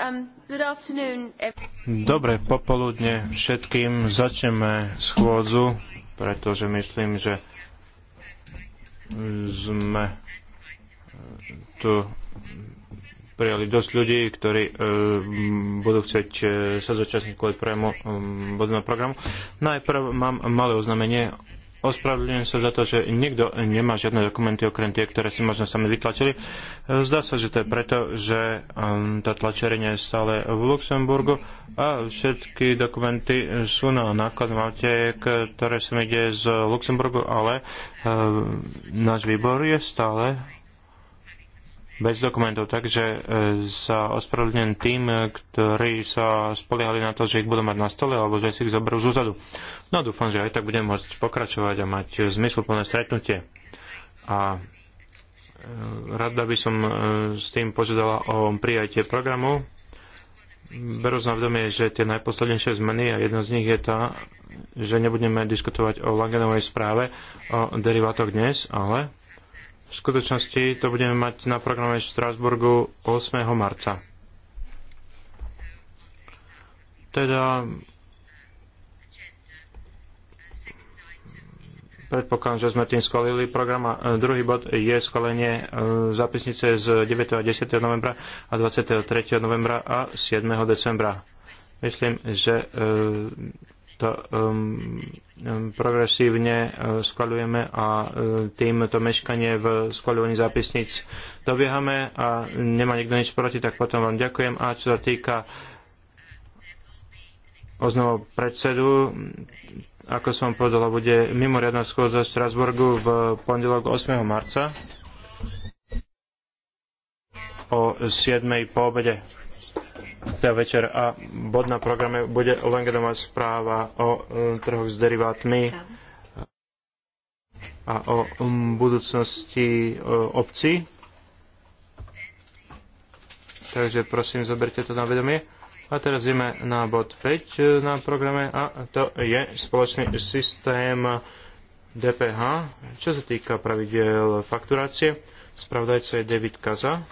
Um, Dobre popoludne všetkým. Začneme schôdzu, pretože myslím, že sme eh, tu prijali dosť ľudí, ktorí e, budú chcieť e, sa zúčastniť kvôli prvému e, bodu programu. Najprv mám malé oznámenie Ospravedlňujem sa za to, že nikto nemá žiadne dokumenty okrem tie, ktoré si možno sami vytlačili. Zdá sa, že to je preto, že um, tá tlačerenie je stále v Luxemburgu a všetky dokumenty sú na nákladnom aute, ktoré sem ide z Luxemburgu, ale uh, náš výbor je stále bez dokumentov, takže e, sa ospravedlňujem tým, ktorí sa spoliehali na to, že ich budú mať na stole alebo že si ich zoberú z úzadu. No dúfam, že aj tak budem môcť pokračovať a mať zmysluplné stretnutie. A e, rada by som e, s tým požiadala o prijatie programu. Berú na vedomie, že tie najposlednejšie zmeny a jedna z nich je tá, že nebudeme diskutovať o Langenovej správe o derivátoch dnes, ale v skutočnosti to budeme mať na programe v Strasburgu 8. marca. Teda predpokladám, že sme tým skolili program. A e, druhý bod je skolenie e, zápisnice z 9. a 10. novembra a 23. novembra a 7. decembra. Myslím, že e, to um, um progresívne uh, skvalujeme a uh, tým to meškanie v skvalovaní zápisníc dobiehame a nemá nikto nič proti, tak potom vám ďakujem. A čo sa týka oznovu predsedu, ako som povedala, bude mimoriadná schôdza v Strasburgu v pondelok 8. marca o 7. po obede teda večer a bod na programe bude Langedomová správa o eh, trhoch s derivátmi a o mm, budúcnosti eh, obcí. Takže prosím, zoberte to na vedomie. A teraz ideme na bod 5 eh, na programe a to je spoločný systém DPH, čo sa týka pravidel fakturácie. Spravdajca je David Kaza.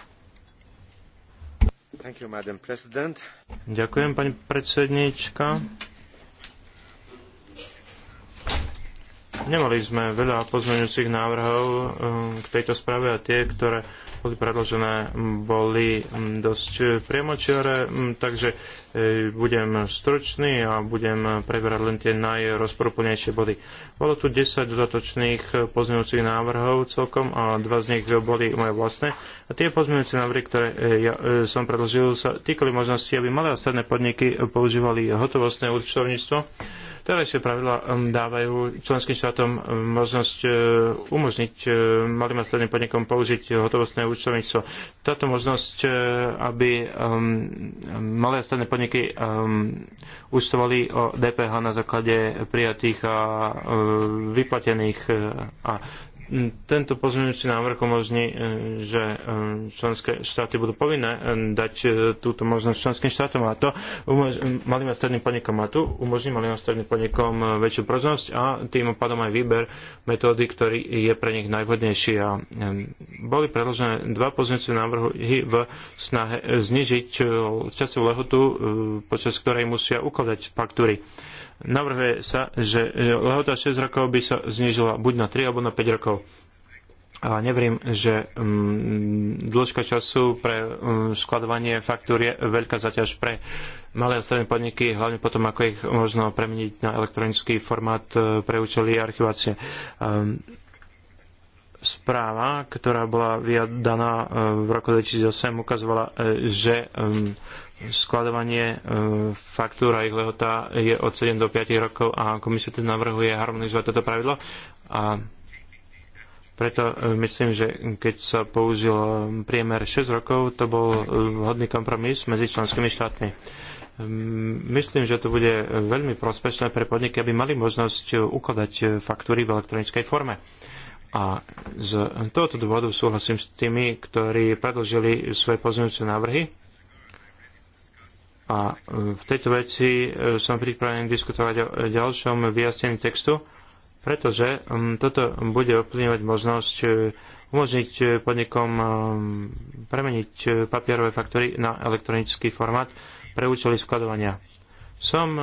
Ďakujem, pani predsedníčka. Nemali sme veľa pozmeňujúcich návrhov um, k tejto správe a tie, ktoré boli predložené, boli um, dosť priemočiare, um, takže E, budem stručný a budem preberať len tie najrozporúplnejšie body. Bolo tu 10 dodatočných pozmeňujúcich návrhov celkom a dva z nich boli moje vlastné. A tie pozmeňujúce návrhy, ktoré e, ja e, som predložil, sa týkali možnosti, aby malé a stredné podniky používali hotovostné účtovníctvo. Terajšie pravidla dávajú členským štátom možnosť umožniť malým a stredným podnikom použiť hotovostné účtovníctvo. Táto možnosť, aby malé a stredné podniky podniky um, ehm, účtovali o DPH na základe prijatých a uh, vyplatených uh, a Hm, tento pozmeňujúci návrh umožní, hm, že hm, členské štáty budú povinné dať túto možnosť členským štátom a to malým a stredným podnikom a tu umožní malým a stredným podnikom väčšiu proznosť a tým pádom aj výber metódy, ktorý je pre nich najvhodnejší. A boli predložené dva pozmeňujúce návrhy v snahe znižiť časovú lehotu, počas ktorej musia ukladať faktúry. Navrhuje sa, že e, lehota 6 rokov by sa znížila buď na 3 alebo na 5 rokov. A neverím, že um, dĺžka času pre um, skladovanie faktúr je veľká zaťaž pre malé a stredné podniky, hlavne potom, ako ich možno premeniť na elektronický formát uh, pre účely archivácie. Um, správa, ktorá bola vyjadaná e, v roku 2008, ukazovala, že ehm, skladovanie e, faktúr a ich lehota je od 7 do 5 rokov a komisia teda navrhuje harmonizovať toto pravidlo a preto e, myslím, že keď sa použil e, priemer 6 rokov, to bol vhodný kompromis medzi členskými štátmi. Myslím, že to bude veľmi prospešné pre podniky, aby mali možnosť ukladať faktúry v elektronickej forme. A z tohoto dôvodu súhlasím s tými, ktorí predložili svoje pozmeňujúce návrhy a e, v tejto veci e, som pripravený diskutovať o ďalšom vyjasnení textu, pretože toto bude ovplyvňovať možnosť e, umožniť podnikom premeniť papierové faktory na elektronický formát pre účely skladovania. Som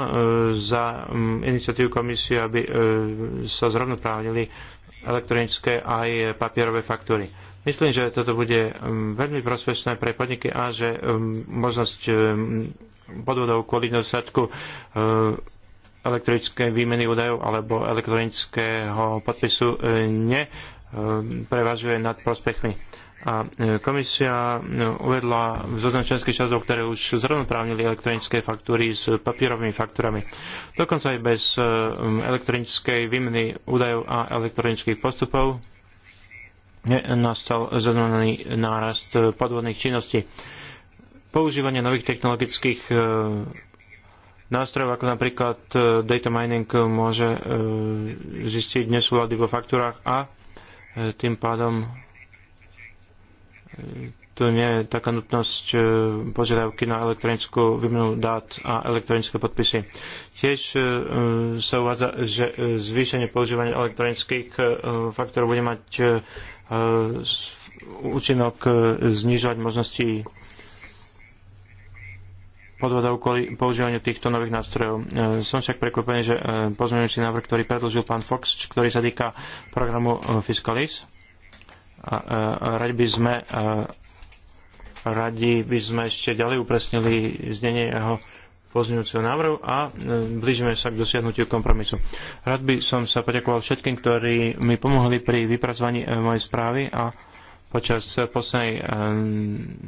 za iniciatívu komisie, aby sa zrovnoprávnili elektronické aj papierové faktúry. Myslím, že toto bude veľmi prospešné pre podniky a že možnosť podvodov kvôli nedostatku e, elektronickej výmeny údajov alebo elektronického podpisu e, neprevažuje e, nad prospechmi. A komisia uvedla v zoznam členských štátov, ktoré už zrovnoprávnili elektronické faktúry s papierovými faktúrami. Dokonca aj bez elektronickej výmeny údajov a elektronických postupov nastal zaznamenaný nárast podvodných činností používanie nových technologických e, nástrojov, ako napríklad e, data mining môže e, zistiť nesúlady vo faktúrach a tým pádom to nie je taká nutnosť požiadavky na elektronickú výmenu dát a elektronické podpisy. Tiež sa uvádza, že zvýšenie používania elektronických faktorov bude mať účinok znižovať možnosti podvodov kvôli používaniu týchto nových nástrojov. E, som však prekvapený, že e, pozmeňujúci návrh, ktorý predložil pán Fox, ktorý sa týka programu e, Fiscalis, radi by sme radi by sme ešte ďalej upresnili znenie jeho pozmeňujúceho návrhu a blížime sa k dosiahnutiu kompromisu. Rád by som sa poďakoval všetkým, ktorí mi pomohli pri vypracovaní mojej správy a počas poslednej eh,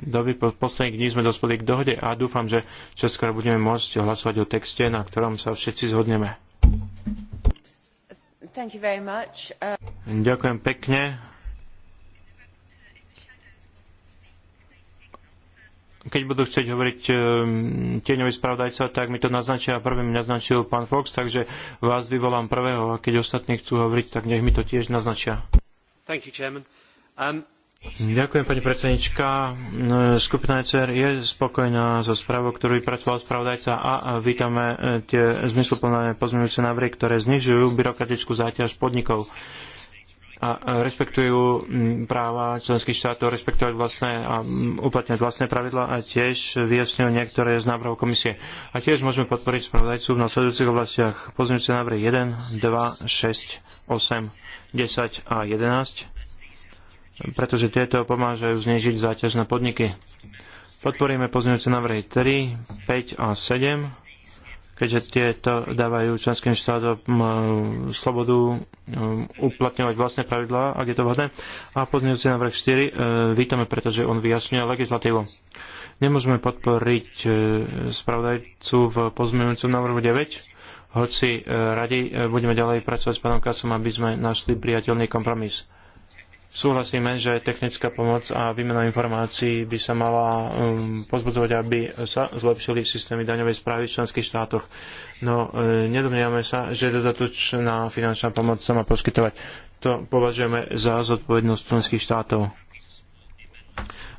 doby, po posledných dní sme dospeli k dohode a dúfam, že čoskoro budeme môcť hlasovať o texte, na ktorom sa všetci zhodneme. Uh, Ďakujem pekne. keď budú chcieť hovoriť e, eh, tieňový spravodajca, tak mi to naznačia a prvý mi naznačil pán Fox, takže vás vyvolám prvého a keď ostatní chcú hovoriť, tak nech mi to tiež naznačia. Thank you, Chairman. Um, Ďakujem, pani predsednička. E, skupina ECR je spokojná so správou, ktorú vypracoval spravodajca a vítame e, tie zmysluplné pozmeňujúce návrhy, ktoré znižujú byrokratickú záťaž podnikov a rešpektujú práva členských štátov, rešpektovať vlastné a uplatňovať vlastné pravidlá a tiež vyjasňujú niektoré z návrhov komisie. A tiež môžeme podporiť spravodajcu v nasledujúcich oblastiach pozmeňujúce návrhy 1, 2, 6, 8, 10 a 11 pretože tieto pomážajú znižiť záťaž na podniky. Podporíme pozmeňujúce návrhy 3, 5 a 7, keďže tieto dávajú členským štátom slobodu uplatňovať vlastné pravidlá, ak je to vhodné. A pozmeňujúci návrh 4 e, vítame, pretože on vyjasňuje legislatívu. Nemôžeme podporiť e, spravodajcu v pozmeňujúcom návrhu 9, hoci e, radi budeme ďalej pracovať s pánom Kasom, aby sme našli priateľný kompromis súhlasíme, že technická pomoc a výmena informácií by sa mala um, pozbudzovať, aby sa zlepšili systémy daňovej správy v členských štátoch. No, e, nedomnievame sa, že dodatočná finančná pomoc sa má poskytovať. To považujeme za zodpovednosť členských štátov.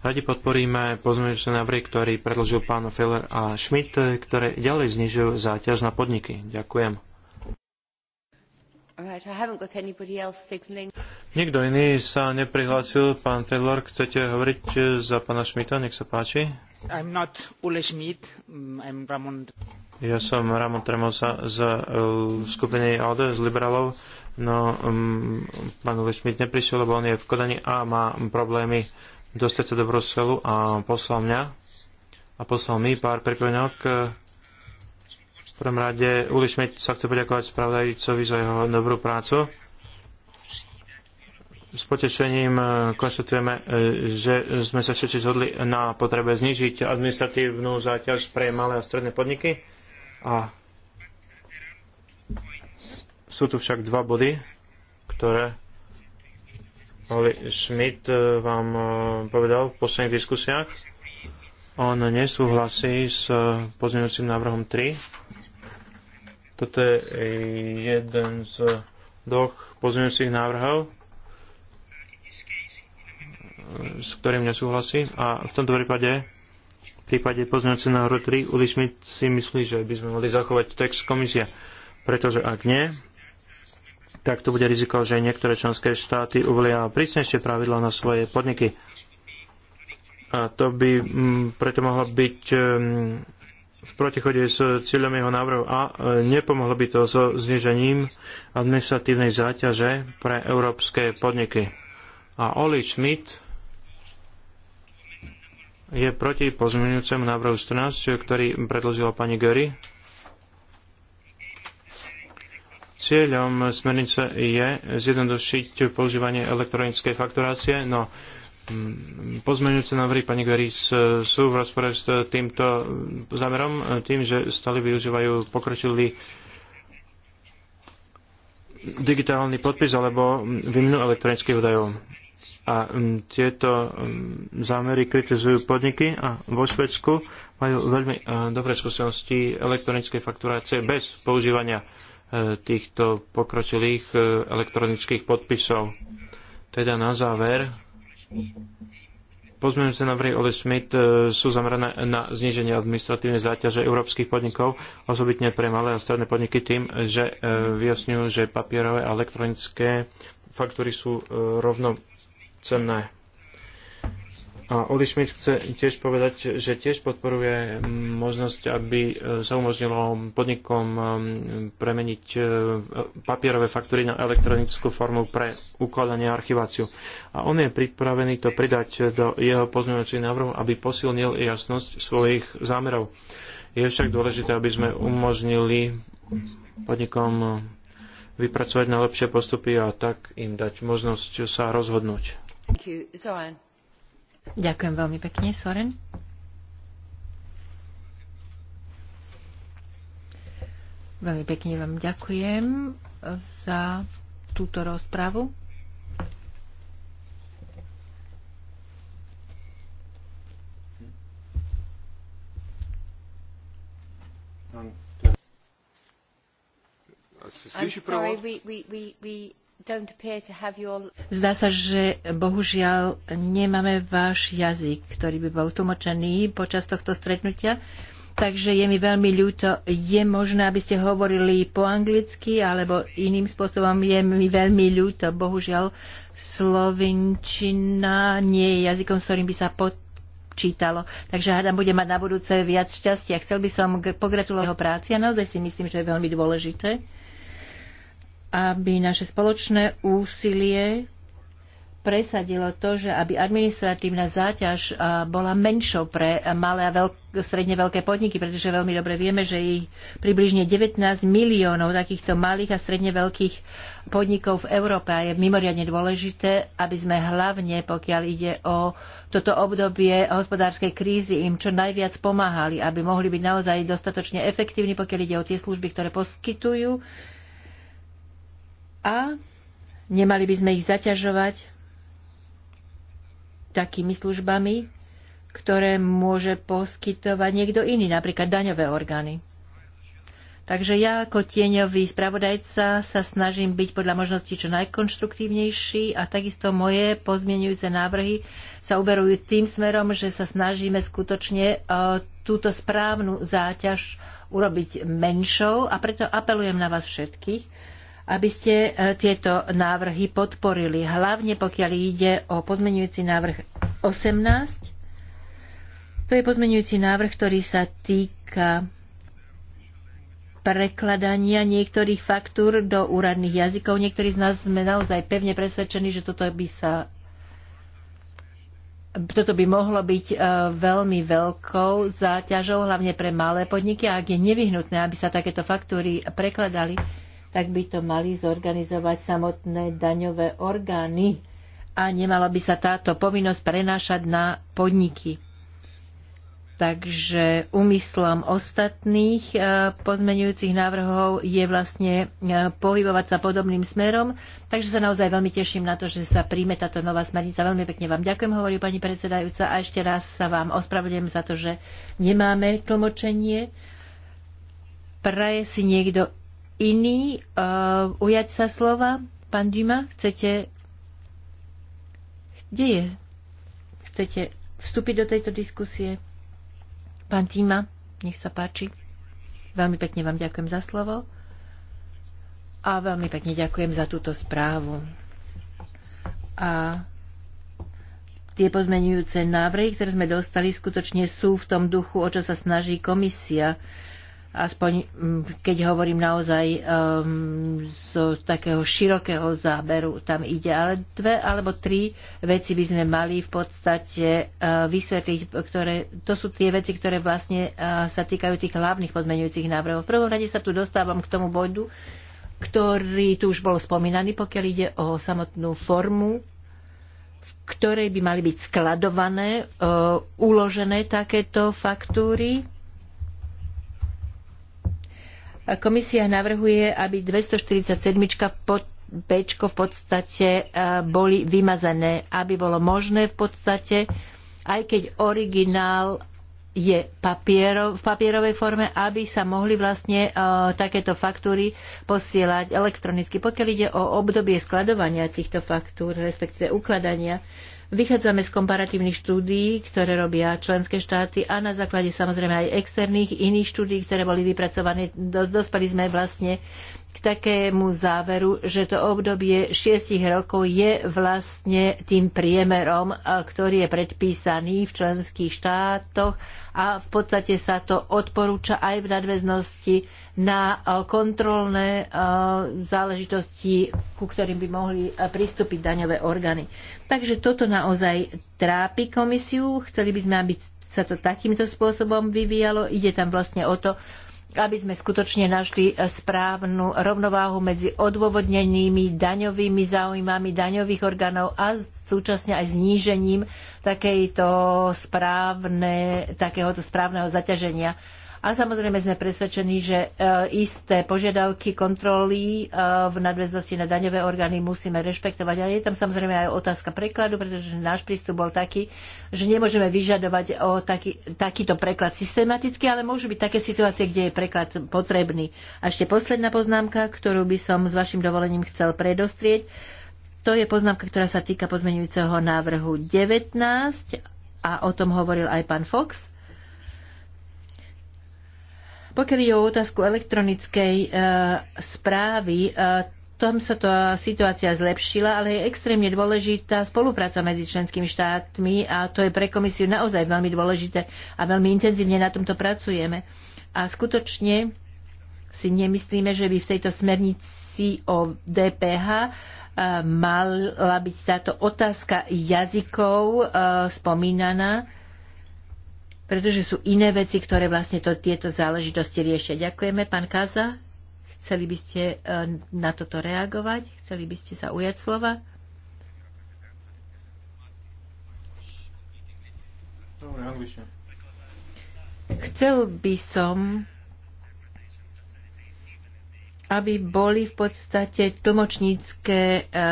Radi podporíme pozmeňujúce návrhy, ktorý predložil pán Feller a Schmidt, ktoré ďalej znižujú záťaž na podniky. Ďakujem. Nikto iný sa neprihlásil. Pán Taylor, chcete hovoriť eh, za pána Šmita? Nech sa páči. Mm, ja som Ramon Tremosa z eh, skupiny ALDE, z liberálov. No, um, pán Ule Schmidt neprišiel, lebo on je v Kodani a má problémy dostať sa do Bruselu a poslal mňa a poslal mi pár pripomienok eh, prvom rade Uli Šmeď sa chce poďakovať spravodajcovi za jeho dobrú prácu. S potešením e, konštatujeme, e, že sme sa všetci zhodli na potrebe znižiť administratívnu záťaž pre malé a stredné podniky. A sú tu však dva body, ktoré Oli Schmidt e, vám povedal v posledných diskusiách. On nesúhlasí s pozmeňujúcim návrhom 3 toto je jeden z dvoch pozmeňujúcich návrhov, s ktorým nesúhlasím. A v tomto prípade, v prípade pozmeňujúceho návrhu 3, Uli Schmidt si myslí, že by sme mali zachovať text komisie. Pretože ak nie, tak to bude riziko, že niektoré členské štáty uvolia prísnejšie pravidla na svoje podniky. A to by mm, preto mohlo byť ehm, v protichode s cieľom jeho návrhu a e, nepomohlo by to so znižením administratívnej záťaže pre európske podniky. A Oli Schmidt je proti pozmeňujúcemu návrhu 14, ktorý predložila pani Göry. Cieľom smernice je zjednodušiť používanie elektronickej fakturácie, no Mm, pozmeňujúce návrhy pani Garis e, sú v rozpore s týmto zámerom, e, tým, že stále využívajú pokročilý digitálny podpis alebo výmenu elektronických údajov. A mm, tieto mm, zámery kritizujú podniky a vo Švedsku majú veľmi e, dobré skúsenosti elektronickej fakturácie bez používania týchto pokročilých elektronických podpisov. Teda na záver sa na vrej Ole Smith, e, sú zamerané na zníženie administratívnej záťaže európskych podnikov, osobitne pre malé a stredné podniky tým, že e, vyjasňujú, že papierové a elektronické faktúry sú e, rovnocenné. A Oli Schmidt chce tiež povedať, že tiež podporuje možnosť, aby e, sa umožnilo podnikom e, premeniť e, papierové faktúry na elektronickú formu pre ukladanie a archiváciu. A on je pripravený to pridať do jeho pozmeňovacích návrhov, aby posilnil jasnosť svojich zámerov. Je však dôležité, aby sme umožnili podnikom vypracovať najlepšie postupy a tak im dať možnosť sa rozhodnúť. Thank you. Ďakujem veľmi pekne, Soren. Veľmi pekne vám ďakujem za túto rozpravu. I'm sorry, we, we, we, we Zdá sa, že bohužiaľ nemáme váš jazyk, ktorý by bol tlmočený počas tohto stretnutia. Takže je mi veľmi ľúto. Je možné, aby ste hovorili po anglicky alebo iným spôsobom. Je mi veľmi ľúto. Bohužiaľ, slovenčina nie je jazykom, s ktorým by sa počítalo. Takže hádam, bude mať na budúce viac šťastia. Chcel by som pogratulovať jeho práci a naozaj si myslím, že je veľmi dôležité aby naše spoločné úsilie presadilo to, že aby administratívna záťaž bola menšou pre malé a veľk- stredne veľké podniky, pretože veľmi dobre vieme, že ich približne 19 miliónov takýchto malých a stredne veľkých podnikov v Európe a je mimoriadne dôležité, aby sme hlavne, pokiaľ ide o toto obdobie hospodárskej krízy, im čo najviac pomáhali, aby mohli byť naozaj dostatočne efektívni, pokiaľ ide o tie služby, ktoré poskytujú a nemali by sme ich zaťažovať takými službami, ktoré môže poskytovať niekto iný, napríklad daňové orgány. Takže ja ako tieňový spravodajca sa snažím byť podľa možností čo najkonštruktívnejší a takisto moje pozmienujúce návrhy sa uberujú tým smerom, že sa snažíme skutočne e, túto správnu záťaž urobiť menšou a preto apelujem na vás všetkých, aby ste e, tieto návrhy podporili, hlavne pokiaľ ide o pozmenujúci návrh 18. To je pozmenujúci návrh, ktorý sa týka prekladania niektorých faktúr do úradných jazykov. Niektorí z nás sme naozaj pevne presvedčení, že toto by sa toto by mohlo byť e, veľmi veľkou záťažou, hlavne pre malé podniky, a ak je nevyhnutné, aby sa takéto faktúry prekladali, tak by to mali zorganizovať samotné daňové orgány a nemala by sa táto povinnosť prenášať na podniky. Takže úmyslom ostatných e, pozmeňujúcich návrhov je vlastne e, pohybovať sa podobným smerom. Takže sa naozaj veľmi teším na to, že sa príjme táto nová smernica. Veľmi pekne vám ďakujem, hovorí pani predsedajúca. A ešte raz sa vám ospravedlňujem za to, že nemáme tlmočenie. Praje si niekto iný uh, ujať sa slova? Pán Dima, chcete... Kde je? Chcete vstúpiť do tejto diskusie? Pán Dima, nech sa páči. Veľmi pekne vám ďakujem za slovo a veľmi pekne ďakujem za túto správu. A tie pozmenujúce návrhy, ktoré sme dostali, skutočne sú v tom duchu, o čo sa snaží komisia aspoň mm, keď hovorím naozaj um, z takého širokého záberu tam ide, ale dve alebo tri veci by sme mali v podstate uh, vysvetliť, ktoré, to sú tie veci, ktoré vlastne uh, sa týkajú tých hlavných podmenujúcich návrhov. V prvom rade sa tu dostávam k tomu bodu, ktorý tu už bol spomínaný, pokiaľ ide o samotnú formu v ktorej by mali byť skladované, uh, uložené takéto faktúry Komisia navrhuje, aby 247 pod Bčko v podstate e, boli vymazané, aby bolo možné v podstate, aj keď originál je v papierovej forme, aby sa mohli vlastne uh, takéto faktúry posielať elektronicky. Pokiaľ ide o obdobie skladovania týchto faktúr, respektíve ukladania, Vychádzame z komparatívnych štúdií, ktoré robia členské štáty a na základe samozrejme aj externých iných štúdií, ktoré boli vypracované. dospali sme vlastne k takému záveru, že to obdobie 6 rokov je vlastne tým priemerom, ktorý je predpísaný v členských štátoch a v podstate sa to odporúča aj v nadväznosti na kontrolné záležitosti, ku ktorým by mohli pristúpiť daňové orgány. Takže toto naozaj trápi komisiu. Chceli by sme, aby sa to takýmto spôsobom vyvíjalo. Ide tam vlastne o to, aby sme skutočne našli eh, správnu rovnováhu medzi odôvodnenými daňovými záujmami daňových orgánov a súčasne aj znížením správne, takéhoto správneho zaťaženia a samozrejme sme presvedčení, že e, isté požiadavky kontroly e, v nadväznosti na daňové orgány musíme rešpektovať. A je tam samozrejme aj otázka prekladu, pretože náš prístup bol taký, že nemôžeme vyžadovať o taký, takýto preklad systematicky, ale môžu byť také situácie, kde je preklad potrebný. A ešte posledná poznámka, ktorú by som s vašim dovolením chcel predostrieť. To je poznámka, ktorá sa týka pozmeňujúceho návrhu 19 a o tom hovoril aj pán Fox. Pokiaľ je o otázku elektronickej e, správy, e, tom sa to situácia zlepšila, ale je extrémne dôležitá spolupráca medzi členskými štátmi a to je pre komisiu naozaj veľmi dôležité a veľmi intenzívne na tomto pracujeme. A skutočne si nemyslíme, že by v tejto smernici o DPH e, mala byť táto otázka jazykov e, spomínaná pretože sú iné veci, ktoré vlastne to, tieto záležitosti riešia. Ďakujeme, pán Kaza. Chceli by ste e, na toto reagovať? Chceli by ste sa ujať slova? Chcel by som aby boli v podstate tlmočnícke e,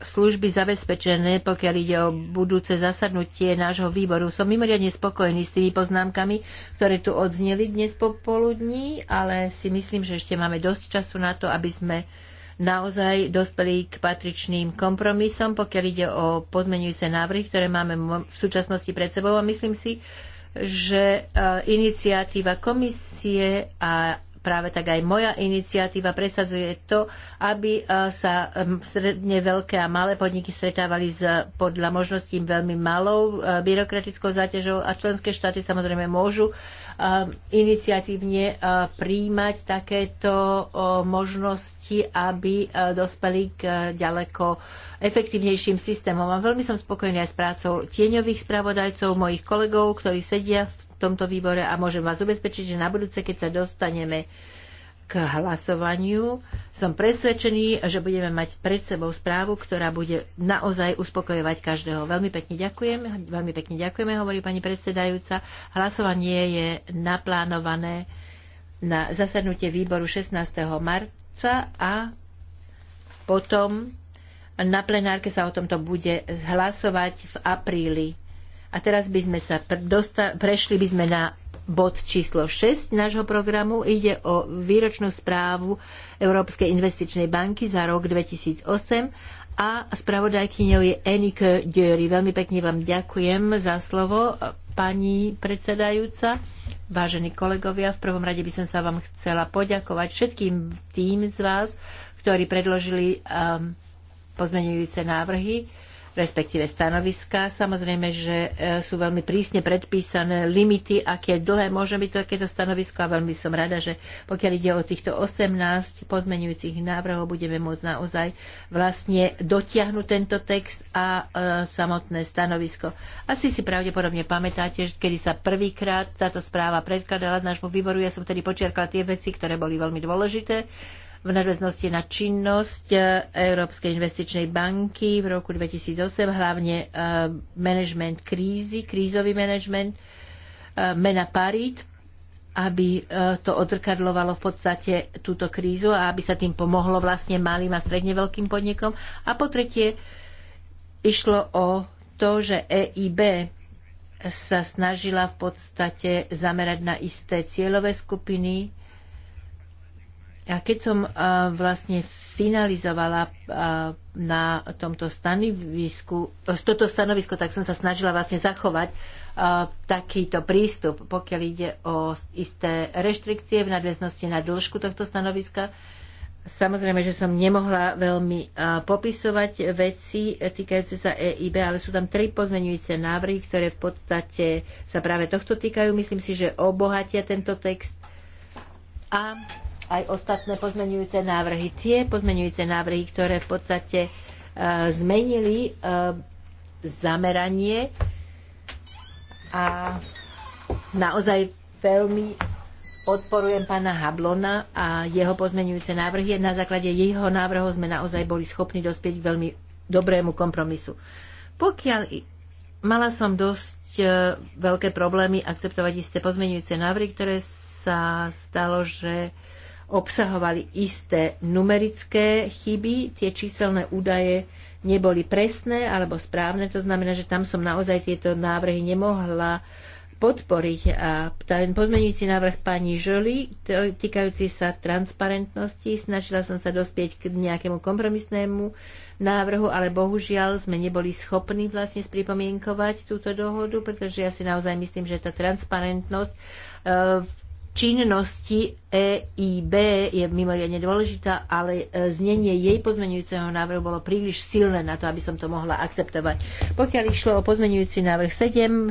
služby zabezpečené, pokiaľ ide o budúce zasadnutie nášho výboru. Som mimoriadne spokojný s tými poznámkami, ktoré tu odzneli dnes popoludní, ale si myslím, že ešte máme dosť času na to, aby sme naozaj dospeli k patričným kompromisom, pokiaľ ide o pozmenujúce návrhy, ktoré máme v súčasnosti pred sebou. A myslím si, že e, iniciatíva komisie a práve tak aj moja iniciatíva presadzuje to, aby e, sa stredne veľké a malé podniky stretávali s podľa možností veľmi malou e, byrokratickou záťažou a členské štáty samozrejme môžu e, iniciatívne príjmať takéto možnosti, aby dospeli k ďaleko efektívnejším systémom. A veľmi som spokojný aj s prácou tieňových spravodajcov, mojich kolegov, ktorí sedia v tomto výbore a môžem vás ubezpečiť, že na budúce, keď sa dostaneme k hlasovaniu, som presvedčený, že budeme mať pred sebou správu, ktorá bude naozaj uspokojovať každého. Veľmi pekne ďakujem, veľmi pekne ďakujeme, hovorí pani predsedajúca. Hlasovanie je naplánované na zasadnutie výboru 16. marca a potom na plenárke sa o tomto bude hlasovať v apríli. A teraz by sme sa prešli by sme na bod číslo 6 nášho programu. Ide o výročnú správu Európskej investičnej banky za rok 2008 a spravodajkyňou je Enike Dury. Veľmi pekne vám ďakujem za slovo, pani predsedajúca. Vážení kolegovia, v prvom rade by som sa vám chcela poďakovať všetkým tým z vás, ktorí predložili um, pozmenujúce návrhy respektíve stanoviska. Samozrejme, že e, sú veľmi prísne predpísané limity, aké dlhé môže byť takéto stanovisko a veľmi som rada, že pokiaľ ide o týchto 18 podmenujúcich návrhov, budeme môcť naozaj vlastne dotiahnuť tento text a e, samotné stanovisko. Asi si pravdepodobne pamätáte, kedy sa prvýkrát táto správa predkladala nášmu výboru. Ja som tedy počiarkala tie veci, ktoré boli veľmi dôležité v nadväznosti na činnosť e, Európskej investičnej banky v roku 2008, hlavne e, management krízy, krízový management, e, mena parit, aby to odzrkadlovalo v podstate túto krízu a aby sa tým pomohlo vlastne malým a stredne veľkým podnikom. A po tretie, išlo o to, že EIB sa snažila v podstate zamerať na isté cieľové skupiny a keď som e, vlastne finalizovala e, na tomto stanovisku, e, toto stanovisko, tak som sa snažila vlastne zachovať takýto prístup, pokiaľ ide o isté reštrikcie v nadväznosti na dĺžku tohto stanoviska. Samozrejme, že som nemohla veľmi popisovať veci týkajúce sa EIB, ale sú tam tri pozmenujúce návrhy, ktoré v podstate sa práve tohto týkajú. Myslím si, že obohatia tento text. A aj ostatné pozmenujúce návrhy. Tie pozmeňujúce návrhy, ktoré v podstate e, zmenili e, zameranie a naozaj veľmi podporujem pána Hablona a jeho pozmenujúce návrhy. Na základe jeho návrhu sme naozaj boli schopní dospieť k veľmi dobrému kompromisu. Pokiaľ mala som dosť e, veľké problémy akceptovať isté pozmenujúce návrhy, ktoré sa stalo, že uh, obsahovali isté numerické chyby, tie číselné údaje neboli presné alebo správne, to znamená, že tam som naozaj tieto návrhy nemohla podporiť. A ten pozmenujúci návrh pani Žoli, týkajúci sa transparentnosti, snažila som sa dospieť k nejakému kompromisnému návrhu, ale bohužiaľ sme neboli schopní vlastne spripomienkovať túto dohodu, pretože ja si naozaj myslím, že tá transparentnosť e, v činnosti EIB je mimoriadne dôležitá, ale e, znenie jej pozmenujúceho návrhu bolo príliš silné na to, aby som to mohla akceptovať. Pokiaľ išlo o pozmenujúci návrh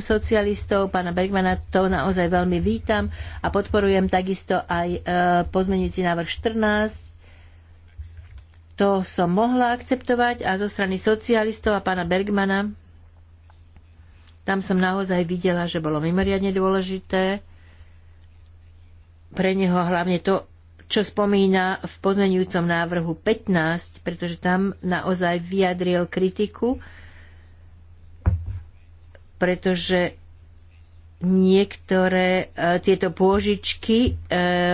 7 socialistov, pána Bergmana, to naozaj veľmi vítam a podporujem takisto aj e, pozmenujúci návrh 14 to som mohla akceptovať a zo strany socialistov a pána Bergmana tam som naozaj videla, že bolo mimoriadne dôležité pre neho hlavne to, čo spomína v pozmenujúcom návrhu 15, pretože tam naozaj vyjadril kritiku, pretože niektoré e, tieto pôžičky e,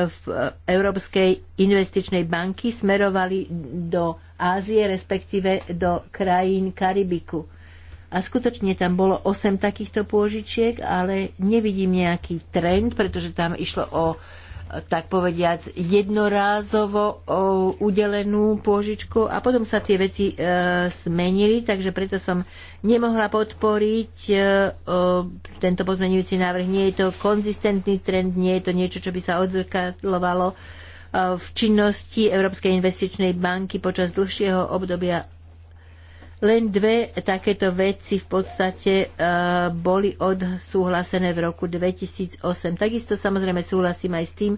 v Európskej investičnej banky smerovali do Ázie, respektíve do krajín Karibiku. A skutočne tam bolo 8 takýchto pôžičiek, ale nevidím nejaký trend, pretože tam išlo o tak povediac, jednorázovo udelenú pôžičku a potom sa tie veci e, zmenili, takže preto som nemohla podporiť e, tento pozmenujúci návrh. Nie je to konzistentný trend, nie je to niečo, čo by sa odzrkadlovalo e, v činnosti Európskej investičnej banky počas dlhšieho obdobia len dve takéto veci v podstate uh, boli odsúhlasené v roku 2008. Takisto samozrejme súhlasím aj s tým,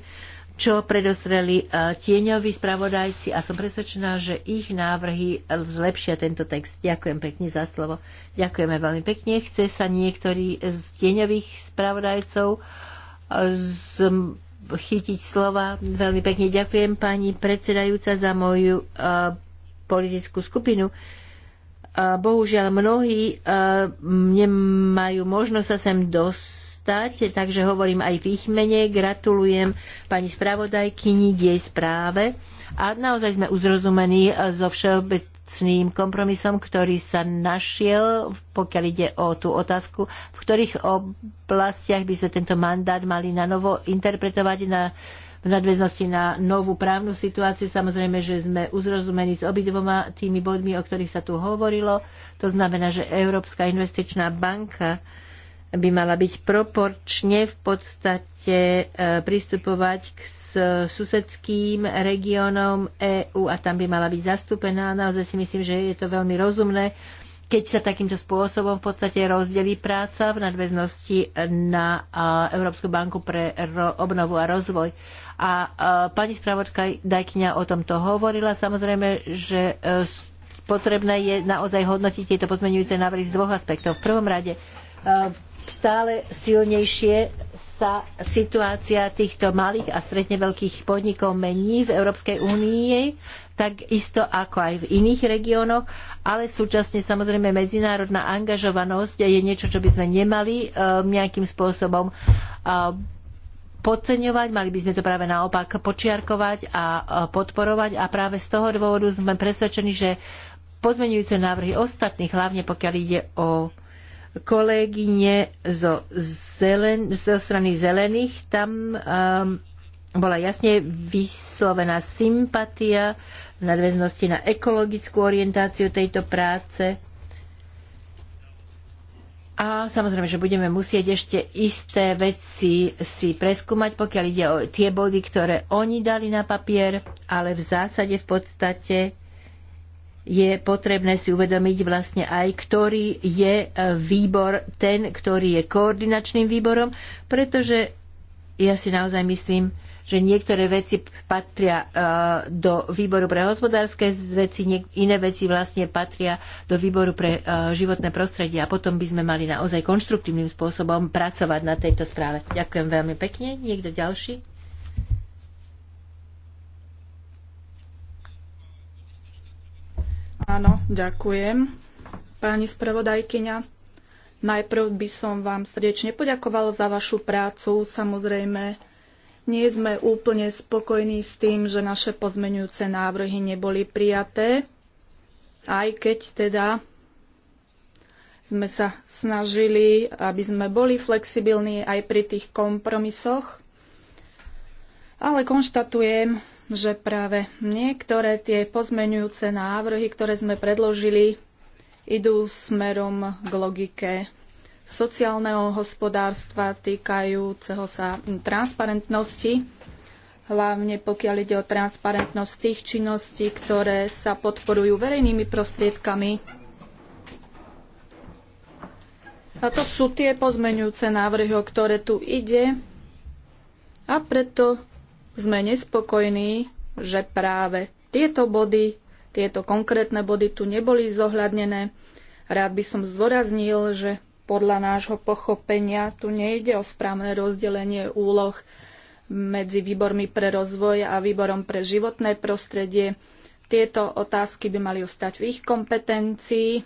čo predostreli uh, tieňoví spravodajci a som presvedčená, že ich návrhy zlepšia tento text. Ďakujem pekne za slovo. Ďakujeme veľmi pekne. Chce sa niektorý z tieňových spravodajcov e, z chytiť slova. Veľmi pekne ďakujem pani predsedajúca za moju uh, politickú skupinu. Uh, Bohužiaľ, mnohí e, nemajú možnosť sa sem dostať, takže hovorím aj v ich mene. Gratulujem pani spravodajkyni k jej správe a naozaj sme uzrozumení e, so všeobecným kompromisom, ktorý sa našiel, pokiaľ ide o tú otázku, v ktorých oblastiach by sme tento mandát mali na novo interpretovať na v nadväznosti na novú právnu situáciu. Samozrejme, že sme uzrozumení s obidvoma tými bodmi, o ktorých sa tu hovorilo. To znamená, že Európska investičná banka by mala byť proporčne v podstate e, pristupovať k susedským regiónom EÚ a tam by mala byť zastúpená. Naozaj si myslím, že je to veľmi rozumné, keď sa takýmto spôsobom v podstate rozdelí práca v nadväznosti na Európsku banku pre obnovu a rozvoj. A e, pani spravodka Dajkňa o tomto hovorila. Samozrejme, že e, potrebné je naozaj hodnotiť tieto pozmeňujúce návrhy z dvoch aspektov. V prvom rade e, stále silnejšie sa situácia týchto malých a stredne veľkých podnikov mení v Európskej únii, takisto ako aj v iných regiónoch, ale súčasne samozrejme medzinárodná angažovanosť je niečo, čo by sme nemali nejakým spôsobom podceňovať, mali by sme to práve naopak počiarkovať a podporovať a práve z toho dôvodu sme presvedčení, že pozmenujúce návrhy ostatných, hlavne pokiaľ ide o kolegyne zo, zelen, zo strany zelených, tam um, bola jasne vyslovená sympatia v nadväznosti na ekologickú orientáciu tejto práce a samozrejme, že budeme musieť ešte isté veci si preskúmať, pokiaľ ide o tie body, ktoré oni dali na papier, ale v zásade v podstate je potrebné si uvedomiť vlastne aj, ktorý je e, výbor ten, ktorý je koordinačným výborom, pretože ja si naozaj myslím, že niektoré veci patria e, do výboru pre hospodárske veci, iné veci vlastne patria do výboru pre e, životné prostredie a potom by sme mali naozaj konštruktívnym spôsobom pracovať na tejto správe. Ďakujem veľmi pekne. Niekto ďalší? Áno, ďakujem. Pani spravodajkyňa, najprv by som vám srdečne poďakovala za vašu prácu. Samozrejme, nie sme úplne spokojní s tým, že naše pozmenujúce návrhy neboli prijaté, aj keď teda sme sa snažili, aby sme boli flexibilní aj pri tých kompromisoch. Ale konštatujem, že práve niektoré tie pozmenujúce návrhy, ktoré sme predložili, idú smerom k logike sociálneho hospodárstva, týkajúceho sa transparentnosti, hlavne pokiaľ ide o transparentnosť tých činností, ktoré sa podporujú verejnými prostriedkami. A to sú tie pozmeňujúce návrhy, o ktoré tu ide. A preto sme nespokojní, že práve tieto body, tieto konkrétne body tu neboli zohľadnené. Rád by som zdôraznil, že podľa nášho pochopenia tu nejde o správne rozdelenie úloh medzi výbormi pre rozvoj a výborom pre životné prostredie. Tieto otázky by mali ostať v ich kompetencii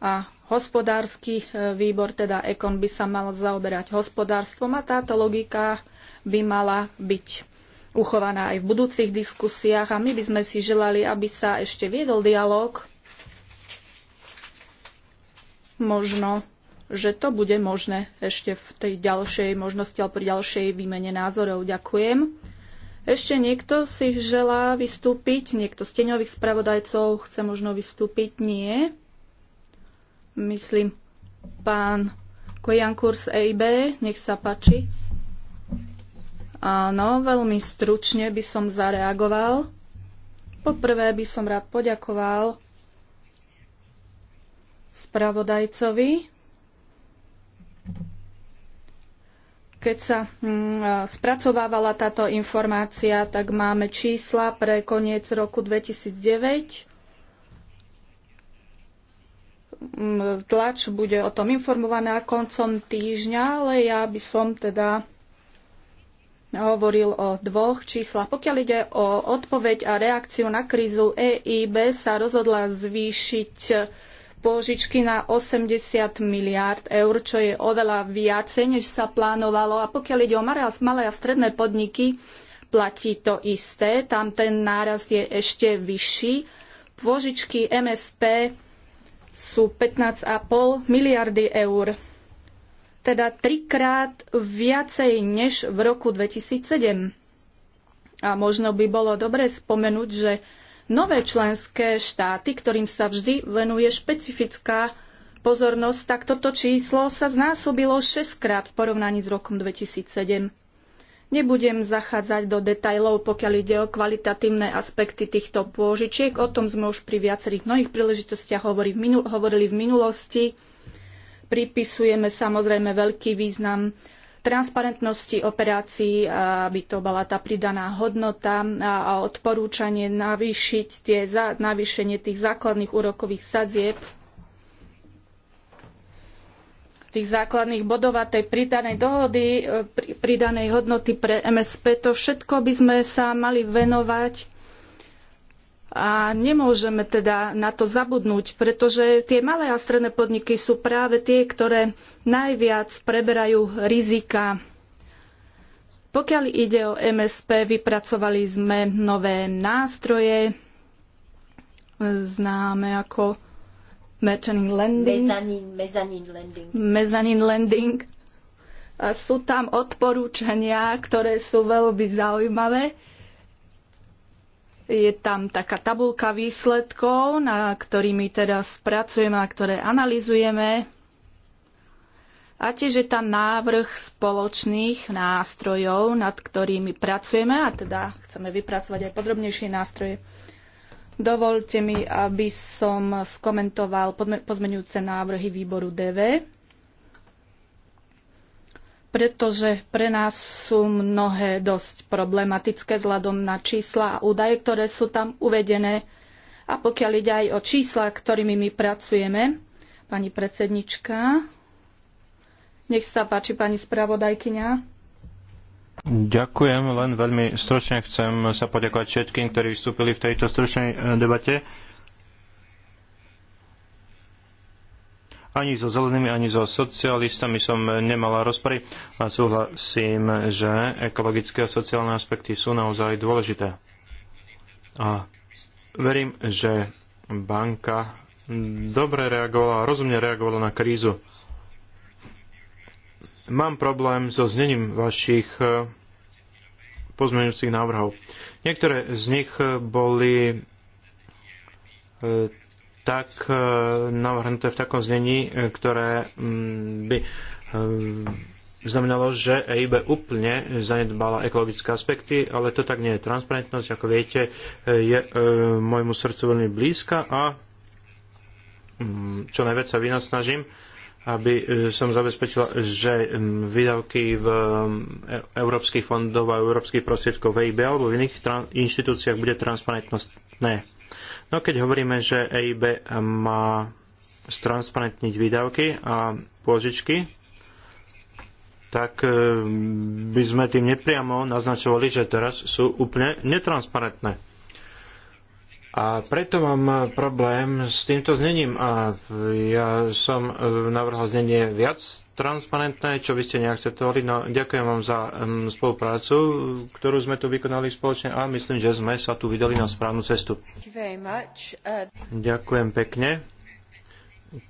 a hospodársky e, výbor, teda ekon, by sa mal zaoberať hospodárstvom a táto logika by mala byť uchovaná aj v budúcich diskusiách a my by sme si želali, aby sa ešte viedol dialog možno že to bude možné ešte v tej ďalšej možnosti alebo pri ďalšej výmene názorov. Ďakujem. Ešte niekto si želá vystúpiť? Niekto z teňových spravodajcov chce možno vystúpiť? Nie. Myslím, pán Kojankúr z EIB, nech sa páči. Áno, veľmi stručne by som zareagoval. Poprvé by som rád poďakoval spravodajcovi Keď sa mm, e, spracovávala táto informácia, tak máme čísla pre koniec roku 2009 mm, e, tlač bude o tom informovaná koncom týždňa, ale ja by som teda hovoril o dvoch číslach. Pokiaľ ide o odpoveď a reakciu na krízu, EIB sa rozhodla zvýšiť pôžičky na 80 miliárd eur, čo je oveľa viacej, než sa plánovalo. A pokiaľ ide o malé a stredné podniky, platí to isté. Tam ten nárast je ešte vyšší. Pôžičky MSP sú 15,5 miliardy eur, teda trikrát viacej než v roku 2007. A možno by bolo dobre spomenúť, že nové členské štáty, ktorým sa vždy venuje špecifická pozornosť, tak toto číslo sa znásobilo 6 krát v porovnaní s rokom 2007. Nebudem zachádzať do detajlov, pokiaľ ide o kvalitatívne aspekty týchto pôžičiek. O tom sme už pri viacerých mnohých príležitostiach hovorili v minulosti. Pripisujeme samozrejme veľký význam transparentnosti operácií, aby to bola tá pridaná hodnota a odporúčanie navýšiť tie, navýšenie tých základných úrokových sadzieb tých základných bodov a tej pridanej dohody, e, pridanej hodnoty pre MSP, to všetko by sme sa mali venovať a nemôžeme teda na to zabudnúť, pretože tie malé a stredné podniky sú práve tie, ktoré najviac preberajú rizika. Pokiaľ ide o MSP, vypracovali sme nové nástroje, známe ako Merchant Lending. Mezanin, Lending. Mezanin Lending. A sú tam odporúčania, ktoré sú veľmi zaujímavé je tam taká tabulka výsledkov, na ktorými teda pracujeme a ktoré analizujeme. A tiež je tam návrh spoločných nástrojov, nad ktorými pracujeme a teda chceme vypracovať aj podrobnejšie nástroje. Dovolte mi, aby som skomentoval pozmeňujúce návrhy výboru DV pretože pre nás sú mnohé dosť problematické vzhľadom na čísla a údaje, ktoré sú tam uvedené. A pokiaľ ide aj o čísla, ktorými my pracujeme, pani predsednička, nech sa páči pani spravodajkyňa. Ďakujem, len veľmi stručne chcem sa poďakovať všetkým, ktorí vstúpili v tejto stručnej eh, debate. Ani so zelenými, ani so socialistami som nemala rozpory a súhlasím, že ekologické a sociálne aspekty sú naozaj dôležité. A verím, že banka dobre reagovala, a rozumne reagovala na krízu. Mám problém so znením vašich eh, pozmeňujúcich návrhov. Niektoré z nich boli eh, tak e, navrhnuté v takom znení, e, ktoré mm, by e, znamenalo, že EIB úplne zanedbala ekologické aspekty, ale to tak nie je. Transparentnosť, ako viete, je môjmu srdcu veľmi blízka a mm, čo najviac sa vynasnažím, snažím aby e, som zabezpečila, že výdavky v e, európskych fondov a európskych prostriedkov v EIB alebo v iných inštitúciách bude transparentnostné. No keď hovoríme, že EIB má stransparentniť výdavky a pôžičky, tak e, by sme tým nepriamo naznačovali, že teraz sú úplne netransparentné. A preto mám problém s týmto znením a ja som e, navrhol znenie viac transparentné, čo by ste neakceptovali. No, ďakujem vám za spoluprácu, ktorú sme tu vykonali spoločne a myslím, že sme sa tu vydali na správnu cestu. Uh, ďakujem pekne.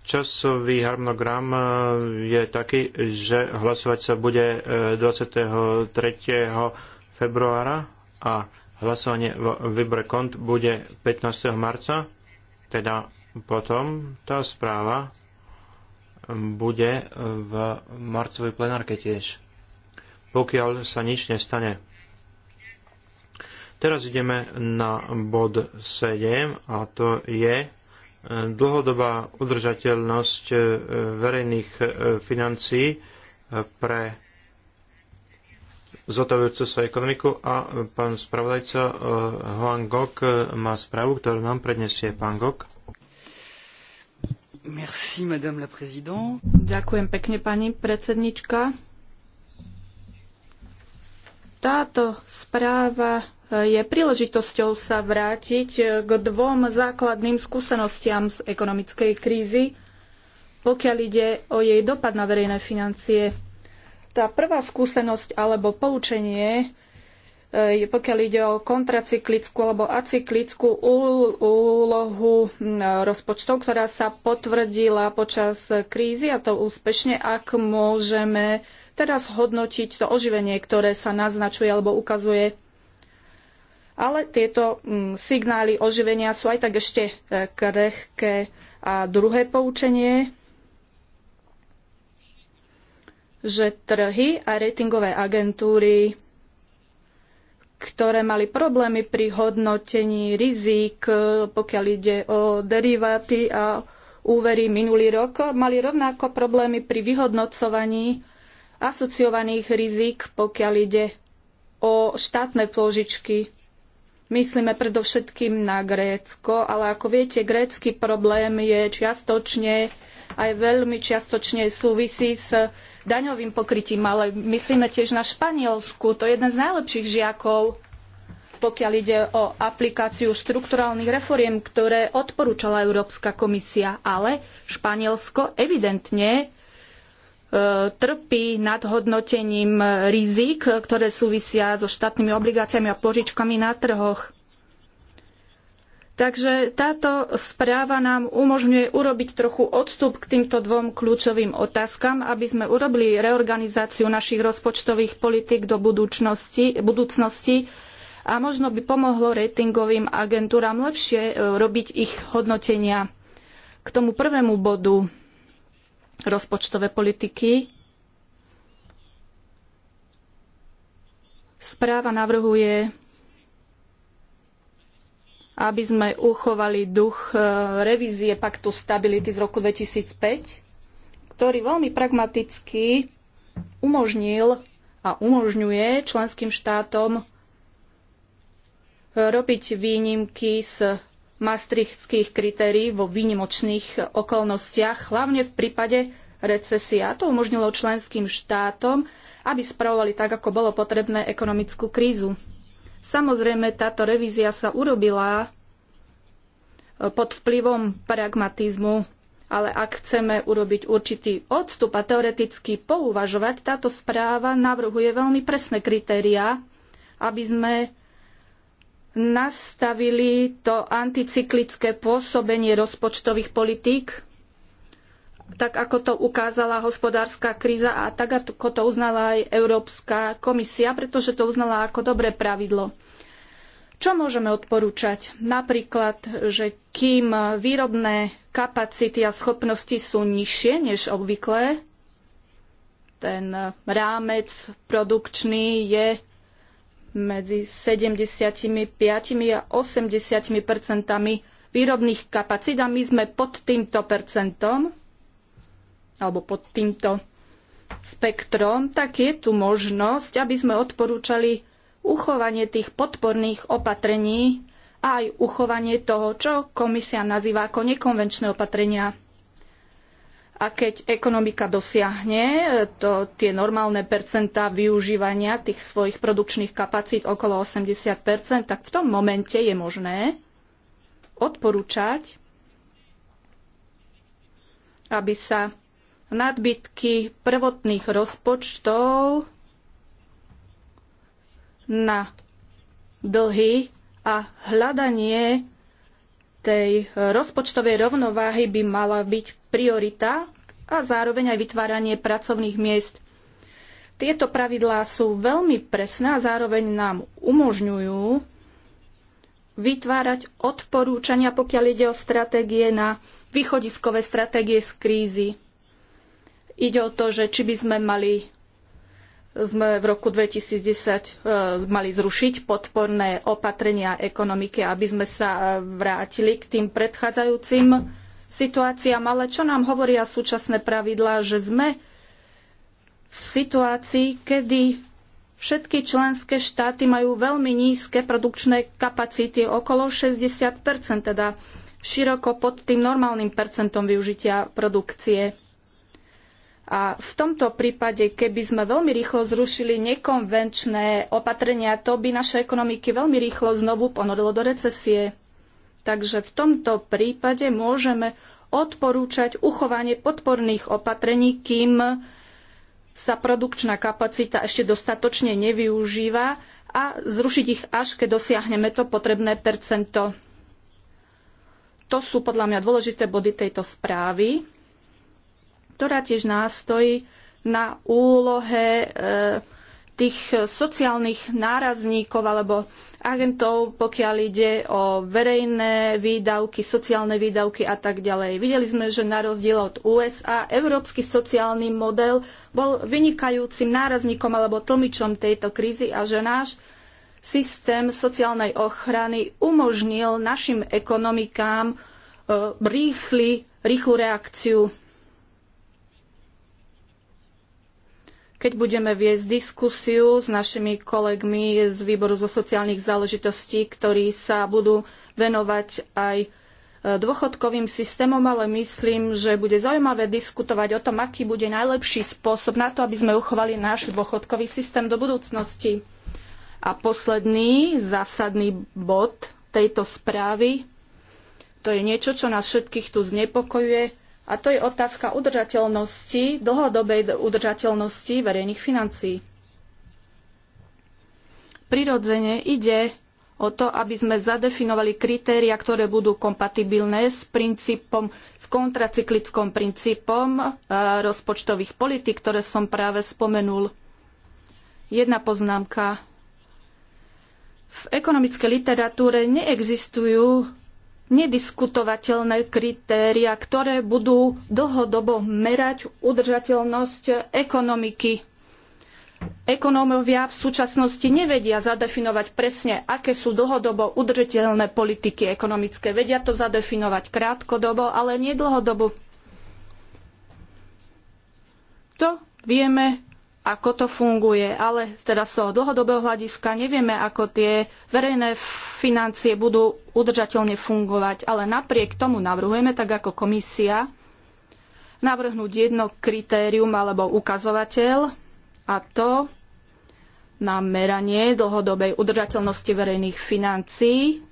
Časový harmonogram e, je taký, že hlasovať sa bude 23. E, februára a hlasovanie vo výbore kont bude 15. marca, teda potom tá správa bude v marcovej plenárke tiež, pokiaľ sa nič nestane. Teraz ideme na bod 7 a to je e, dlhodobá udržateľnosť e, verejných e, financií pre zotavujúcu sa ekonomiku a pán spravodajca Hoang eh, Gok eh, má správu, ktorú nám predniesie pán Gok. Merci, madame la présidente. Ďakujem pekne, pani predsednička. Táto správa eh, je príležitosťou sa vrátiť k dvom základným skúsenostiam z ekonomickej krízy, pokiaľ ide o jej dopad na verejné financie. Tá prvá skúsenosť alebo poučenie, e, pokiaľ ide o kontracyklickú alebo acyklickú úlohu rozpočtov, ktorá sa potvrdila počas krízy a to úspešne, ak môžeme teraz hodnotiť to oživenie, ktoré sa naznačuje alebo ukazuje. Ale tieto signály oživenia sú aj tak ešte e, krehké. A druhé poučenie že trhy a ratingové agentúry, ktoré mali problémy pri hodnotení rizík, pokiaľ ide o deriváty a úvery minulý rok, mali rovnako problémy pri vyhodnocovaní asociovaných rizik, pokiaľ ide o štátne pôžičky. Myslíme predovšetkým na Grécko, ale ako viete, grécky problém je čiastočne aj veľmi čiastočne súvisí s daňovým pokrytím, ale myslíme tiež na Španielsku. To je jeden z najlepších žiakov, pokiaľ ide o aplikáciu štrukturálnych reforiem, ktoré odporúčala Európska komisia. Ale Španielsko evidentne e, trpí nadhodnotením rizik, ktoré súvisia so štátnymi obligáciami a požičkami na trhoch. Takže táto správa nám umožňuje urobiť trochu odstup k týmto dvom kľúčovým otázkam, aby sme urobili reorganizáciu našich rozpočtových politik do budúcnosti, budúcnosti a možno by pomohlo ratingovým agentúram lepšie e, robiť ich hodnotenia. K tomu prvému bodu rozpočtové politiky správa navrhuje aby sme uchovali duch e, revízie Paktu stability z roku 2005, ktorý veľmi pragmaticky umožnil a umožňuje členským štátom e, robiť výnimky z maastrichtských kritérií vo výnimočných okolnostiach, hlavne v prípade recesia. To umožnilo členským štátom, aby spravovali tak, ako bolo potrebné ekonomickú krízu. Samozrejme, táto revízia sa urobila e, pod vplyvom pragmatizmu, ale ak chceme urobiť určitý odstup a teoreticky pouvažovať, táto správa navrhuje veľmi presné kritériá, aby sme nastavili to anticyklické pôsobenie rozpočtových politík tak ako to ukázala hospodárska kríza a tak ako to uznala aj Európska komisia, pretože to uznala ako dobré pravidlo. Čo môžeme odporúčať? Napríklad, že kým výrobné kapacity a schopnosti sú nižšie než obvyklé, ten rámec produkčný je medzi 75 a 80 percentami výrobných kapacít a my sme pod týmto percentom alebo pod týmto spektrom, tak je tu možnosť, aby sme odporúčali uchovanie tých podporných opatrení a aj uchovanie toho, čo komisia nazýva ako nekonvenčné opatrenia. A keď ekonomika dosiahne e, to, tie normálne percentá využívania tých svojich produkčných kapacít okolo 80 tak v tom momente je možné odporúčať, aby sa nadbytky prvotných rozpočtov na dlhy a hľadanie tej rozpočtovej rovnováhy by mala byť priorita a zároveň aj vytváranie pracovných miest. Tieto pravidlá sú veľmi presné a zároveň nám umožňujú vytvárať odporúčania, pokiaľ ide o stratégie na východiskové stratégie z krízy. Ide o to, že či by sme mali sme v roku 2010 e, mali zrušiť podporné opatrenia ekonomiky, aby sme sa e, vrátili k tým predchádzajúcim situáciám. Ale čo nám hovoria súčasné pravidlá, že sme v situácii, kedy všetky členské štáty majú veľmi nízke produkčné kapacity, okolo 60 teda široko pod tým normálnym percentom využitia produkcie a v tomto prípade, keby sme veľmi rýchlo zrušili nekonvenčné opatrenia, to by naše ekonomiky veľmi rýchlo znovu ponorilo do recesie. Takže v tomto prípade môžeme odporúčať uchovanie podporných opatrení, kým sa produkčná kapacita ešte dostatočne nevyužíva a zrušiť ich až, keď dosiahneme to potrebné percento. To sú podľa mňa dôležité body tejto správy ktorá tiež nástojí na úlohe e, tých sociálnych nárazníkov alebo agentov, pokiaľ ide o verejné výdavky, sociálne výdavky a tak ďalej. Videli sme, že na rozdiel od USA, európsky sociálny model bol vynikajúcim nárazníkom alebo tlmičom tejto krízy a že náš systém sociálnej ochrany umožnil našim ekonomikám e, rýchly, rýchlu reakciu keď budeme viesť diskusiu s našimi kolegmi z výboru zo sociálnych záležitostí, ktorí sa budú venovať aj e, dôchodkovým systémom, ale myslím, že bude zaujímavé diskutovať o tom, aký bude najlepší spôsob na to, aby sme uchovali náš dôchodkový systém do budúcnosti. A posledný zásadný bod tejto správy, to je niečo, čo nás všetkých tu znepokojuje, a to je otázka udržateľnosti, dlhodobej udržateľnosti verejných financií. Prirodzene ide o to, aby sme zadefinovali kritéria, ktoré budú kompatibilné s princípom, s kontracyklickým princípom e, rozpočtových politik, ktoré som práve spomenul. Jedna poznámka. V ekonomickej literatúre neexistujú nediskutovateľné kritéria, ktoré budú dlhodobo merať udržateľnosť ekonomiky. Ekonómovia v súčasnosti nevedia zadefinovať presne, aké sú dlhodobo udržateľné politiky ekonomické. Vedia to zadefinovať krátkodobo, ale nie dlhodobo. To vieme ako to funguje, ale teda z toho dlhodobého hľadiska nevieme, ako tie verejné financie budú udržateľne fungovať, ale napriek tomu navrhujeme, tak ako komisia, navrhnúť jedno kritérium alebo ukazovateľ a to na meranie dlhodobej udržateľnosti verejných financií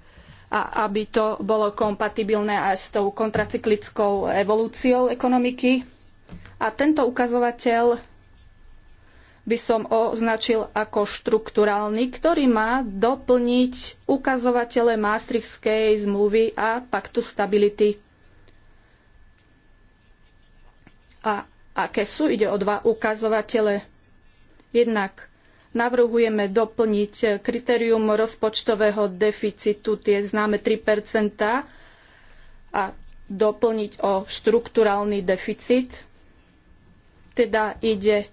a aby to bolo kompatibilné aj s tou kontracyklickou evolúciou ekonomiky. A tento ukazovateľ by som označil ako štrukturálny, ktorý má doplniť ukazovatele Maastrichtskej zmluvy a paktu stability. A aké sú? Ide o dva ukazovatele. Jednak navrhujeme doplniť kritérium rozpočtového deficitu, tie známe 3 a doplniť o štrukturálny deficit. Teda ide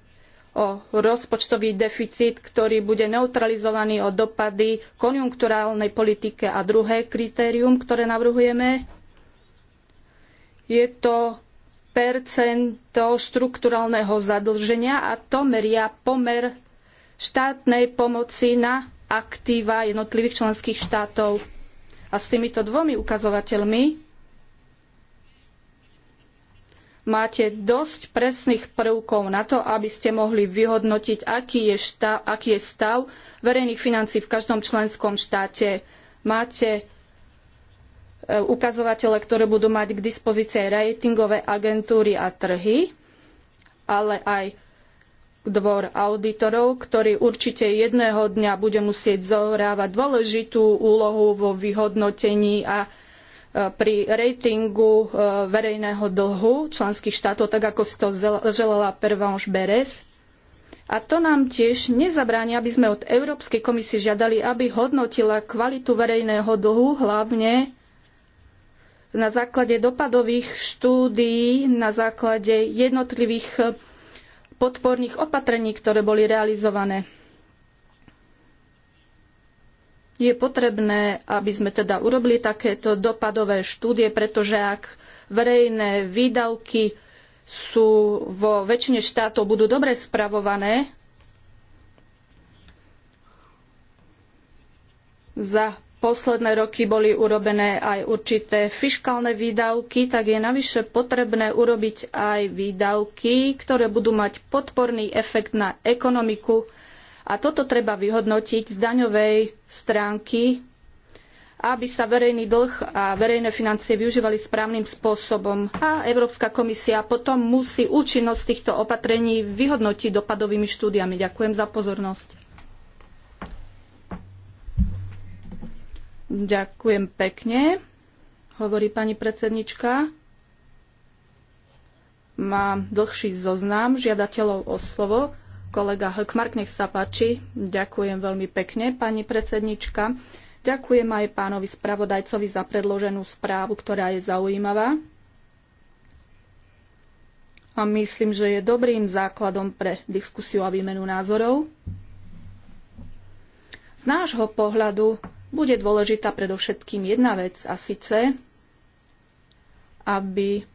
o rozpočtový deficit, ktorý bude neutralizovaný o dopady konjunkturálnej politike. A druhé kritérium, ktoré navrhujeme, je to percento štrukturálneho zadlženia a to meria pomer štátnej pomoci na aktíva jednotlivých členských štátov. A s týmito dvomi ukazovateľmi máte dosť presných prvkov na to, aby ste mohli vyhodnotiť, aký je, štav, aký je stav verejných financí v každom členskom štáte. Máte e, ukazovatele, ktoré budú mať k dispozícii ratingové agentúry a trhy, ale aj dvor auditorov, ktorý určite jedného dňa bude musieť zohrávať dôležitú úlohu vo vyhodnotení a pri rejtingu e, verejného dlhu členských štátov, tak ako si to želala Pervanš Beres. A to nám tiež nezabráni, aby sme od Európskej komisie žiadali, aby hodnotila kvalitu verejného dlhu, hlavne na základe dopadových štúdií, na základe jednotlivých podporných opatrení, ktoré boli realizované. Je potrebné, aby sme teda urobili takéto dopadové štúdie, pretože ak verejné výdavky sú vo väčšine štátov budú dobre spravované, za posledné roky boli urobené aj určité fiškálne výdavky, tak je navyše potrebné urobiť aj výdavky, ktoré budú mať podporný efekt na ekonomiku a toto treba vyhodnotiť z daňovej stránky, aby sa verejný dlh a verejné financie využívali správnym spôsobom. A Európska komisia potom musí účinnosť týchto opatrení vyhodnotiť dopadovými štúdiami. Ďakujem za pozornosť. Ďakujem pekne, hovorí pani predsednička. Mám dlhší zoznam žiadateľov o slovo kolega Hökmark, nech sa páči. Ďakujem veľmi pekne, pani predsednička. Ďakujem aj pánovi spravodajcovi za predloženú správu, ktorá je zaujímavá. A myslím, že je dobrým základom pre diskusiu a výmenu názorov. Z nášho pohľadu bude dôležitá predovšetkým jedna vec, a síce, aby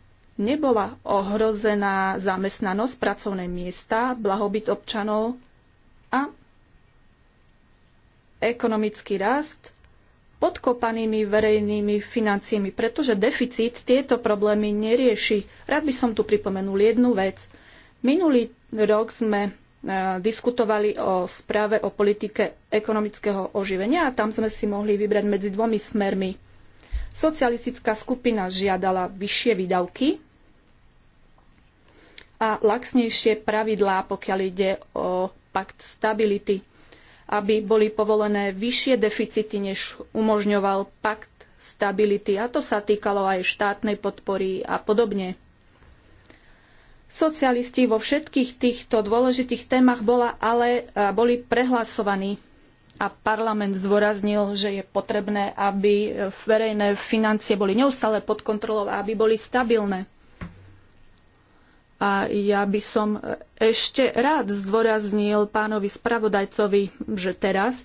nebola ohrozená zamestnanosť, pracovné miesta, blahobyt občanov a ekonomický rast podkopanými verejnými financiami, pretože deficit tieto problémy nerieši. Rád by som tu pripomenul jednu vec. Minulý rok sme e, diskutovali o správe o politike ekonomického oživenia a tam sme si mohli vybrať medzi dvomi smermi. Socialistická skupina žiadala vyššie výdavky a laxnejšie pravidlá, pokiaľ ide o pakt stability, aby boli povolené vyššie deficity, než umožňoval pakt stability. A to sa týkalo aj štátnej podpory a podobne. Socialisti vo všetkých týchto dôležitých témach bola, ale, boli prehlasovaní a parlament zdôraznil, že je potrebné, aby verejné financie boli neustále pod kontrolou a aby boli stabilné. A ja by som ešte rád zdôraznil pánovi spravodajcovi, že teraz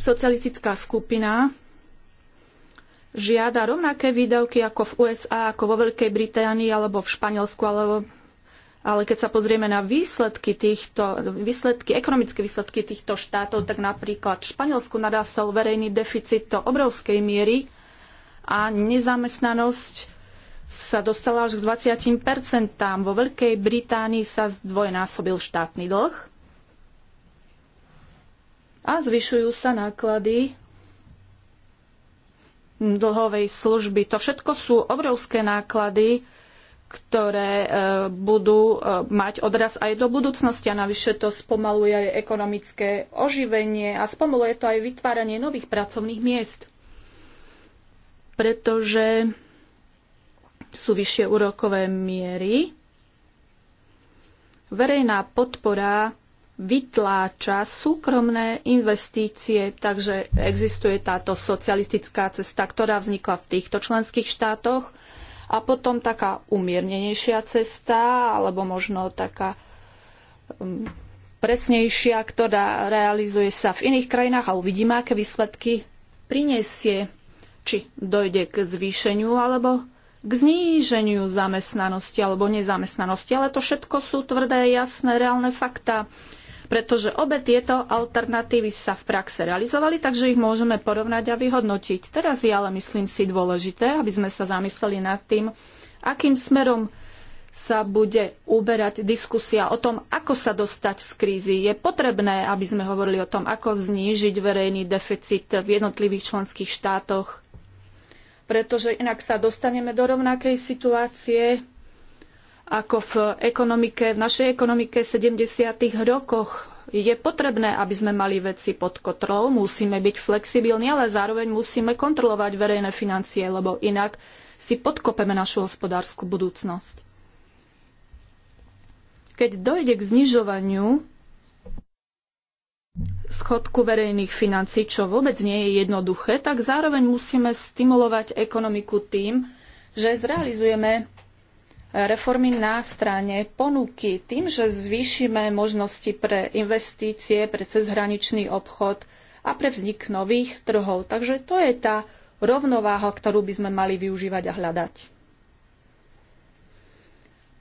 socialistická skupina žiada rovnaké výdavky ako v USA, ako vo Veľkej Británii alebo v Španielsku, alebo, ale keď sa pozrieme na výsledky týchto, výsledky, ekonomické výsledky týchto štátov, tak napríklad v Španielsku narastol verejný deficit do obrovskej miery a nezamestnanosť sa dostala až k 20%. Vo Veľkej Británii sa zdvojnásobil štátny dlh a zvyšujú sa náklady dlhovej služby. To všetko sú obrovské náklady, ktoré e, budú e, mať odraz aj do budúcnosti a navyše to spomaluje aj ekonomické oživenie a spomaluje to aj vytváranie nových pracovných miest. Pretože sú vyššie úrokové miery. Verejná podpora vytláča súkromné investície, takže existuje táto socialistická cesta, ktorá vznikla v týchto členských štátoch a potom taká umiernenejšia cesta, alebo možno taká um, presnejšia, ktorá realizuje sa v iných krajinách a uvidíme, aké výsledky prinesie, či dojde k zvýšeniu alebo k zníženiu zamestnanosti alebo nezamestnanosti. Ale to všetko sú tvrdé, jasné, reálne fakta pretože obe tieto alternatívy sa v praxe realizovali, takže ich môžeme porovnať a vyhodnotiť. Teraz je ale, myslím si, dôležité, aby sme sa zamysleli nad tým, akým smerom sa bude uberať diskusia o tom, ako sa dostať z krízy. Je potrebné, aby sme hovorili o tom, ako znížiť verejný deficit v jednotlivých členských štátoch, pretože inak sa dostaneme do rovnakej situácie ako v ekonomike, v našej ekonomike 70. rokoch. Je potrebné, aby sme mali veci pod kontrolou, musíme byť flexibilní, ale zároveň musíme kontrolovať verejné financie, lebo inak si podkopeme našu hospodárskú budúcnosť. Keď dojde k znižovaniu schodku verejných financí, čo vôbec nie je jednoduché, tak zároveň musíme stimulovať ekonomiku tým, že zrealizujeme reformy na strane ponuky, tým, že zvýšime možnosti pre investície, pre cezhraničný obchod a pre vznik nových trhov. Takže to je tá rovnováha, ktorú by sme mali využívať a hľadať.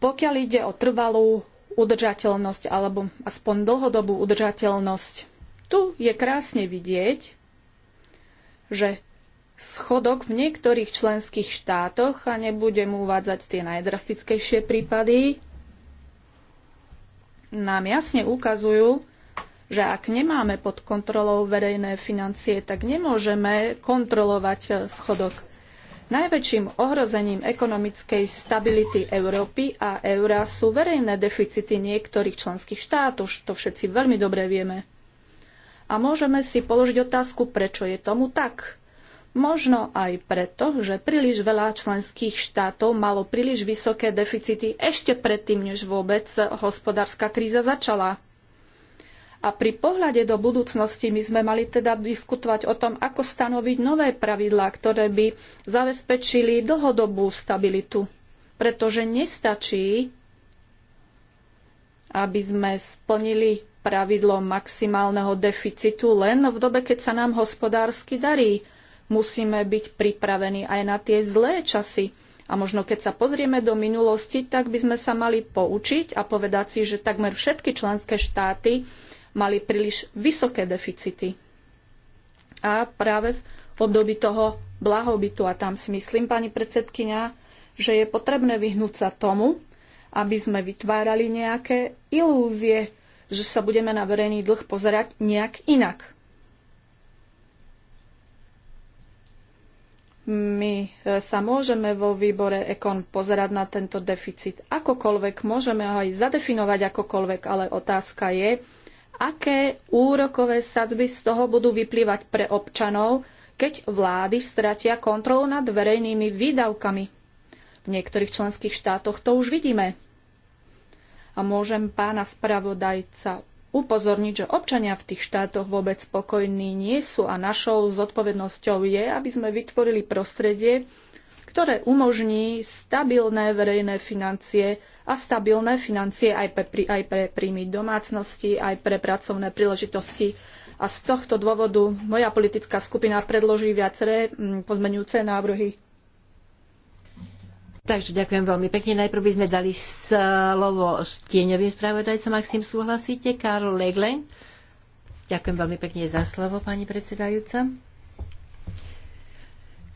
Pokiaľ ide o trvalú udržateľnosť alebo aspoň dlhodobú udržateľnosť. Tu je krásne vidieť, že schodok v niektorých členských štátoch, a nebudem uvádzať tie najdrastickejšie prípady, nám jasne ukazujú, že ak nemáme pod kontrolou verejné financie, tak nemôžeme kontrolovať schodok. Najväčším ohrozením ekonomickej stability Európy a eura sú verejné deficity niektorých členských štátov, to všetci veľmi dobre vieme. A môžeme si položiť otázku, prečo je tomu tak. Možno aj preto, že príliš veľa členských štátov malo príliš vysoké deficity ešte predtým, než vôbec hospodárska kríza začala. A pri pohľade do budúcnosti my sme mali teda diskutovať o tom, ako stanoviť nové pravidlá, ktoré by zabezpečili dlhodobú stabilitu. Pretože nestačí, aby sme splnili pravidlo maximálneho deficitu len v dobe, keď sa nám hospodársky darí. Musíme byť pripravení aj na tie zlé časy. A možno keď sa pozrieme do minulosti, tak by sme sa mali poučiť a povedať si, že takmer všetky členské štáty mali príliš vysoké deficity. A práve v období toho blahobytu, a tam si myslím, pani predsedkynia, že je potrebné vyhnúť sa tomu, aby sme vytvárali nejaké ilúzie, že sa budeme na verejný dlh pozerať nejak inak. My e, sa môžeme vo výbore Ekon pozerať na tento deficit akokoľvek, môžeme ho aj zadefinovať akokoľvek, ale otázka je, aké úrokové sadzby z toho budú vyplývať pre občanov, keď vlády stratia kontrolu nad verejnými výdavkami. V niektorých členských štátoch to už vidíme. A môžem pána spravodajca upozorniť, že občania v tých štátoch vôbec spokojní nie sú a našou zodpovednosťou je, aby sme vytvorili prostredie, ktoré umožní stabilné verejné financie a stabilné financie aj pre, aj pre príjmy domácnosti, aj pre pracovné príležitosti. A z tohto dôvodu moja politická skupina predloží viaceré mm, pozmenujúce návrhy. Takže ďakujem veľmi pekne. Najprv by sme dali slovo stieňovým spravodajcom, ak s tým súhlasíte. Karol Leglen. Ďakujem veľmi pekne za slovo, pani predsedajúca.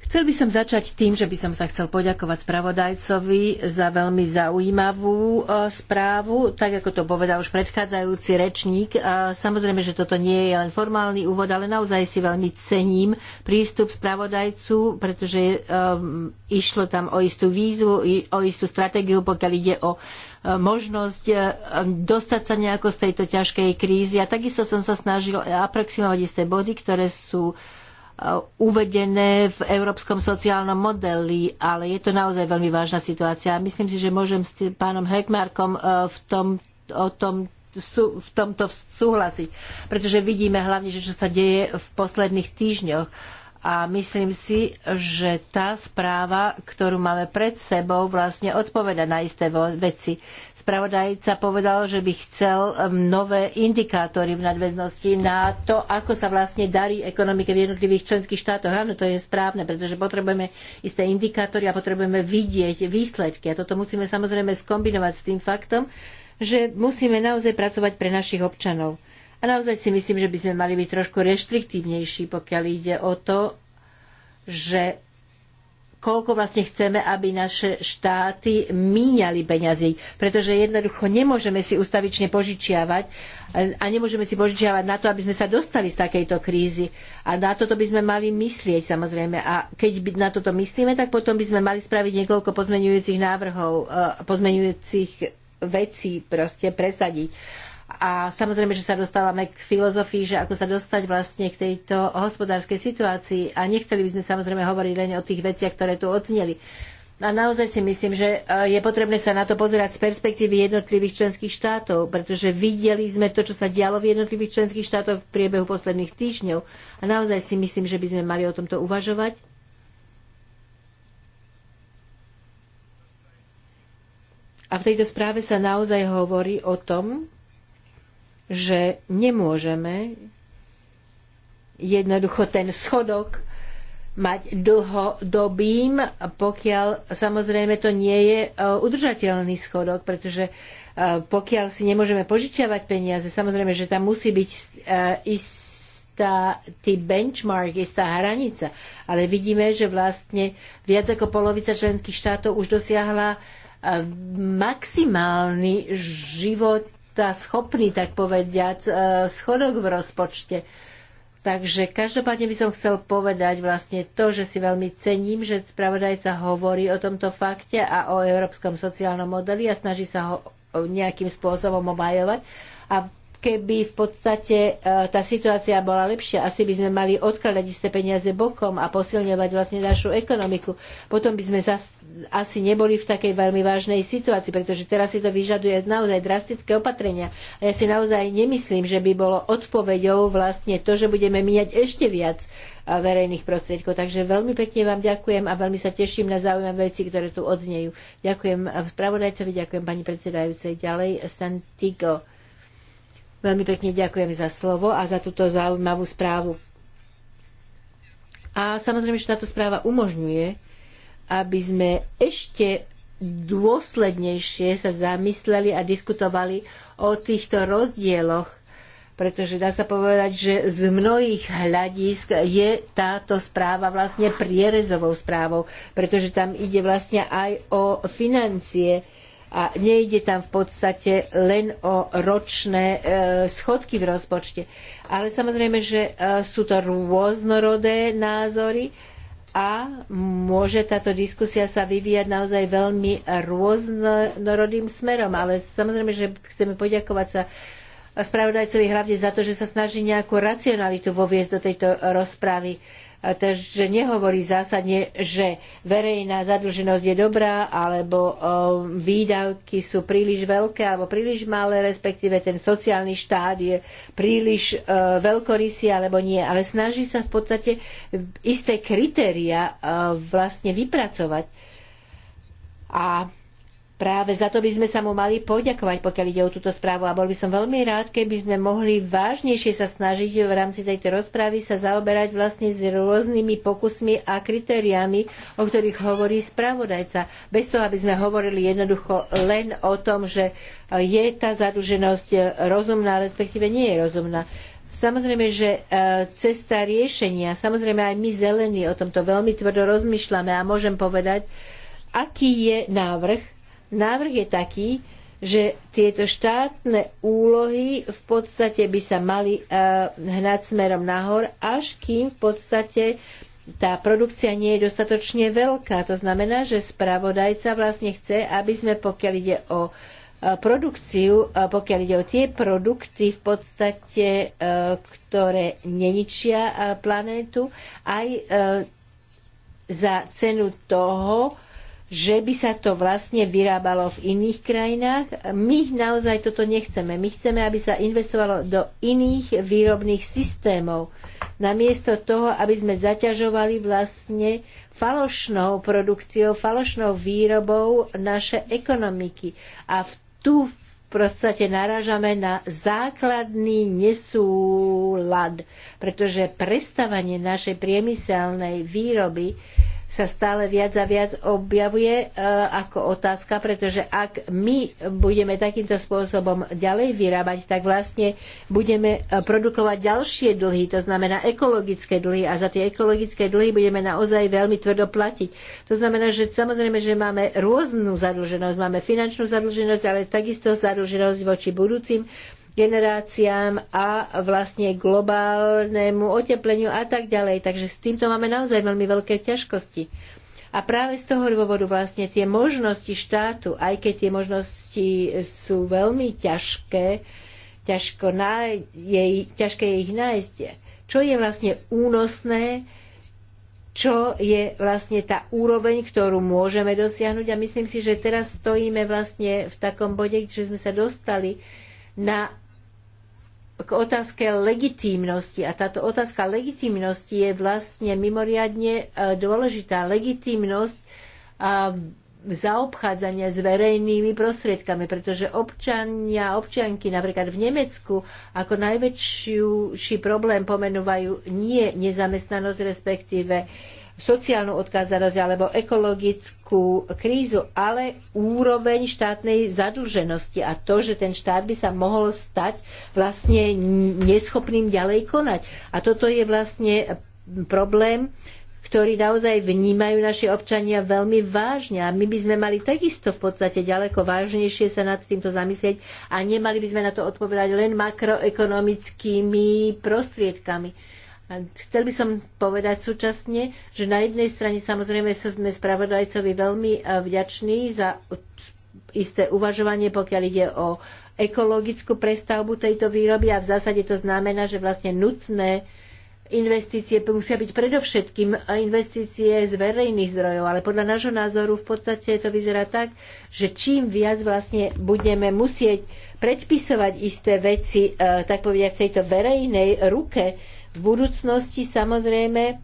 Chcel by som začať tým, že by som sa chcel poďakovať spravodajcovi za veľmi zaujímavú e, správu, tak ako to povedal už predchádzajúci rečník. E, samozrejme, že toto nie je len formálny úvod, ale naozaj si veľmi cením prístup spravodajcu, pretože e, išlo tam o istú výzvu, o istú stratégiu, pokiaľ ide o možnosť dostať sa nejako z tejto ťažkej krízy. A takisto som sa snažil aproximovať isté body, ktoré sú Eh, uvedené v európskom sociálnom modeli, ale je to naozaj veľmi vážna situácia. Myslím si, že môžem s pánom Hegmarkom eh, v tom, o tom v tomto súhlasiť, pretože vidíme hlavne, že čo sa deje v posledných týždňoch. A myslím si, že tá správa, ktorú máme pred sebou, vlastne odpoveda na isté veci. Spravodajca povedal, že by chcel um, nové indikátory v nadväznosti na to, ako sa vlastne darí ekonomike v jednotlivých členských štátoch. Áno, to je správne, pretože potrebujeme isté indikátory a potrebujeme vidieť výsledky. A toto musíme samozrejme skombinovať s tým faktom, že musíme naozaj pracovať pre našich občanov. A naozaj si myslím, že by sme mali byť trošku reštriktívnejší, pokiaľ ide o to, že koľko vlastne chceme, aby naše štáty míňali peňazí. Pretože jednoducho nemôžeme si ustavične požičiavať a nemôžeme si požičiavať na to, aby sme sa dostali z takejto krízy. A na toto by sme mali myslieť samozrejme. A keď na toto myslíme, tak potom by sme mali spraviť niekoľko pozmenujúcich návrhov, eh, pozmenujúcich vecí proste presadiť. A samozrejme, že sa dostávame k filozofii, že ako sa dostať vlastne k tejto hospodárskej situácii. A nechceli by sme samozrejme hovoriť len o tých veciach, ktoré tu odzneli. A naozaj si myslím, že eh, je potrebné sa na to pozerať z perspektívy jednotlivých členských štátov, pretože videli sme to, čo sa dialo v jednotlivých členských štátoch v priebehu posledných týždňov. A naozaj si myslím, že by sme mali o tomto uvažovať. A v tejto správe sa naozaj hovorí o tom, že nemôžeme jednoducho ten schodok mať dlhodobým, pokiaľ samozrejme to nie je e, udržateľný schodok, pretože e, pokiaľ si nemôžeme požičiavať peniaze, samozrejme, že tam musí byť e, istá tý benchmark, istá hranica. Ale vidíme, že vlastne viac ako polovica členských štátov už dosiahla maximálny život tá schopný, tak povediať, e, schodok v rozpočte. Takže každopádne by som chcel povedať vlastne to, že si veľmi cením, že spravodajca hovorí o tomto fakte a o európskom sociálnom modeli a snaží sa ho nejakým spôsobom obhajovať. A keby v podstate e, tá situácia bola lepšia, asi by sme mali odkladať isté peniaze bokom a posilňovať vlastne našu ekonomiku. Potom by sme zas, asi neboli v takej veľmi vážnej situácii, pretože teraz si to vyžaduje naozaj drastické opatrenia. A ja si naozaj nemyslím, že by bolo odpoveďou vlastne to, že budeme míňať ešte viac e, verejných prostriedkov. Takže veľmi pekne vám ďakujem a veľmi sa teším na zaujímavé veci, ktoré tu odznejú. Ďakujem spravodajcovi, ďakujem pani predsedajúcej. Ďalej, Santigo. Veľmi pekne ďakujem za slovo a za túto zaujímavú správu. A samozrejme, že táto správa umožňuje, aby sme ešte dôslednejšie sa zamysleli a diskutovali o týchto rozdieloch, pretože dá sa povedať, že z mnohých hľadisk je táto správa vlastne prierezovou správou, pretože tam ide vlastne aj o financie a nejde tam v podstate len o ročné e, schodky v rozpočte. Ale samozrejme, že e, sú to rôznorodé názory a môže táto diskusia sa vyvíjať naozaj veľmi rôznorodým smerom. Ale samozrejme, že chceme poďakovať sa spravodajcovi hlavne za to, že sa snaží nejakú racionalitu voviesť do tejto rozpravy. Uh, takže nehovorí zásadne, že verejná zadlženosť je dobrá, alebo výdavky sú príliš veľké alebo príliš malé, respektíve ten sociálny štát je príliš e, veľkorysý alebo nie. Ale snaží sa v podstate isté kritéria e, vlastne vypracovať. A Práve za to by sme sa mu mali poďakovať, pokiaľ ide o túto správu. A bol by som veľmi rád, keby sme mohli vážnejšie sa snažiť v rámci tejto rozprávy sa zaoberať vlastne s rôznymi pokusmi a kritériami, o ktorých hovorí spravodajca. Bez toho, aby sme hovorili jednoducho len o tom, že je tá zadlženosť rozumná, respektíve nie je rozumná. Samozrejme, že e, cesta riešenia, samozrejme aj my zelení o tomto veľmi tvrdo rozmýšľame a môžem povedať, aký je návrh Návrh je taký, že tieto štátne úlohy v podstate by sa mali eh, hnať smerom nahor, až kým v podstate tá produkcia nie je dostatočne veľká. To znamená, že spravodajca vlastne chce, aby sme, pokiaľ ide o eh, produkciu, eh, pokiaľ ide o tie produkty v podstate, ktoré neničia planétu, aj za cenu toho, že by sa to vlastne vyrábalo v iných krajinách. My naozaj toto nechceme. My chceme, aby sa investovalo do iných výrobných systémov. Namiesto toho, aby sme zaťažovali vlastne falošnou produkciou, falošnou výrobou naše ekonomiky. A v tu v podstate narážame na základný nesúlad, pretože prestavanie našej priemyselnej výroby sa stále viac a viac objavuje e, ako otázka, pretože ak my budeme takýmto spôsobom ďalej vyrábať, tak vlastne budeme e, produkovať ďalšie dlhy, to znamená ekologické dlhy a za tie ekologické dlhy budeme naozaj veľmi tvrdo platiť. To znamená, že samozrejme, že máme rôznu zadlženosť, máme finančnú zadlženosť, ale takisto zadlženosť voči budúcim generáciám a vlastne globálnemu otepleniu a tak ďalej. Takže s týmto máme naozaj veľmi veľké ťažkosti. A práve z toho dôvodu vlastne tie možnosti štátu, aj keď tie možnosti sú veľmi ťažké, ťažko na jej, ťažké je ich nájsť, čo je vlastne únosné, čo je vlastne tá úroveň, ktorú môžeme dosiahnuť. A myslím si, že teraz stojíme vlastne v takom bode, že sme sa dostali na k otázke legitímnosti. A táto otázka legitímnosti je vlastne mimoriadne e, dôležitá. Legitímnosť a zaobchádzania s verejnými prostriedkami, pretože občania občianky napríklad v Nemecku ako najväčší problém pomenúvajú nie nezamestnanosť, respektíve uh, sociálnu odkázanosť alebo ekologickú krízu, ale úroveň štátnej zadlženosti a to, že ten štát by sa mohol stať vlastne neschopným ďalej konať. A toto je vlastne problém, ktorý naozaj vnímajú naši občania veľmi vážne. A my by sme mali takisto v podstate ďaleko vážnejšie sa nad týmto zamyslieť a nemali by sme na to odpovedať len makroekonomickými prostriedkami. A chcel by som povedať súčasne, že na jednej strane samozrejme sme spravodajcovi veľmi e, vďační za isté uvažovanie, pokiaľ ide o ekologickú prestavbu tejto výroby a v zásade to znamená, že vlastne nutné investície musia byť predovšetkým investície z verejných zdrojov, ale podľa nášho názoru v podstate to vyzerá tak, že čím viac vlastne budeme musieť predpisovať isté veci, e, tak povediať, tejto verejnej ruke, v budúcnosti samozrejme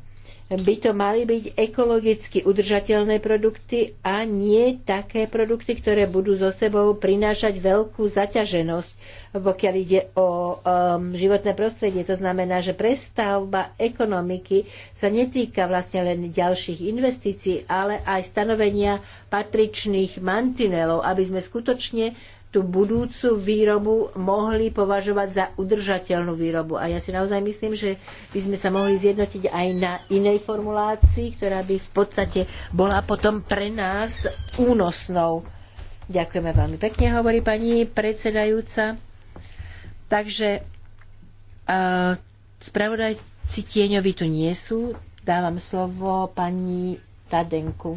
by to mali byť ekologicky udržateľné produkty a nie také produkty, ktoré budú so sebou prinášať veľkú zaťaženosť, pokiaľ ide o um, životné prostredie. To znamená, že prestavba ekonomiky sa netýka vlastne len ďalších investícií, ale aj stanovenia patričných mantinelov, aby sme skutočne tú budúcu výrobu mohli považovať za udržateľnú výrobu. A ja si naozaj myslím, že by sme sa mohli zjednotiť aj na inej formulácii, ktorá by v podstate bola potom pre nás únosnou. Ďakujeme veľmi pekne, hovorí pani predsedajúca. Takže uh, spravodajci tieňovi tu nie sú. Dávam slovo pani Tadenku.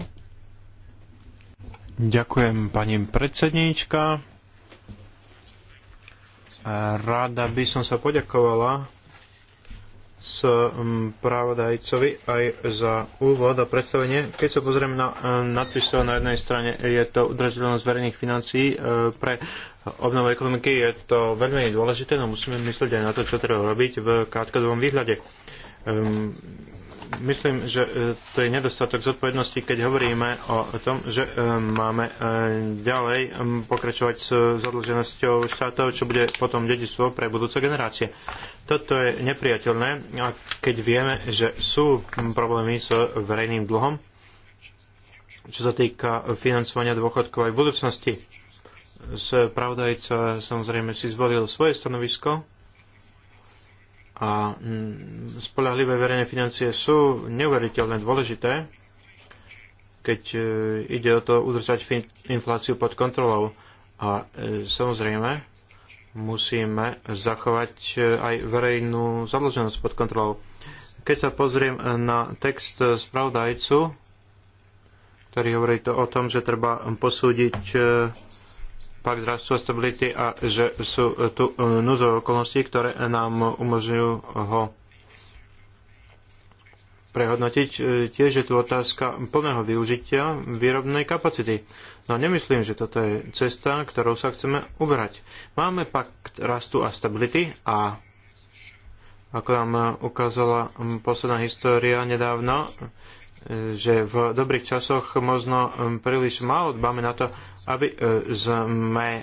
Ďakujem pani predsedníčka. Rada by som sa poďakovala s mm, pravodajcovi aj za úvod a predstavenie. Keď sa pozrieme na e, nadpis na jednej strane je to udržateľnosť verejných financií e, pre obnovu ekonomiky, je to veľmi dôležité, no musíme myslieť aj na to, čo treba robiť v krátkodobom výhľade. Ehm, myslím, že e, to je nedostatok zodpovednosti, keď hovoríme o tom, že e, máme e, ďalej pokračovať s zadlženosťou štátov, čo bude potom dedičstvo pre budúce generácie. Toto je nepriateľné, a keď vieme, že sú problémy s verejným dlhom, čo sa týka financovania dôchodkov aj v budúcnosti. Spravodajca samozrejme si zvolil svoje stanovisko, a mm, spolahlivé verejné financie sú neuveriteľne dôležité, keď e, ide o to udržať infláciu pod kontrolou. A e, samozrejme, musíme zachovať e, aj verejnú zadlženosť pod kontrolou. Keď sa pozriem na text spravodajcu, ktorý hovorí to o tom, že treba posúdiť pakt rastu a stability a že sú tu e, núzové okolnosti, ktoré nám umožňujú ho prehodnotiť. E, tiež je tu otázka plného využitia výrobnej kapacity. No nemyslím, že toto je cesta, ktorou sa chceme uberať. Máme pakt rastu a stability a ako nám ukázala posledná história nedávno, e, že v dobrých časoch možno príliš málo dbáme na to, aby e, sme e,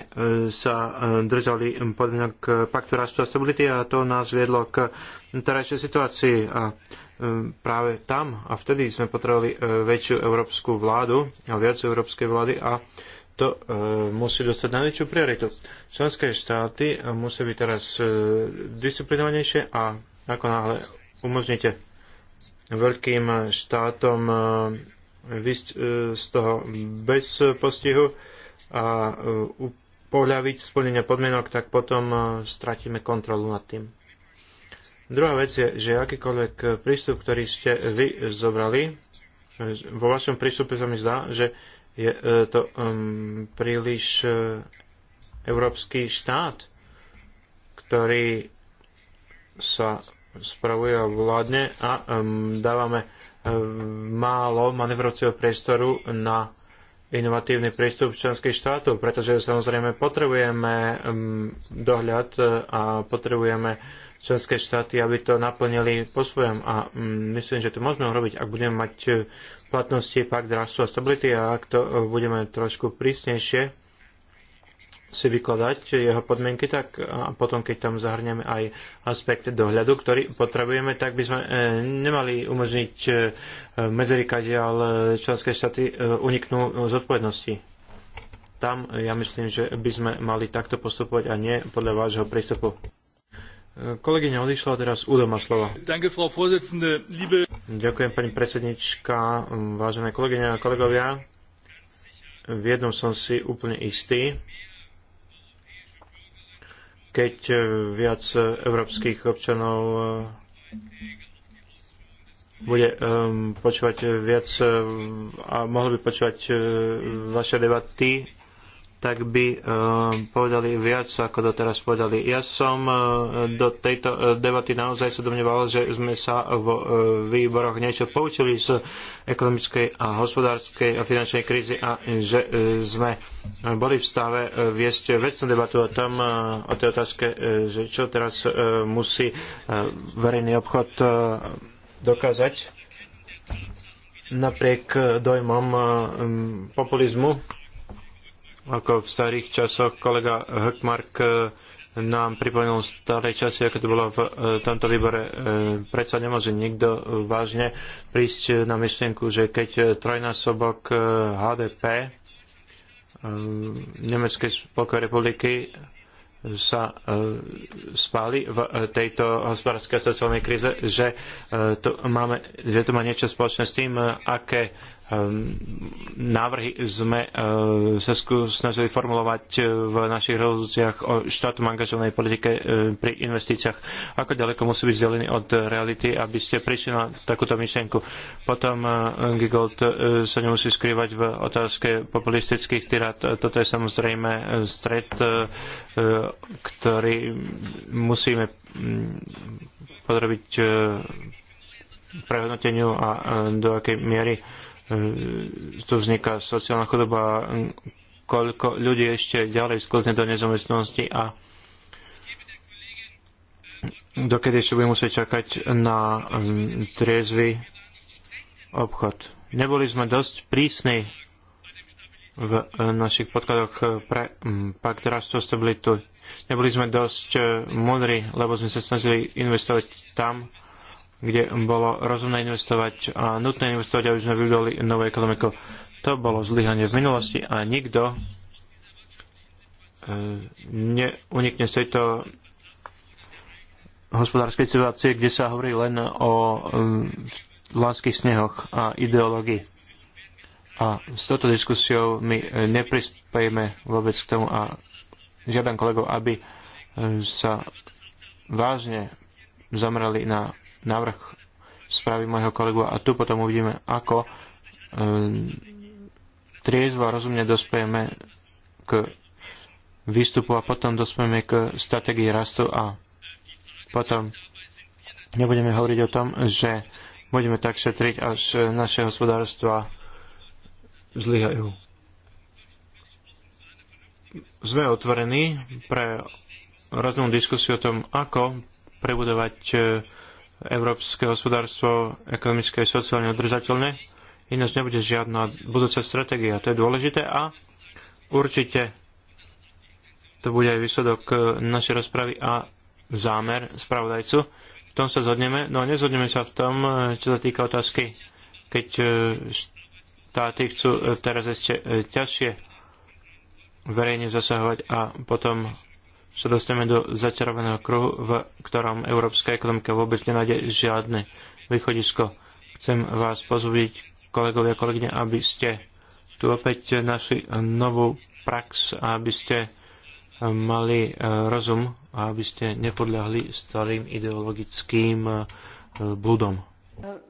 sa e, držali podmienok paktu rastu a stability a to nás viedlo k terajšej situácii a práve tam a vtedy sme potrebovali väčšiu európsku vládu a viac európskej vlády a to musí dostať najväčšiu prioritu. Členské štáty musí byť teraz disciplinovanejšie a ako náhle umožnite veľkým štátom vysť e, z toho bez postihu a e, pohľaviť splnenia podmienok, tak potom e, stratíme kontrolu nad tým. Druhá vec je, že akýkoľvek prístup, ktorý ste vy zobrali, vo vašom prístupe sa mi zdá, že je to um, príliš uh, európsky štát, ktorý sa spravuje a vládne a um, dávame málo manevrovacieho priestoru na inovatívny prístup členských štátov, pretože samozrejme potrebujeme mm, dohľad e, a potrebujeme členské štáty, aby to naplnili po svojom. A mm, myslím, že to môžeme urobiť, ak budeme mať e, platnosti pakt rastu a stability a ak to e, budeme trošku prísnejšie si vykladať jeho podmienky, tak a potom, keď tam zahrnieme aj aspekt dohľadu, ktorý potrebujeme, tak by sme e, nemali umožniť e, medzerikať, ale členské štáty e, uniknú zodpovednosti. Tam ja myslím, že by sme mali takto postupovať a nie podľa vášho prístupu. Kolegyňa odišla, teraz Udo má slovo. Ďakujem, pani predsednička, vážené kolegyňa a kolegovia. V jednom som si úplne istý keď e, viac európskych občanov e, bude um, počúvať viac a mohli by počúvať vaše debaty tak by e, povedali viac, ako doteraz povedali. Ja som e, do tejto e, debaty naozaj sa domneval, že sme sa v výboroch niečo poučili z ekonomickej a hospodárskej a finančnej krízy a že sme boli v stave viesť vecnú debatu o tom, o tej otázke, že čo teraz musí verejný obchod dokázať napriek dojmom populizmu ako v starých časoch. Kolega Hökmark e, nám pripomenul staré časy, ako to bolo v e, tomto výbore. E, predsa nemôže nikto vážne prísť na myšlienku, že keď trojnásobok HDP Nemeckej spolkovej republiky sa e, spáli v e, tejto hospodárskej a sociálnej kríze, že e, tu, máme, že to má niečo spoločné s tým, aké návrhy sme sa snažili formulovať v našich rozhodnutiach o štátom angažovanej politike pri investíciách. Ako ďaleko musí byť vzdelený od reality, aby ste prišli na takúto myšlienku. Potom Gigold sa nemusí skrývať v otázke populistických tirát. Toto je samozrejme stred ktorý musíme mm, podrobiť e, prehodnoteniu a e, do akej miery e, tu vzniká sociálna chudoba, koľko ľudí ešte ďalej sklzne do nezamestnanosti a dokedy ešte budeme musieť čakať na mm, triezvy obchod. Neboli sme dosť prísni v našich podkladoch pre mm, pakt rastu a stabilitu. Neboli sme dosť e, múdri, lebo sme sa snažili investovať tam, kde bolo rozumné investovať a nutné investovať, aby sme vybudovali novú ekonomiku. To bolo zlyhanie v minulosti a nikto e, neunikne z tejto hospodárskej situácie, kde sa hovorí len o e, lánskych snehoch a ideológii. A s touto diskusiou my neprispejme vôbec k tomu a žiadam kolegov, aby e, sa vážne zamerali na návrh správy môjho kolegu a tu potom uvidíme, ako e, triezvo a rozumne dospejeme k výstupu a potom dospejeme k strategii rastu a potom nebudeme hovoriť o tom, že budeme tak šetriť, až naše hospodárstva zlyhajú sme otvorení pre rôznu diskusiu o tom, ako prebudovať e, európske hospodárstvo ekonomické a sociálne udržateľné. Ináč nebude žiadna budúca stratégia. To je dôležité a určite to bude aj výsledok e, našej rozpravy a zámer spravodajcu. V tom sa zhodneme, no nezhodneme sa v tom, e, čo sa týka otázky, keď štáty chcú teraz ešte ťažšie verejne zasahovať a potom sa dostaneme do začarovaného kruhu, v ktorom európska ekonomika vôbec nenájde žiadne východisko. Chcem vás pozvať, kolegovia a kolegyne, aby ste tu opäť našli novú prax a aby ste eh, mali eh, rozum a aby ste nepodľahli starým ideologickým eh, blúdom. Oh,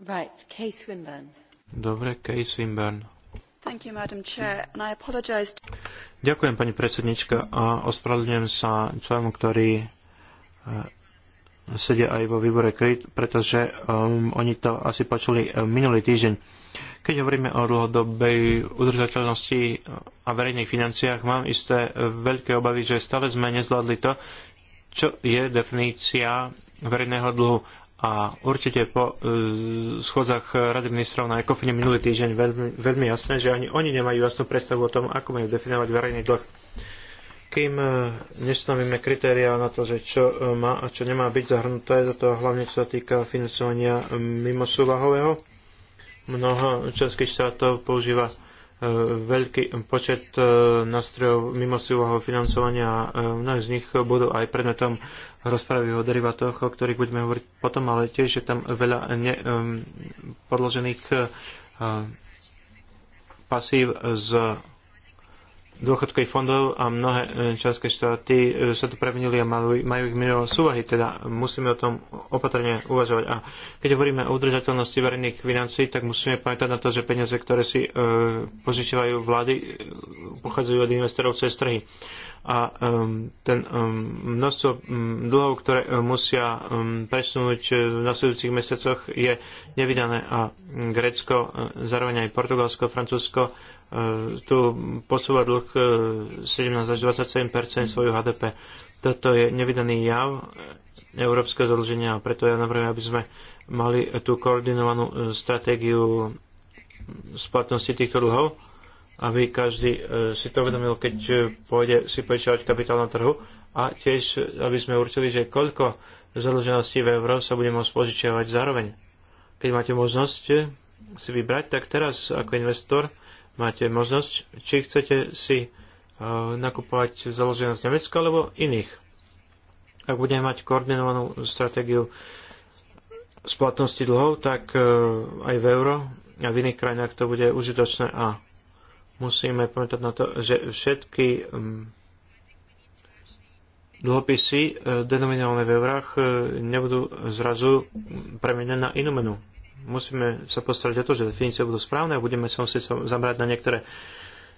Dobre, Kay Swinburne. Ďakujem, pani predsednička, a ospravedlňujem sa členom, ktorí e, sedia aj vo výbore KRIT, pretože um, oni to asi počuli e, minulý týždeň. Keď hovoríme o dlhodobej udržateľnosti e, a verejných financiách, mám isté veľké obavy, že stále sme nezvládli to, čo je definícia verejného dlhu. A určite po e, schodzách Rady ministrov na ECOFINE minulý týždeň veľmi, veľmi jasné, že ani oni nemajú jasnú predstavu o tom, ako majú definovať verejný dlh. Kým e, nestanovíme kritériá na to, že čo e, má a čo nemá byť zahrnuté, za to hlavne čo sa týka financovania mimo súvahového, mnoho členských štátov používa veľký počet nástrojov mimo súvahu financovania a mnohí z nich budú aj predmetom rozpravy o derivatoch, o ktorých budeme hovoriť potom, ale tiež je tam veľa ne, um, podložených uh, pasív z dôchodkových fondov a mnohé eh, členské štáty eh, sa tu previnili a majú, majú ich minulé súvahy, teda musíme o tom opatrne uvažovať. A keď hovoríme o udržateľnosti verejných financií, tak musíme pamätať na to, že peniaze, ktoré si e, požičiavajú vlády, pochádzajú od investorov cez trhy a um, ten um, množstvo um, dlhov, ktoré musia presunúť uh, v nasledujúcich mesiacoch je nevydané a Grécko, uh, zároveň aj Portugalsko, Francúzsko uh, tu posúva dlh 17 až 27 mm. svojho HDP. Toto je nevydaný jav európskeho zadlženia a preto ja navrhujem, aby sme mali tú koordinovanú stratégiu splatnosti týchto dlhov aby každý e, si to uvedomil, keď e, pôjde si požičať kapitál na trhu a tiež, aby sme určili, že koľko zadlženosti v euro sa bude môcť požičiavať zároveň. Keď máte možnosť e, si vybrať, tak teraz ako investor máte možnosť, či chcete si nakupovať založenosť Nemecka alebo iných. Ak budeme mať koordinovanú stratégiu splatnosti dlhov, tak aj v euro a v iných krajinách to bude užitočné a musíme pamätať na to, že všetky mm, dlhopisy e, denominované v eurách e, nebudú zrazu premenené na inú menu. Musíme sa postarať o to, že definície budú správne a budeme sa musieť zamerať na niektoré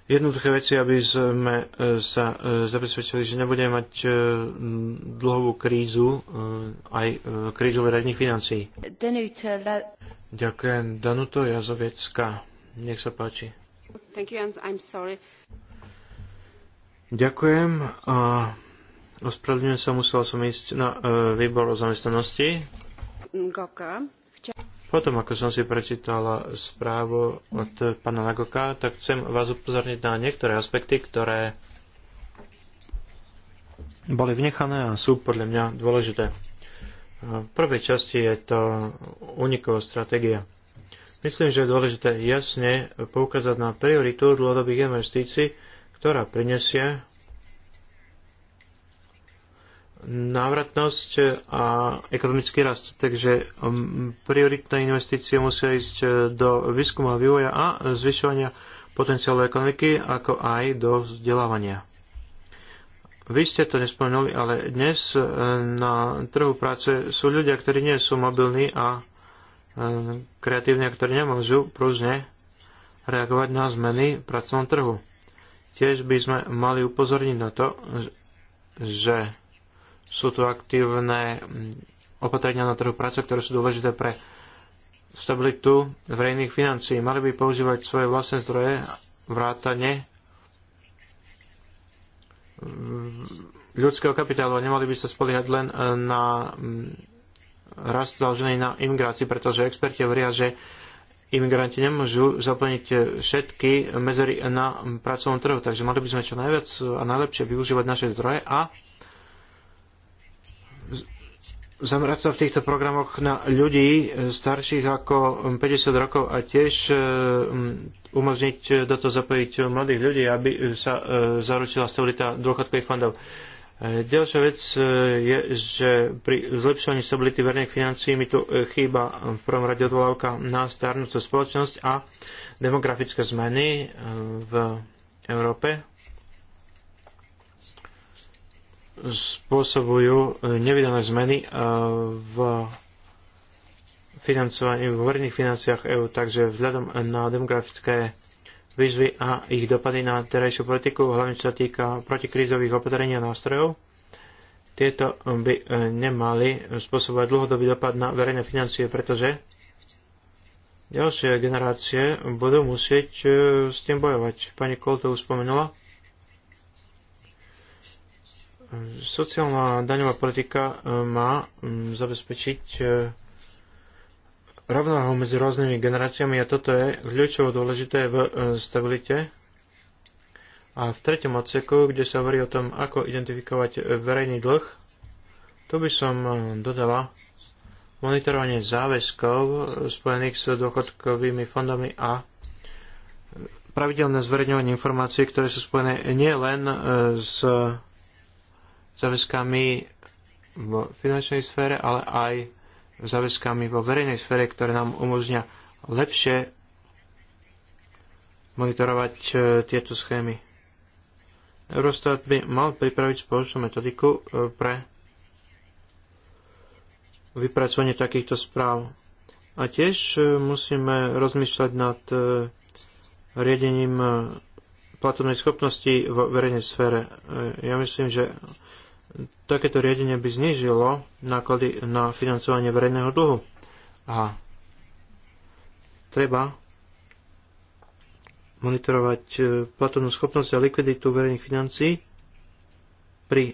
jednoduché veci, aby sme e, sa zabezpečili, že nebudeme mať dlhovú krízu, aj krízu verejných financií. Danuto Ďakujem, Danuto Jazovecka. Nech sa páči. Ďakujem a ospravedlňujem sa, musel som ísť na e, výbor o zamestnanosti. Potom, ako som si prečítala správu od pána Nagoka, tak chcem vás upozorniť na niektoré aspekty, ktoré boli vnechané a sú podľa mňa dôležité. V prvej časti je to uniková stratégia. Myslím, že je dôležité jasne poukázať na prioritu dlhodobých investícií, ktorá prinesie návratnosť a ekonomický rast. Takže um, prioritné investície musia ísť e, do výskumu a vývoja a zvyšovania potenciálu ekonomiky, ako aj do vzdelávania. Vy ste to nespomenuli, ale dnes e, na trhu práce sú ľudia, ktorí nie sú mobilní a kreatívne, ktorí nemôžu pružne reagovať na zmeny v pracovnom trhu. Tiež by sme mali upozorniť na to, že sú tu aktívne mm, opatrenia na trhu práce, ktoré sú dôležité pre stabilitu verejných financií. Mali by používať svoje vlastné zdroje, vrátane ľudského kapitálu a nemali by sa spoliehať len e, na mm, rast založený na imigrácii, pretože experti hovoria, že imigranti nemôžu zaplniť všetky medzery na pracovnom trhu, takže mali by sme čo najviac a najlepšie využívať naše zdroje a zamerať sa v týchto programoch na ľudí starších ako 50 rokov a tiež e, umožniť do toho zapojiť mladých ľudí, aby sa e, zaručila stabilita dôchodkových fondov. E, ďalšia vec e, je, že pri zlepšovaní stability verejných financií mi tu e, chýba v prvom rade odvolávka na starnúcu spoločnosť a demografické zmeny v Európe spôsobujú nevydané zmeny v financovaní, v verejných financiách EÚ, takže vzhľadom na demografické výzvy a ich dopady na terajšiu politiku, hlavne čo sa týka protikrízových opatrení a nástrojov. Tieto by e, nemali spôsobovať dlhodobý dopad na verejné financie, pretože ďalšie generácie budú musieť e, s tým bojovať. Pani Kol to spomenula. Sociálna daňová politika e, má zabezpečiť rovnováhu medzi rôznymi generáciami a toto je kľúčovo dôležité v e, stabilite. A v tretom odseku, kde sa hovorí o tom, ako identifikovať verejný dlh, tu by som e, dodala monitorovanie záväzkov spojených s dôchodkovými fondami a pravidelné zverejňovanie informácií, ktoré sú spojené nielen e, s záväzkami v finančnej sfére, ale aj záväzkami vo verejnej sfere, ktoré nám umožňa lepšie monitorovať e, tieto schémy. Eurostat by mal pripraviť spoločnú metodiku e, pre vypracovanie takýchto správ. A tiež e, musíme rozmýšľať nad riadením platobnej schopnosti v verejnej sfére. Ja myslím, že takéto riadenie by znížilo náklady na financovanie verejného dlhu. A treba monitorovať e, platobnú schopnosť a likviditu verejných financií pri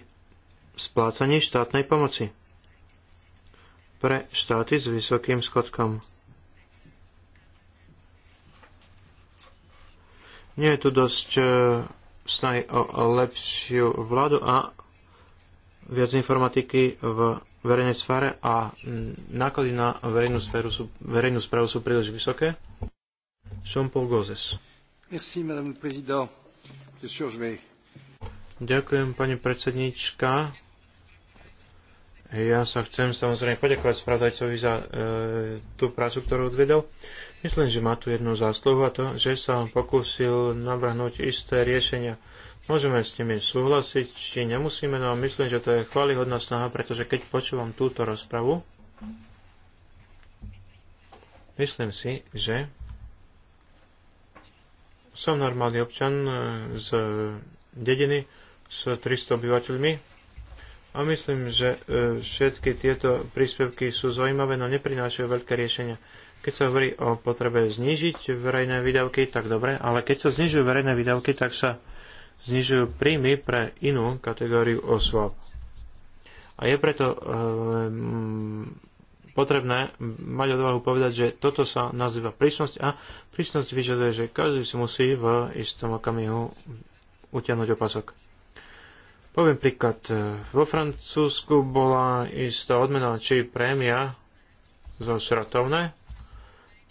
splácaní štátnej pomoci pre štáty s vysokým schodkom. Nie je tu dosť e, snaj o lepšiu vládu a viac informatiky v verejnej sfére a náklady na verejnú, sféru sú, verejnú správu sú príliš vysoké. Jean-Paul Gozes. Merci, madame le président. Sûr, je vais... Ďakujem, pani predsednička. Ja sa chcem samozrejme poďakovať spravodajcovi za e, tú prácu, ktorú odvedel. Myslím, že má tu jednu zásluhu a to, že sa pokúsil navrhnúť isté riešenia Môžeme s nimi súhlasiť, či nemusíme, no myslím, že to je chválihodná snaha, pretože keď počúvam túto rozpravu, myslím si, že som normálny občan e, z dediny s 300 obyvateľmi a myslím, že e, všetky tieto príspevky sú zaujímavé, no neprinášajú veľké riešenia. Keď sa hovorí o potrebe znížiť verejné výdavky, tak dobre, ale keď sa znižujú verejné výdavky, tak sa znižujú príjmy pre inú kategóriu osôb. A je preto um, potrebné mať odvahu povedať, že toto sa nazýva prísnosť a prísnosť vyžaduje, že každý si musí v istom okamihu utiahnuť opasok. Poviem príklad. Eh, vo Francúzsku bola istá odmena či prémia za šratovné.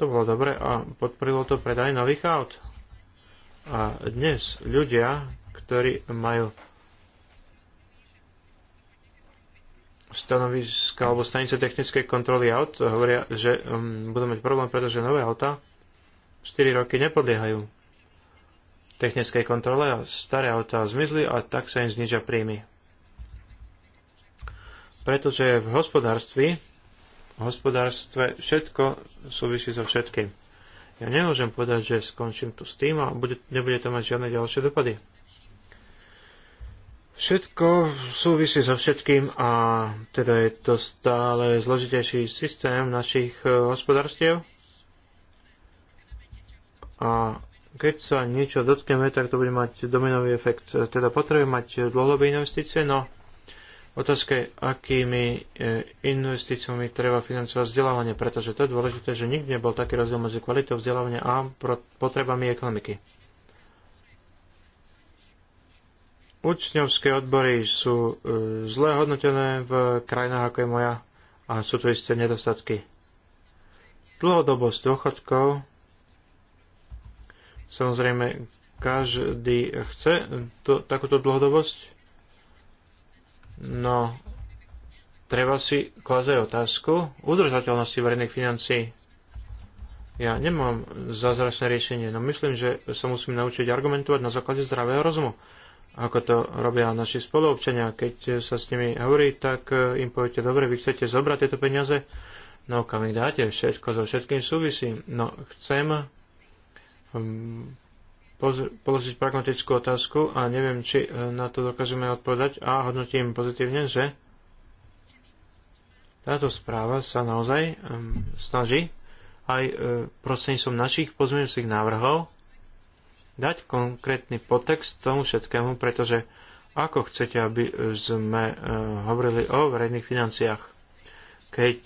To bolo dobre a podporilo to predaj nových aut. A dnes ľudia, ktorí majú stanoviska alebo stanice technickej kontroly aut hovoria, že um, budú mať problém, pretože nové auta 4 roky nepodliehajú technickej kontrole a staré auta zmizli a tak sa im znižia príjmy. Pretože v hospodárstve, v hospodárstve všetko súvisí so všetkým. Ja nemôžem povedať, že skončím tu s tým a bude, nebude to mať žiadne ďalšie dopady. Všetko súvisí so všetkým a teda je to stále zložitejší systém našich e, hospodárstiev. A keď sa niečo dotkneme, tak to bude mať dominový efekt. E, teda potrebujeme mať dlhodobé investície, no otázka je, akými e, investíciami treba financovať vzdelávanie, pretože to je dôležité, že nikdy nebol taký rozdiel medzi kvalitou vzdelávania a potrebami ekonomiky. Učňovské odbory sú e, zle hodnotené v krajinách ako je moja a sú tu isté nedostatky. Dlhodobosť dôchodkov samozrejme každý chce to, takúto dlhodobosť, no treba si klásť aj otázku udržateľnosti verejných financií. Ja nemám zázračné riešenie, no myslím, že sa musím naučiť argumentovať na základe zdravého rozumu ako to robia naši spoluobčania. Keď sa s nimi hovorí, tak e, im poviete, dobre, vy chcete zobrať tieto peniaze, no kam ich dáte, všetko so všetkým súvisí. No, chcem mm, položiť pragmatickú otázku a neviem, či e, na to dokážeme odpovedať a hodnotím pozitívne, že táto správa sa naozaj mm, snaží aj e, prostredníctvom našich pozmeňujúcich návrhov dať konkrétny potext tomu všetkému, pretože ako chcete, aby sme eh, hovorili o verejných financiách, keď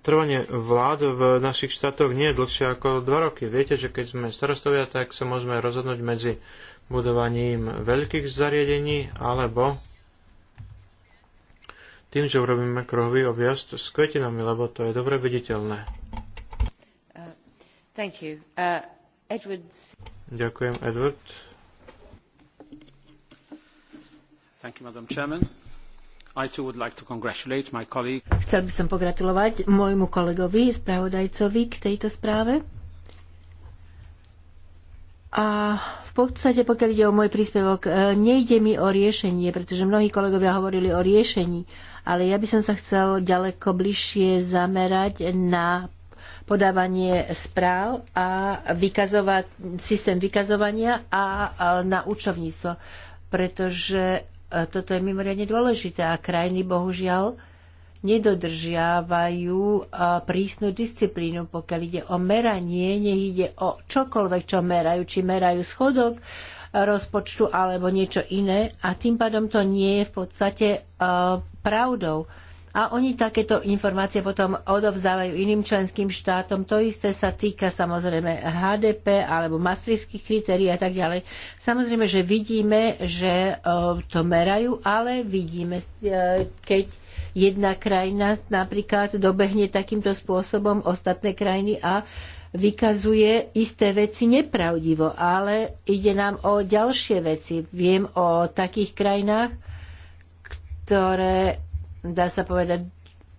trvanie vlád v našich štátoch nie je dlhšie ako dva roky. Viete, že keď sme starostovia, tak sa môžeme rozhodnúť medzi budovaním veľkých zariadení alebo tým, že urobíme kruhový objazd s kvetinami, lebo to je dobre viditeľné. Thank you. Uh, Edwards. Ďakujem, Edward. Thank you, Madam Chairman. I too would like to congratulate my colleague. Chcel by som pogratulovať môjmu kolegovi, spravodajcovi k tejto správe. A v podstate, pokiaľ ide o môj príspevok, e, nejde mi o riešenie, pretože mnohí kolegovia hovorili o riešení, ale ja by som sa chcel ďaleko bližšie zamerať na podávanie správ a vykazovať, systém vykazovania a na účovníctvo, pretože e, toto je mimoriadne dôležité a krajiny bohužiaľ nedodržiavajú e, prísnu disciplínu, pokiaľ ide o meranie, nech ide o čokoľvek, čo merajú, či merajú schodok e, rozpočtu alebo niečo iné a tým pádom to nie je v podstate pravdou a oni takéto informácie potom odovzdávajú iným členským štátom. To isté sa týka samozrejme HDP alebo maastrichtských kritérií a tak ďalej. Samozrejme, že vidíme, že e, to merajú, ale vidíme, e, keď jedna krajina napríklad dobehne takýmto spôsobom ostatné krajiny a vykazuje isté veci nepravdivo, ale ide nám o ďalšie veci. Viem o takých krajinách, ktoré dá sa povedať,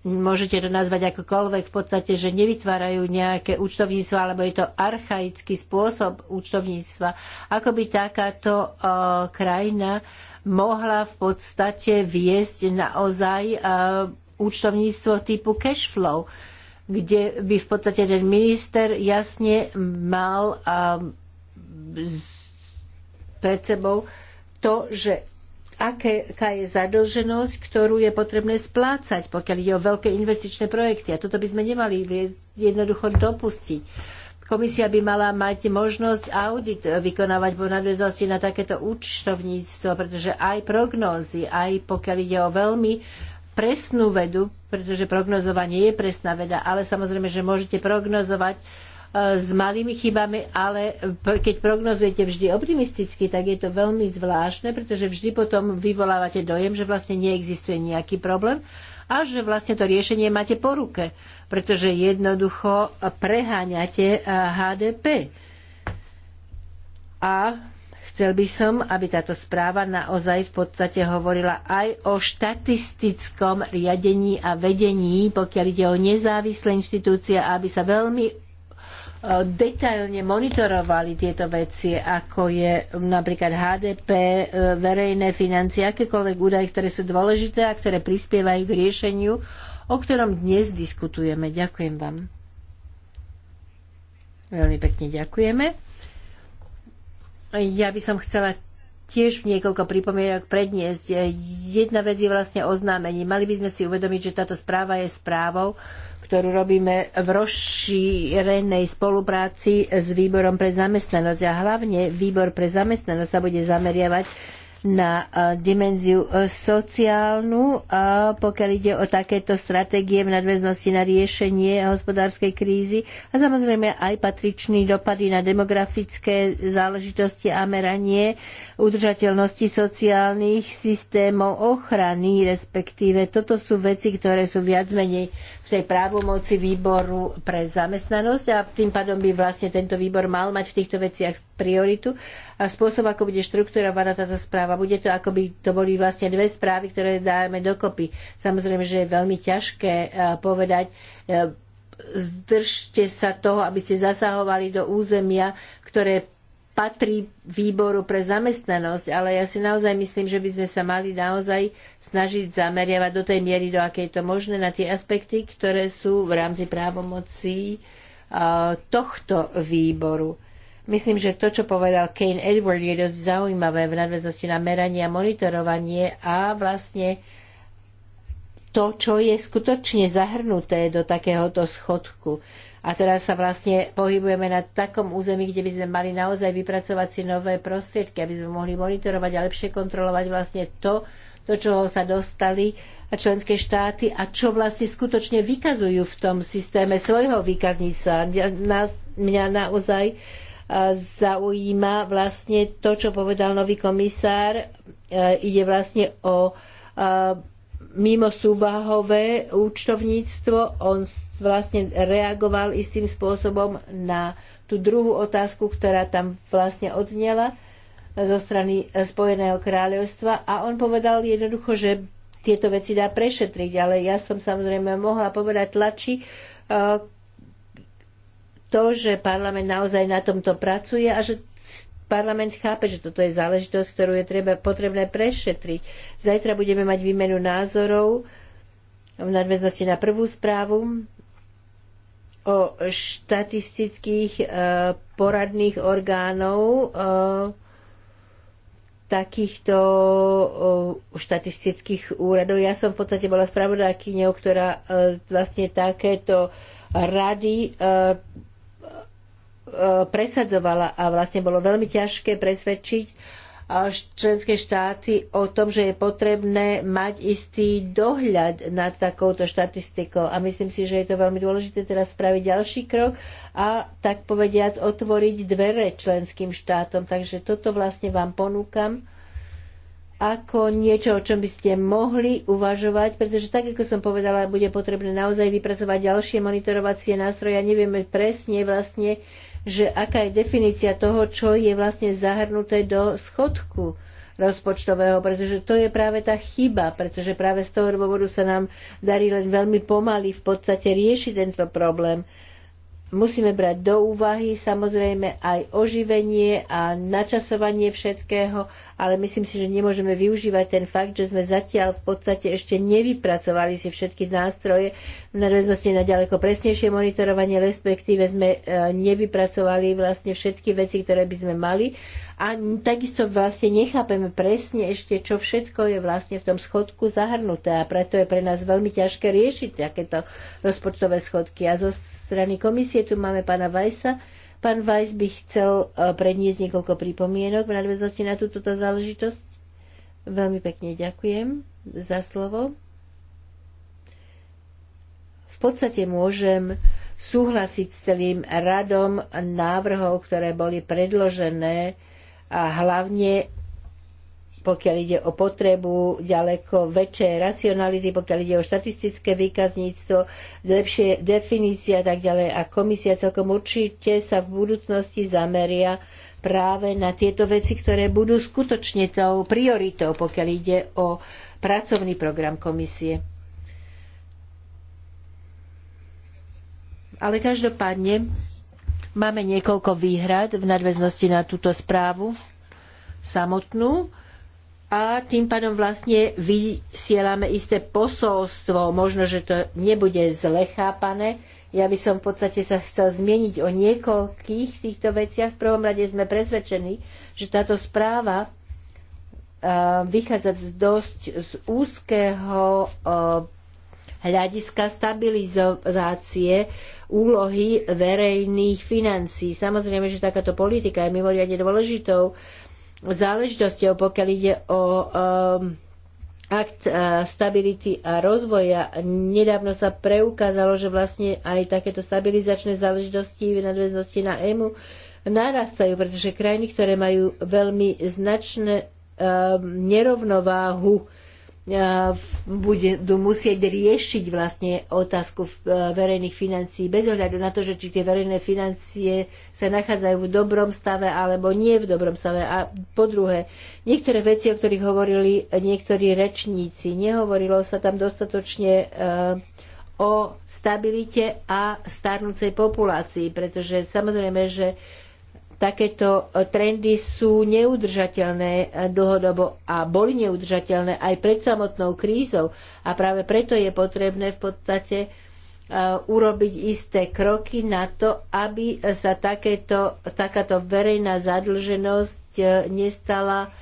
môžete to nazvať akokoľvek, v podstate, že nevytvárajú nejaké účtovníctvo, alebo je to archaický spôsob účtovníctva. Ako by takáto uh, krajina mohla v podstate viesť naozaj uh, účtovníctvo typu cash flow, kde by v podstate ten minister jasne mal uh, pred sebou to, že aká je zadlženosť, ktorú je potrebné splácať, pokiaľ ide o veľké investičné projekty. A toto by sme nemali jednoducho dopustiť. Komisia by mala mať možnosť audit vykonávať po nadväznosti na takéto účtovníctvo, pretože aj prognózy, aj pokiaľ ide o veľmi presnú vedu, pretože prognozovanie je presná veda, ale samozrejme, že môžete prognozovať s malými chybami, ale keď prognozujete vždy optimisticky, tak je to veľmi zvláštne, pretože vždy potom vyvolávate dojem, že vlastne neexistuje nejaký problém a že vlastne to riešenie máte po ruke, pretože jednoducho preháňate HDP. Eh, a Chcel by som, aby táto správa naozaj v podstate hovorila aj o štatistickom riadení a vedení, pokiaľ ide o nezávislé inštitúcie, aby sa veľmi detailne monitorovali tieto veci, ako je napríklad HDP, e, verejné financie, akékoľvek údaje, ktoré sú dôležité a ktoré prispievajú k riešeniu, o ktorom dnes diskutujeme. Ďakujem vám. Veľmi pekne ďakujeme. Ja by som chcela tiež niekoľko pripomienok predniesť. Jedna vec je vlastne oznámenie. Mali by sme si uvedomiť, že táto správa je správou, ktorú robíme v rozšírenej spolupráci s výborom pre zamestnanosť. A hlavne výbor pre zamestnanosť sa bude zameriavať na e, dimenziu e, sociálnu, e, pokiaľ ide o takéto stratégie v nadväznosti na riešenie hospodárskej krízy a samozrejme aj patričný dopady na demografické záležitosti a meranie udržateľnosti sociálnych systémov ochrany, respektíve toto sú veci, ktoré sú viac menej tej právomoci výboru pre zamestnanosť a tým pádom by vlastne tento výbor mal mať v týchto veciach prioritu a spôsob, ako bude štruktúrovaná táto správa. Bude to, ako by to boli vlastne dve správy, ktoré dáme dokopy. Samozrejme, že je veľmi ťažké eh, povedať, eh, zdržte sa toho, aby ste zasahovali do územia, ktoré patrí výboru pre zamestnanosť, ale ja si naozaj myslím, že by sme sa mali naozaj snažiť zameriavať do tej miery, do akej to možné, na tie aspekty, ktoré sú v rámci právomocí uh, tohto výboru. Myslím, že to, čo povedal Kane Edward, je dosť zaujímavé v nadväznosti na meranie a monitorovanie a vlastne to, čo je skutočne zahrnuté do takéhoto schodku. A teraz sa vlastne pohybujeme na takom území, kde by sme mali naozaj vypracovať si nové prostriedky, aby sme mohli monitorovať a lepšie kontrolovať vlastne to, do čoho sa dostali členské štáty a čo vlastne skutočne vykazujú v tom systéme svojho výkazníctva. Mňa, mňa naozaj e, zaujíma vlastne to, čo povedal nový komisár. E, ide vlastne o e, mimo súvahové účtovníctvo. On vlastne reagoval istým spôsobom na tú druhú otázku, ktorá tam vlastne odznela zo strany Spojeného kráľovstva a on povedal jednoducho, že tieto veci dá prešetriť, ale ja som samozrejme mohla povedať tlači e, to, že parlament naozaj na tomto pracuje a že parlament chápe, že toto je záležitosť, ktorú je treba, potrebné prešetriť. Zajtra budeme mať výmenu názorov v nadväznosti na prvú správu o štatistických e, poradných orgánov e, takýchto e, štatistických úradov. Ja som v podstate bola spravodajkyňou, ktorá vlastne takéto rady Eh, presadzovala a vlastne bolo veľmi ťažké presvedčiť eh, členské štáty o tom, že je potrebné mať istý dohľad nad takouto štatistikou. A myslím si, že je to veľmi dôležité teraz spraviť ďalší krok a tak povediac otvoriť dvere členským štátom. Takže toto vlastne vám ponúkam ako niečo, o čom by ste mohli uvažovať, pretože tak, ako som povedala, bude potrebné naozaj vypracovať ďalšie monitorovacie nástroje a nevieme presne vlastne, že aká je definícia toho, čo je vlastne zahrnuté do schodku rozpočtového, pretože to je práve tá chyba, pretože práve z toho dôvodu sa nám darí len veľmi pomaly v podstate riešiť tento problém musíme brať do úvahy samozrejme aj oživenie a načasovanie všetkého, ale myslím si, že nemôžeme využívať ten fakt, že sme zatiaľ v podstate ešte nevypracovali si všetky nástroje v nadväznosti na ďaleko presnejšie monitorovanie, respektíve sme e, nevypracovali vlastne všetky veci, ktoré by sme mali a takisto vlastne nechápeme presne ešte, čo všetko je vlastne v tom schodku zahrnuté a preto je pre nás veľmi ťažké riešiť takéto rozpočtové schodky. A zo strany komisie tu máme pána Vajsa. Pán Vajs by chcel e, predniesť niekoľko pripomienok v nadväznosti na túto záležitosť. Veľmi pekne ďakujem za slovo. V podstate môžem súhlasiť s celým radom návrhov, ktoré boli predložené a hlavne pokiaľ ide o potrebu ďaleko väčšej racionality, pokiaľ ide o štatistické výkazníctvo, lepšie definície a tak ďalej. A komisia celkom určite sa v budúcnosti zameria práve na tieto veci, ktoré budú skutočne tou prioritou, pokiaľ ide o pracovný program komisie. Ale každopádne Máme niekoľko výhrad v nadväznosti na túto správu samotnú a tým pádom vlastne vysielame isté posolstvo. Možno, že to nebude zle chápané. Ja by som v podstate sa chcel zmieniť o niekoľkých týchto veciach. V prvom rade sme presvedčení, že táto správa vychádza dosť z úzkého hľadiska stabilizácie úlohy verejných financí. Samozrejme, že takáto politika je mimoriadne dôležitou záležitosťou, pokiaľ ide o um, akt uh, stability a rozvoja. Nedávno sa preukázalo, že vlastne aj takéto stabilizačné záležitosti v nadväznosti na EMU narastajú, pretože krajiny, ktoré majú veľmi značné um, nerovnováhu E, budú musieť riešiť vlastne otázku e, verejných financií bez ohľadu na to, že či tie verejné financie sa nachádzajú v dobrom stave alebo nie v dobrom stave. A po druhé, niektoré veci, o ktorých hovorili niektorí rečníci, nehovorilo sa tam dostatočne e, o stabilite a starnúcej populácii, pretože samozrejme, že takéto e, trendy sú neudržateľné e, dlhodobo a boli neudržateľné aj pred samotnou krízou. A práve preto je potrebné v podstate e, urobiť isté kroky na to, aby sa takéto, takáto verejná zadlženosť nestala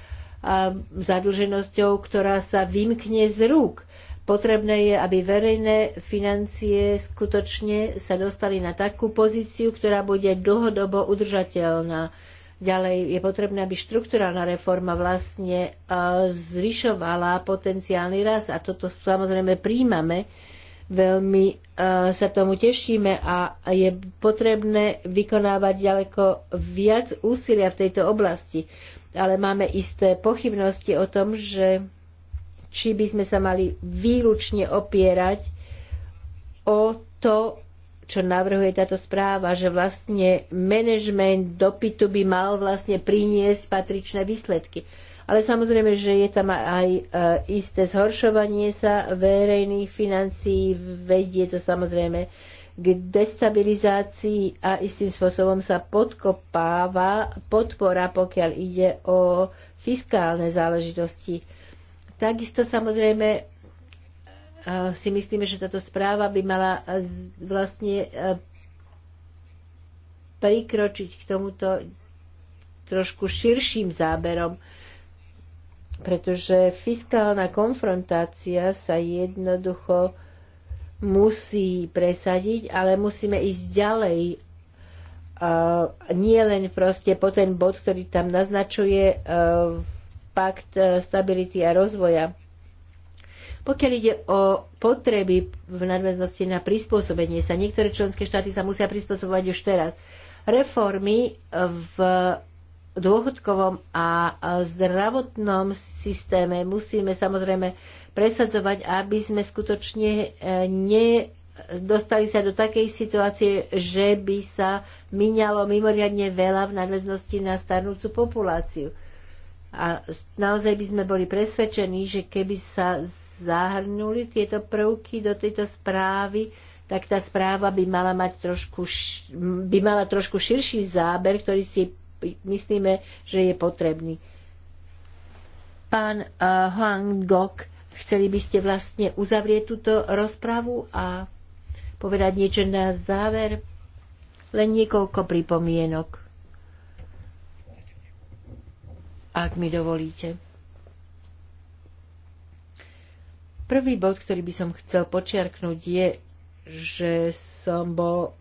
zadlženosťou, ktorá sa vymkne z rúk. Potrebné je, aby verejné financie skutočne sa dostali na takú pozíciu, ktorá bude dlhodobo udržateľná. Ďalej je potrebné, aby štrukturálna reforma vlastne e, zvyšovala potenciálny rast a toto samozrejme príjmame. Veľmi e, sa tomu tešíme a je potrebné vykonávať ďaleko viac úsilia v tejto oblasti. Ale máme isté pochybnosti o tom, že či by sme sa mali výlučne opierať o to, čo navrhuje táto správa, že vlastne manažment dopytu by mal vlastne priniesť patričné výsledky. Ale samozrejme, že je tam aj e, isté zhoršovanie sa verejných financií, vedie to samozrejme k destabilizácii a istým spôsobom sa podkopáva podpora, pokiaľ ide o fiskálne záležitosti Takisto samozrejme e, si myslíme, že táto správa by mala vlastne e, prikročiť k tomuto trošku širším záberom, pretože fiskálna konfrontácia sa jednoducho musí presadiť, ale musíme ísť ďalej e, nie len proste po ten bod, ktorý tam naznačuje v pakt e, stability a rozvoja. Pokiaľ ide o potreby v nadväznosti na prispôsobenie sa, niektoré členské štáty sa musia prispôsobovať už teraz. Reformy v dôchodkovom a zdravotnom systéme musíme samozrejme presadzovať, aby sme skutočne e, ne dostali sa do takej situácie, že by sa minialo mimoriadne veľa v nadväznosti na starnúcu populáciu. A naozaj by sme boli presvedčení, že keby sa zahrnuli tieto prvky do tejto správy, tak tá správa by mala, mať trošku, by mala trošku širší záber, ktorý si myslíme, že je potrebný. Pán uh, Huang Gok, chceli by ste vlastne uzavrieť túto rozpravu a povedať niečo na záver? Len niekoľko pripomienok ak mi dovolíte. Prvý bod, ktorý by som chcel počiarknúť, je, že som bol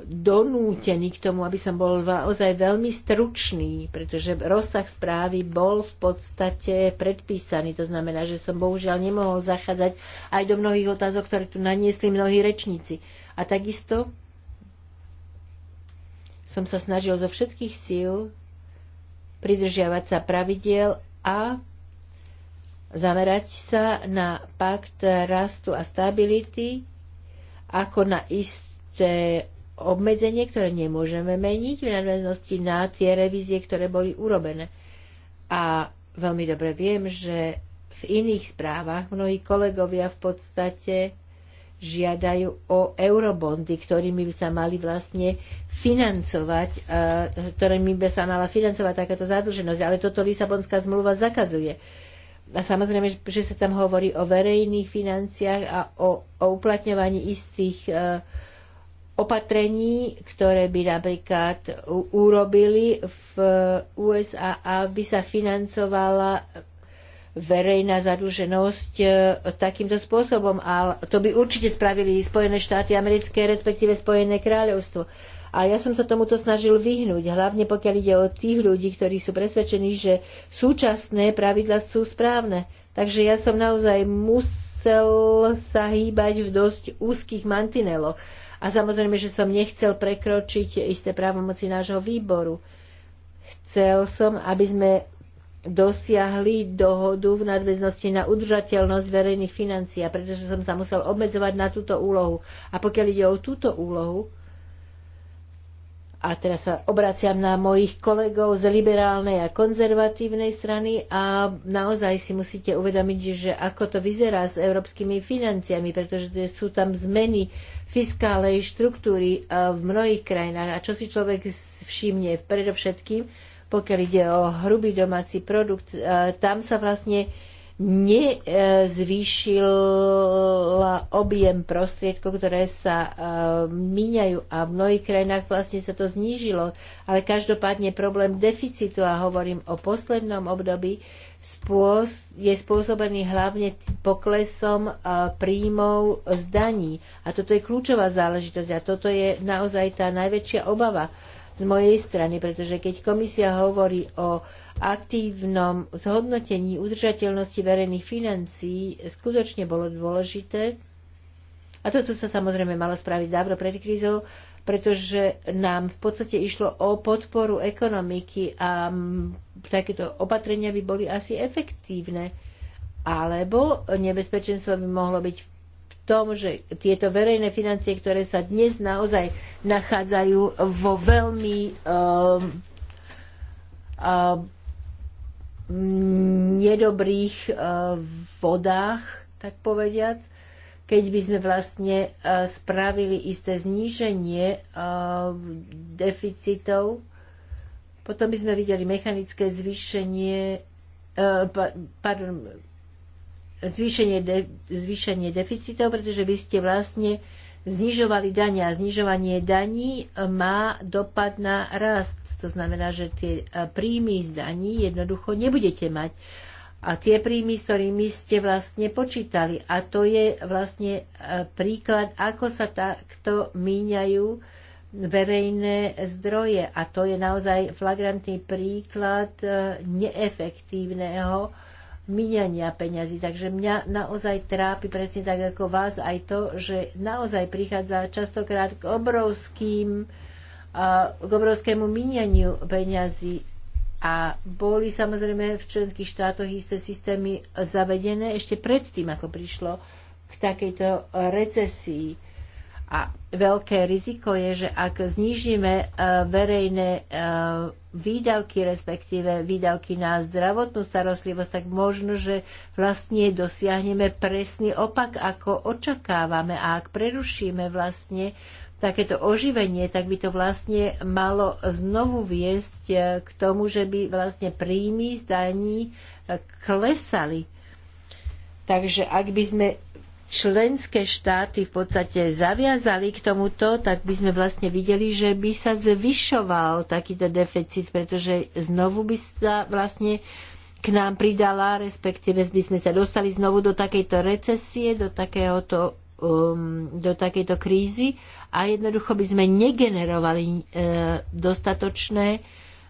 donútený k tomu, aby som bol naozaj veľmi stručný, pretože rozsah správy bol v podstate predpísaný. To znamená, že som bohužiaľ nemohol zachádzať aj do mnohých otázok, ktoré tu naniesli mnohí rečníci. A takisto som sa snažil zo všetkých síl pridržiavať sa pravidiel a zamerať sa na pakt rastu a stability ako na isté obmedzenie, ktoré nemôžeme meniť v nadväznosti na tie revízie, ktoré boli urobené. A veľmi dobre viem, že v iných správach mnohí kolegovia v podstate žiadajú o eurobondy, ktorými by sa mali vlastne financovať, e, ktorými by sa mala financovať takáto zadlženosť. Ale toto Lisabonská zmluva zakazuje. A samozrejme, že sa tam hovorí o verejných financiách a o, o uplatňovaní istých e, opatrení, ktoré by napríklad urobili v e, USA, aby sa financovala verejná zadlženosť e, takýmto spôsobom. A to by určite spravili Spojené štáty americké, respektíve Spojené kráľovstvo. A ja som sa tomuto snažil vyhnúť, hlavne pokiaľ ide o tých ľudí, ktorí sú presvedčení, že súčasné pravidla sú správne. Takže ja som naozaj musel sa hýbať v dosť úzkých mantineloch. A samozrejme, že som nechcel prekročiť isté právomoci nášho výboru. Chcel som, aby sme dosiahli dohodu v nadväznosti na udržateľnosť verejných financií, a pretože som sa musel obmedzovať na túto úlohu. A pokiaľ ide o túto úlohu, a teraz sa obraciam na mojich kolegov z liberálnej a konzervatívnej strany a naozaj si musíte uvedomiť, že ako to vyzerá s európskymi financiami, pretože sú tam zmeny fiskálnej štruktúry e, v mnohých krajinách. A čo si človek všimne predovšetkým, pokiaľ ide o hrubý domáci produkt, e, tam sa vlastne nezvýšil objem prostriedkov, ktoré sa e, míňajú a v mnohých krajinách vlastne sa to znížilo. Ale každopádne problém deficitu, a hovorím o poslednom období, je spôsobený hlavne poklesom e, príjmov z daní. A toto je kľúčová záležitosť a toto je naozaj tá najväčšia obava z mojej strany, pretože keď komisia hovorí o aktívnom zhodnotení udržateľnosti verejných financií, skutočne bolo dôležité. A toto sa samozrejme malo spraviť dávno pred krízou, pretože nám v podstate išlo o podporu ekonomiky a takéto opatrenia by boli asi efektívne. Alebo nebezpečenstvo by mohlo byť v tom, že tieto verejné financie, ktoré sa dnes naozaj nachádzajú vo veľmi um, um, nedobrých uh, vodách, tak povediac, keď by sme vlastne e, spravili isté zníženie e, deficitov, potom by sme videli mechanické zvýšenie, pardon, zvýšenie, de, zvýšenie deficitov, pretože vy ste vlastne znižovali dania. Znižovanie daní má dopad na rast. To znamená, že tie eh, príjmy z daní jednoducho nebudete mať. A tie príjmy, s ktorými ste vlastne počítali. A to je vlastne eh, príklad, ako sa takto míňajú verejné zdroje. A to je naozaj flagrantný príklad eh, neefektívneho miniania peňazí. Takže mňa naozaj trápi presne tak ako vás aj to, že naozaj prichádza častokrát k obrovským k obrovskému minianiu peňazí a boli samozrejme v členských štátoch isté systémy zavedené ešte predtým, ako prišlo k takejto recesii a veľké riziko je, že ak znižíme e, verejné e, výdavky, respektíve výdavky na zdravotnú starostlivosť, tak možno, že vlastne dosiahneme presný opak, ako očakávame. A ak prerušíme vlastne takéto oživenie, tak by to vlastne malo znovu viesť e, k tomu, že by vlastne príjmy z daní klesali. Takže ak by sme členské štáty v podstate zaviazali k tomuto, tak by sme vlastne videli, že by sa zvyšoval takýto deficit, pretože znovu by sa vlastne k nám pridala, respektíve by sme sa dostali znovu do takejto recesie, do takéhoto um, do takejto krízy a jednoducho by sme negenerovali e, dostatočné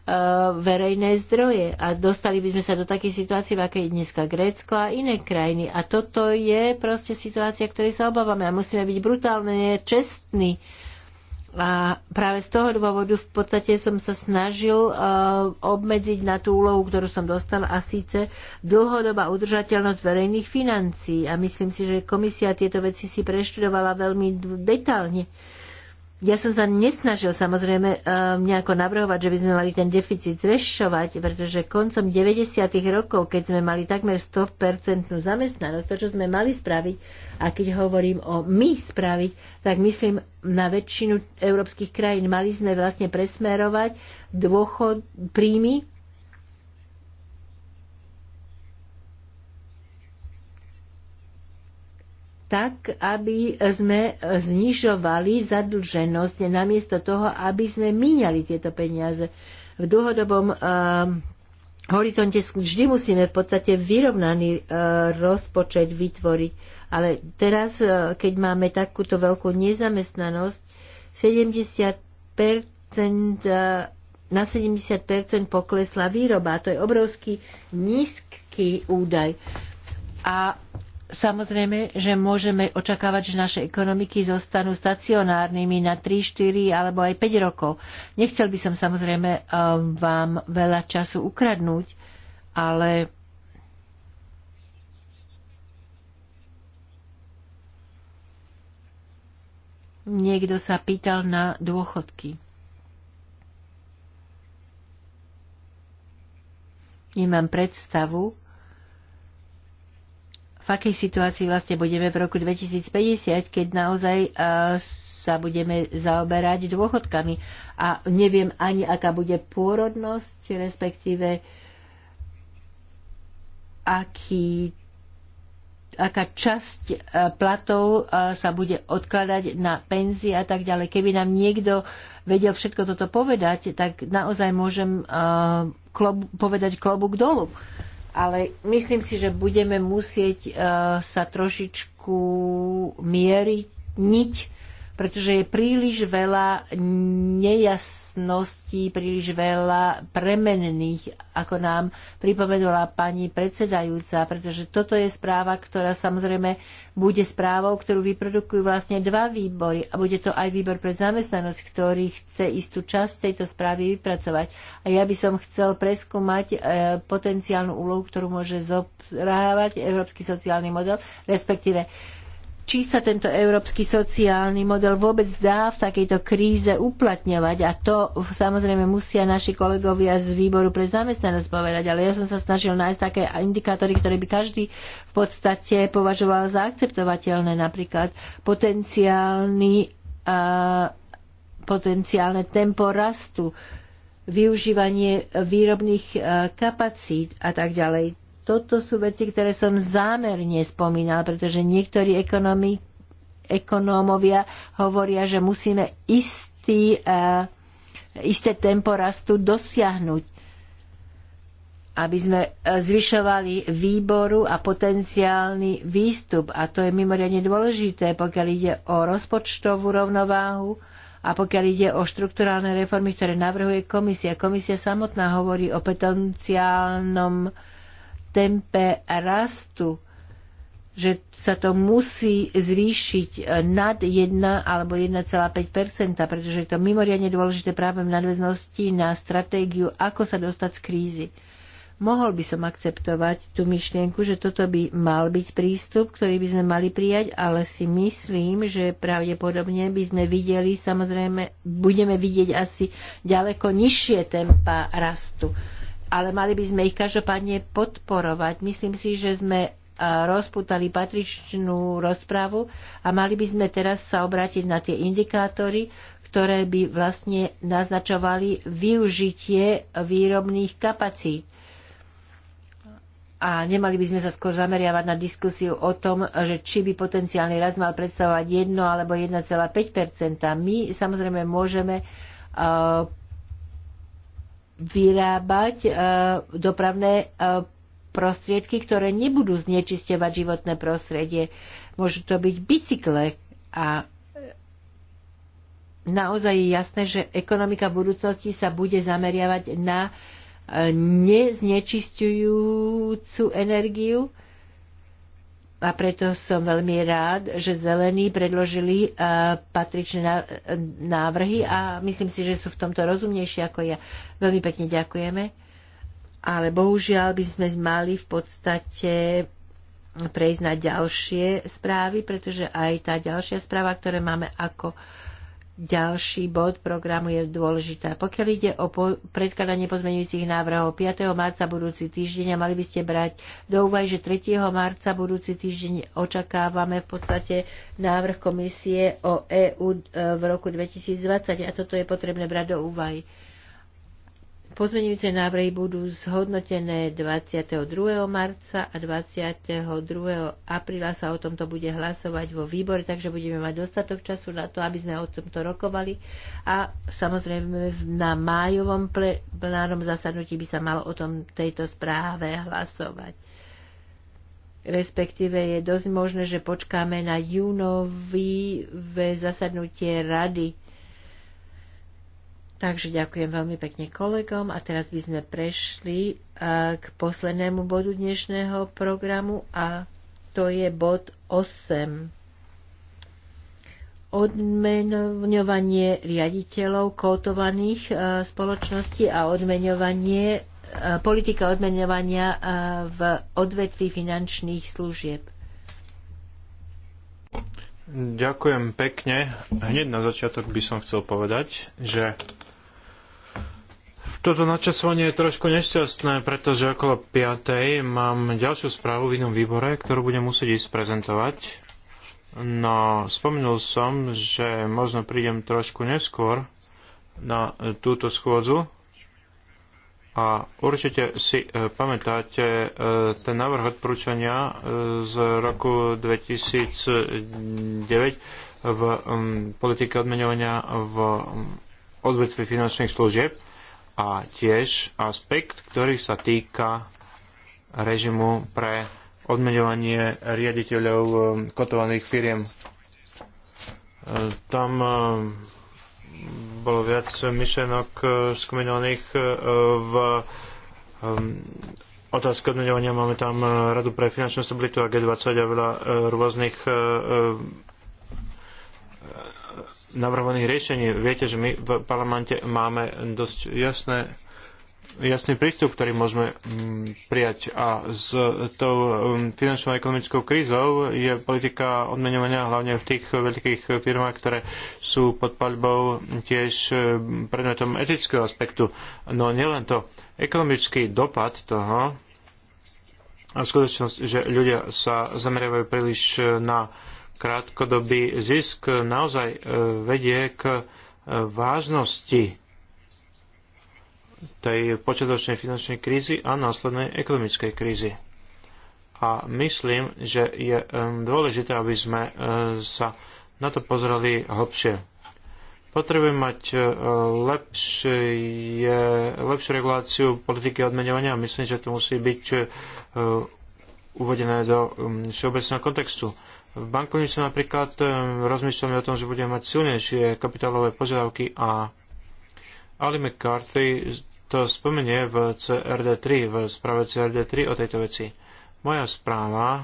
Eh, verejné zdroje a dostali by sme sa do takej situácie, v akej je dneska Grécko a iné krajiny. A toto je proste situácia, ktorej sa obávame a musíme byť brutálne čestní. A práve z toho dôvodu v podstate som sa snažil uh, obmedziť na tú úlohu, ktorú som dostal a síce dlhodobá udržateľnosť verejných financií. A myslím si, že komisia tieto veci si preštudovala veľmi detálne. Uh, ja som sa nesnažil samozrejme um, eh, nejako navrhovať, že by sme mali ten deficit zväčšovať, pretože koncom 90. rokov, keď sme mali takmer 100% zamestnanosť, to, čo sme mali spraviť, a keď hovorím o my spraviť, tak myslím na väčšinu európskych krajín. Mali sme vlastne presmerovať dôchod, príjmy tak, aby sme znižovali zadlženosť namiesto toho, aby sme míňali tieto peniaze. V dlhodobom eh, horizonte vždy musíme v podstate vyrovnaný eh, rozpočet vytvoriť. Ale teraz, eh, keď máme takúto veľkú nezamestnanosť, 70% na 70% poklesla výroba. To je obrovský nízky údaj. A Samozrejme, že môžeme očakávať, že naše ekonomiky zostanú stacionárnymi na 3, 4 alebo aj 5 rokov. Nechcel by som samozrejme eh, vám veľa času ukradnúť, ale niekto sa pýtal na dôchodky. Nemám predstavu, akej situácii vlastne budeme v roku 2050, keď naozaj e, sa budeme zaoberať dôchodkami. A neviem ani, aká bude pôrodnosť, respektíve aký aká časť e, platov e, sa bude odkladať na penzie a tak ďalej. Keby nám niekto vedel všetko toto povedať, tak naozaj môžem povedať klobúk dolu ale myslím si, že budeme musieť eh, sa trošičku mieriť niť pretože je príliš veľa nejasností, príliš veľa premenných, ako nám pripomenula pani predsedajúca, pretože toto je správa, ktorá samozrejme bude správou, ktorú vyprodukujú vlastne dva výbory a bude to aj výbor pre zamestnanosť, ktorý chce istú časť tejto správy vypracovať. A ja by som chcel preskúmať e, potenciálnu úlohu, ktorú môže zobrávať Európsky sociálny model, respektíve či sa tento európsky sociálny model vôbec dá v takejto kríze uplatňovať. A to samozrejme musia naši kolegovia z výboru pre zamestnanosť povedať. Ale ja som sa snažil nájsť také indikátory, ktoré by každý v podstate považoval za akceptovateľné. Napríklad potenciálny, a, potenciálne tempo rastu, využívanie výrobných kapacít a tak ďalej toto sú veci, ktoré som zámerne spomínal, pretože niektorí ekonomi, ekonómovia hovoria, že musíme istý, uh, isté tempo rastu dosiahnuť, aby sme eh, zvyšovali výboru a potenciálny výstup. A to je mimoriadne dôležité, pokiaľ ide o rozpočtovú rovnováhu a pokiaľ ide o štrukturálne reformy, ktoré navrhuje komisia. Komisia samotná hovorí o potenciálnom uh, tempe rastu, že sa to musí zvýšiť nad 1 alebo 1,5 pretože je to mimoriadne dôležité práve v nadväznosti na stratégiu, ako sa dostať z krízy. Mohol by som akceptovať tú myšlienku, že toto by mal byť prístup, ktorý by sme mali prijať, ale si myslím, že pravdepodobne by sme videli, samozrejme, budeme vidieť asi ďaleko nižšie tempa rastu ale mali by sme ich každopádne podporovať. Myslím si, že sme e, rozputali patričnú rozprávu a mali by sme teraz sa obrátiť na tie indikátory, ktoré by vlastne naznačovali využitie výrobných kapacít. A nemali by sme sa skôr zameriavať na diskusiu o tom, že či by potenciálny raz mal predstavovať 1 alebo 1,5 My samozrejme môžeme e, vyrábať e, dopravné e, prostriedky, ktoré nebudú znečisťovať životné prostredie. Môžu to byť bicykle a naozaj je jasné, že ekonomika v budúcnosti sa bude zameriavať na e, neznečisťujúcu energiu a preto som veľmi rád, že zelení predložili e, patričné návrhy a myslím si, že sú v tomto rozumnejší ako ja. Veľmi pekne ďakujeme. Ale bohužiaľ by sme mali v podstate prejsť na ďalšie správy, pretože aj tá ďalšia správa, ktoré máme ako ďalší bod programu je dôležitá. Pokiaľ ide o po- predkladanie pozmeňujúcich návrhov 5. marca budúci týždeň a mali by ste brať do úvahy, že 3. marca budúci týždeň očakávame v podstate návrh komisie o EU e, v roku 2020 a toto je potrebné brať do úvahy. Pozmenujúce návrhy budú zhodnotené 22. marca a 22. apríla sa o tomto bude hlasovať vo výbore, takže budeme mať dostatok času na to, aby sme o tomto rokovali a samozrejme na májovom plenárnom zasadnutí by sa malo o tom tejto správe hlasovať. Respektíve je dosť možné, že počkáme na júnový zasadnutie rady Takže ďakujem veľmi pekne kolegom a teraz by sme prešli e, k poslednému bodu dnešného programu a to je bod 8. Odmenovanie riaditeľov kotovaných e, spoločností a odmenovanie, e, politika odmenovania v odvetví finančných služieb. Ďakujem pekne. Hneď na začiatok by som chcel povedať, že toto načasovanie je trošku nešťastné, pretože okolo 5. mám ďalšiu správu v inom výbore, ktorú budem musieť ísť prezentovať. No, spomenul som, že možno prídem trošku neskôr na túto schôdzu, a určite si e, pamätáte e, ten návrh odporúčania e, z roku 2009 v politike odmeňovania v um, odvetvi finančných služieb a tiež aspekt, ktorý sa týka režimu pre odmeňovanie riaditeľov um, kotovaných firiem. E, tam um, bolo viac myšlenok e, skomenovaných e, v um, otázke odmeňovania. Máme tam Radu pre finančnú stabilitu a G20 a veľa rôznych navrhovaných riešení. Viete, že my v parlamente máme dosť jasné jasný prístup, ktorý môžeme mm, prijať. A s tou mm, finančnou a ekonomickou krízou je politika odmenovania hlavne v tých veľkých firmách, ktoré sú pod paľbou tiež mm, predmetom etického aspektu. No nielen to, ekonomický dopad toho a skutočnosť, že ľudia sa zameriavajú príliš na uh, krátkodobý zisk naozaj e, vedie k e, vážnosti tej počiatočnej finančnej krízy a následnej ekonomickej krízy. A myslím, že je e, dôležité, aby sme sa na to pozreli hlbšie. Potrebujeme mať lepšie, lepšiu reguláciu politiky odmeňovania a myslím, že to musí byť uvedené do všeobecného kontextu v bankovnici napríklad rozmýšľame o tom, že budeme mať silnejšie kapitálové požiadavky a Ali McCarthy to spomenie v CRD3, v správe CRD3 o tejto veci. Moja správa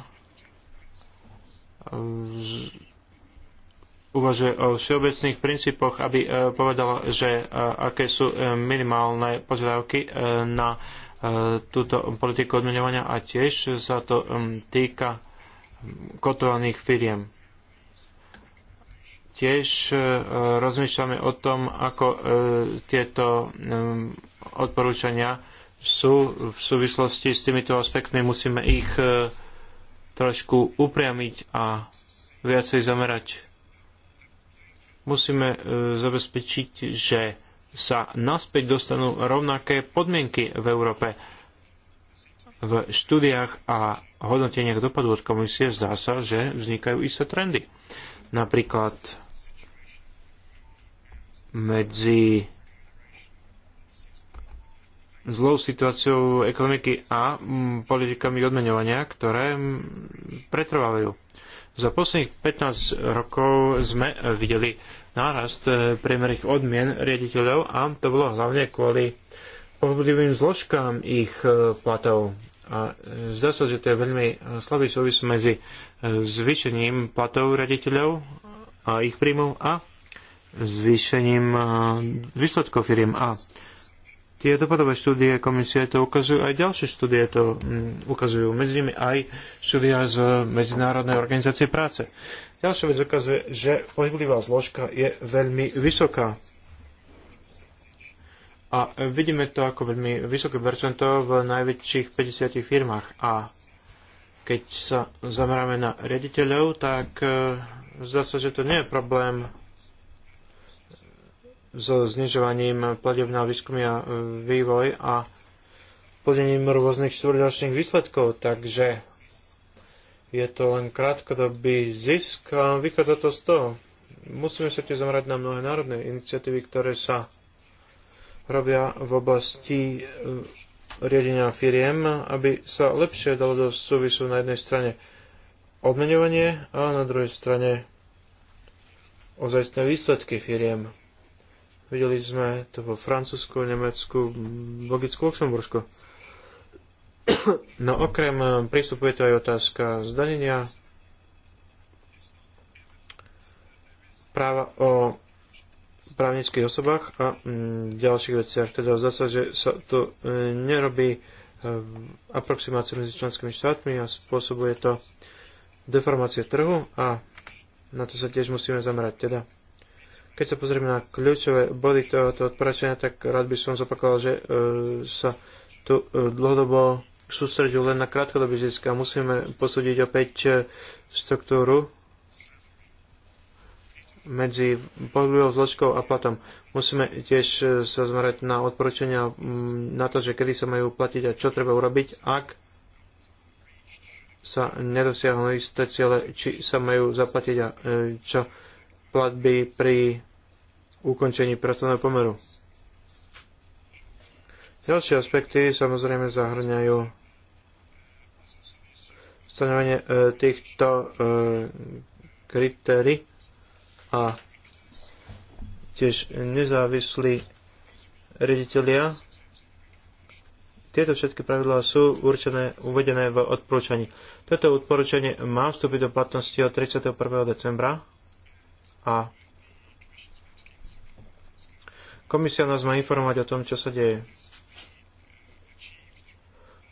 uvažuje o všeobecných princípoch, aby e, povedala, že e, aké sú e, minimálne požiadavky na túto politiku odmenovania a tiež sa to týka kotovaných firiem. Tiež e, rozmýšľame o tom, ako e, tieto e, odporúčania sú v súvislosti s týmito aspektmi. Musíme ich trošku upriamiť a viacej zamerať. Musíme zabezpečiť, že sa naspäť dostanú rovnaké podmienky v Európe v štúdiách a hodnoteniach dopadu od komisie zdá sa, že vznikajú isté trendy. Napríklad medzi zlou situáciou ekonomiky a mm, politikami odmeňovania, ktoré mm, pretrvávajú. Za posledných 15 rokov sme videli nárast e, priemerných odmien riaditeľov a to bolo hlavne kvôli pohodlivým zložkám ich e, platov a e, zdá sa, že to je veľmi e, slabý súvis medzi e, zvýšením platov raditeľov a ich príjmov a zvýšením výsledkov firiem A. Tie dopadové štúdie komisie to ukazujú, aj ďalšie štúdie to ukazujú, medzi nimi aj štúdia z Medzinárodnej organizácie práce. Ďalšia vec ukazuje, že pohyblivá zložka je veľmi vysoká a vidíme to ako veľmi vysoké percento v najväčších 50 firmách. A keď sa zameráme na riaditeľov, tak e, zdá sa, že to nie je problém so znižovaním pladeb na výskum a e, vývoj a plnením rôznych štvrťročných výsledkov, takže je to len krátkodobý zisk a vychádza to z toho. Musíme sa tiež zamerať na mnohé národné iniciatívy, ktoré sa robia v oblasti eh, riadenia firiem, aby sa lepšie dalo do súvisu na jednej strane odmeňovanie a na druhej strane ozajstné výsledky firiem. Videli sme to vo Francúzsku, Nemecku, Belgicku, Luxembursku. No okrem eh, prístupu je to aj otázka zdanenia, práva o právnických osobách a mm, ďalších veciach. Teda zdá že sa to e, nerobí e, aproximáciu medzi členskými štátmi a spôsobuje to deformácie trhu a na to sa tiež musíme zamerať. Teda, keď sa pozrieme na kľúčové body tohoto odporúčania, tak rád by som zopakoval, že e, sa tu e, dlhodobo sústredil len na krátkodobý zisk a musíme posúdiť opäť e, štruktúru medzi podľujou zložkou a platom. Musíme tiež e, sa zmerať na odporúčania na to, že kedy sa majú platiť a čo treba urobiť, ak sa nedosiahnu isté ciele, či sa majú zaplatiť a e, čo platby pri ukončení pracovného pomeru. Ďalšie aspekty samozrejme zahrňajú stanovenie e, týchto kritérií a tiež nezávislí reditelia. Tieto všetky pravidlá sú určené, uvedené v odporúčaní. Toto odporúčanie má vstúpiť do platnosti od 31. decembra a komisia nás má informovať o tom, čo sa deje.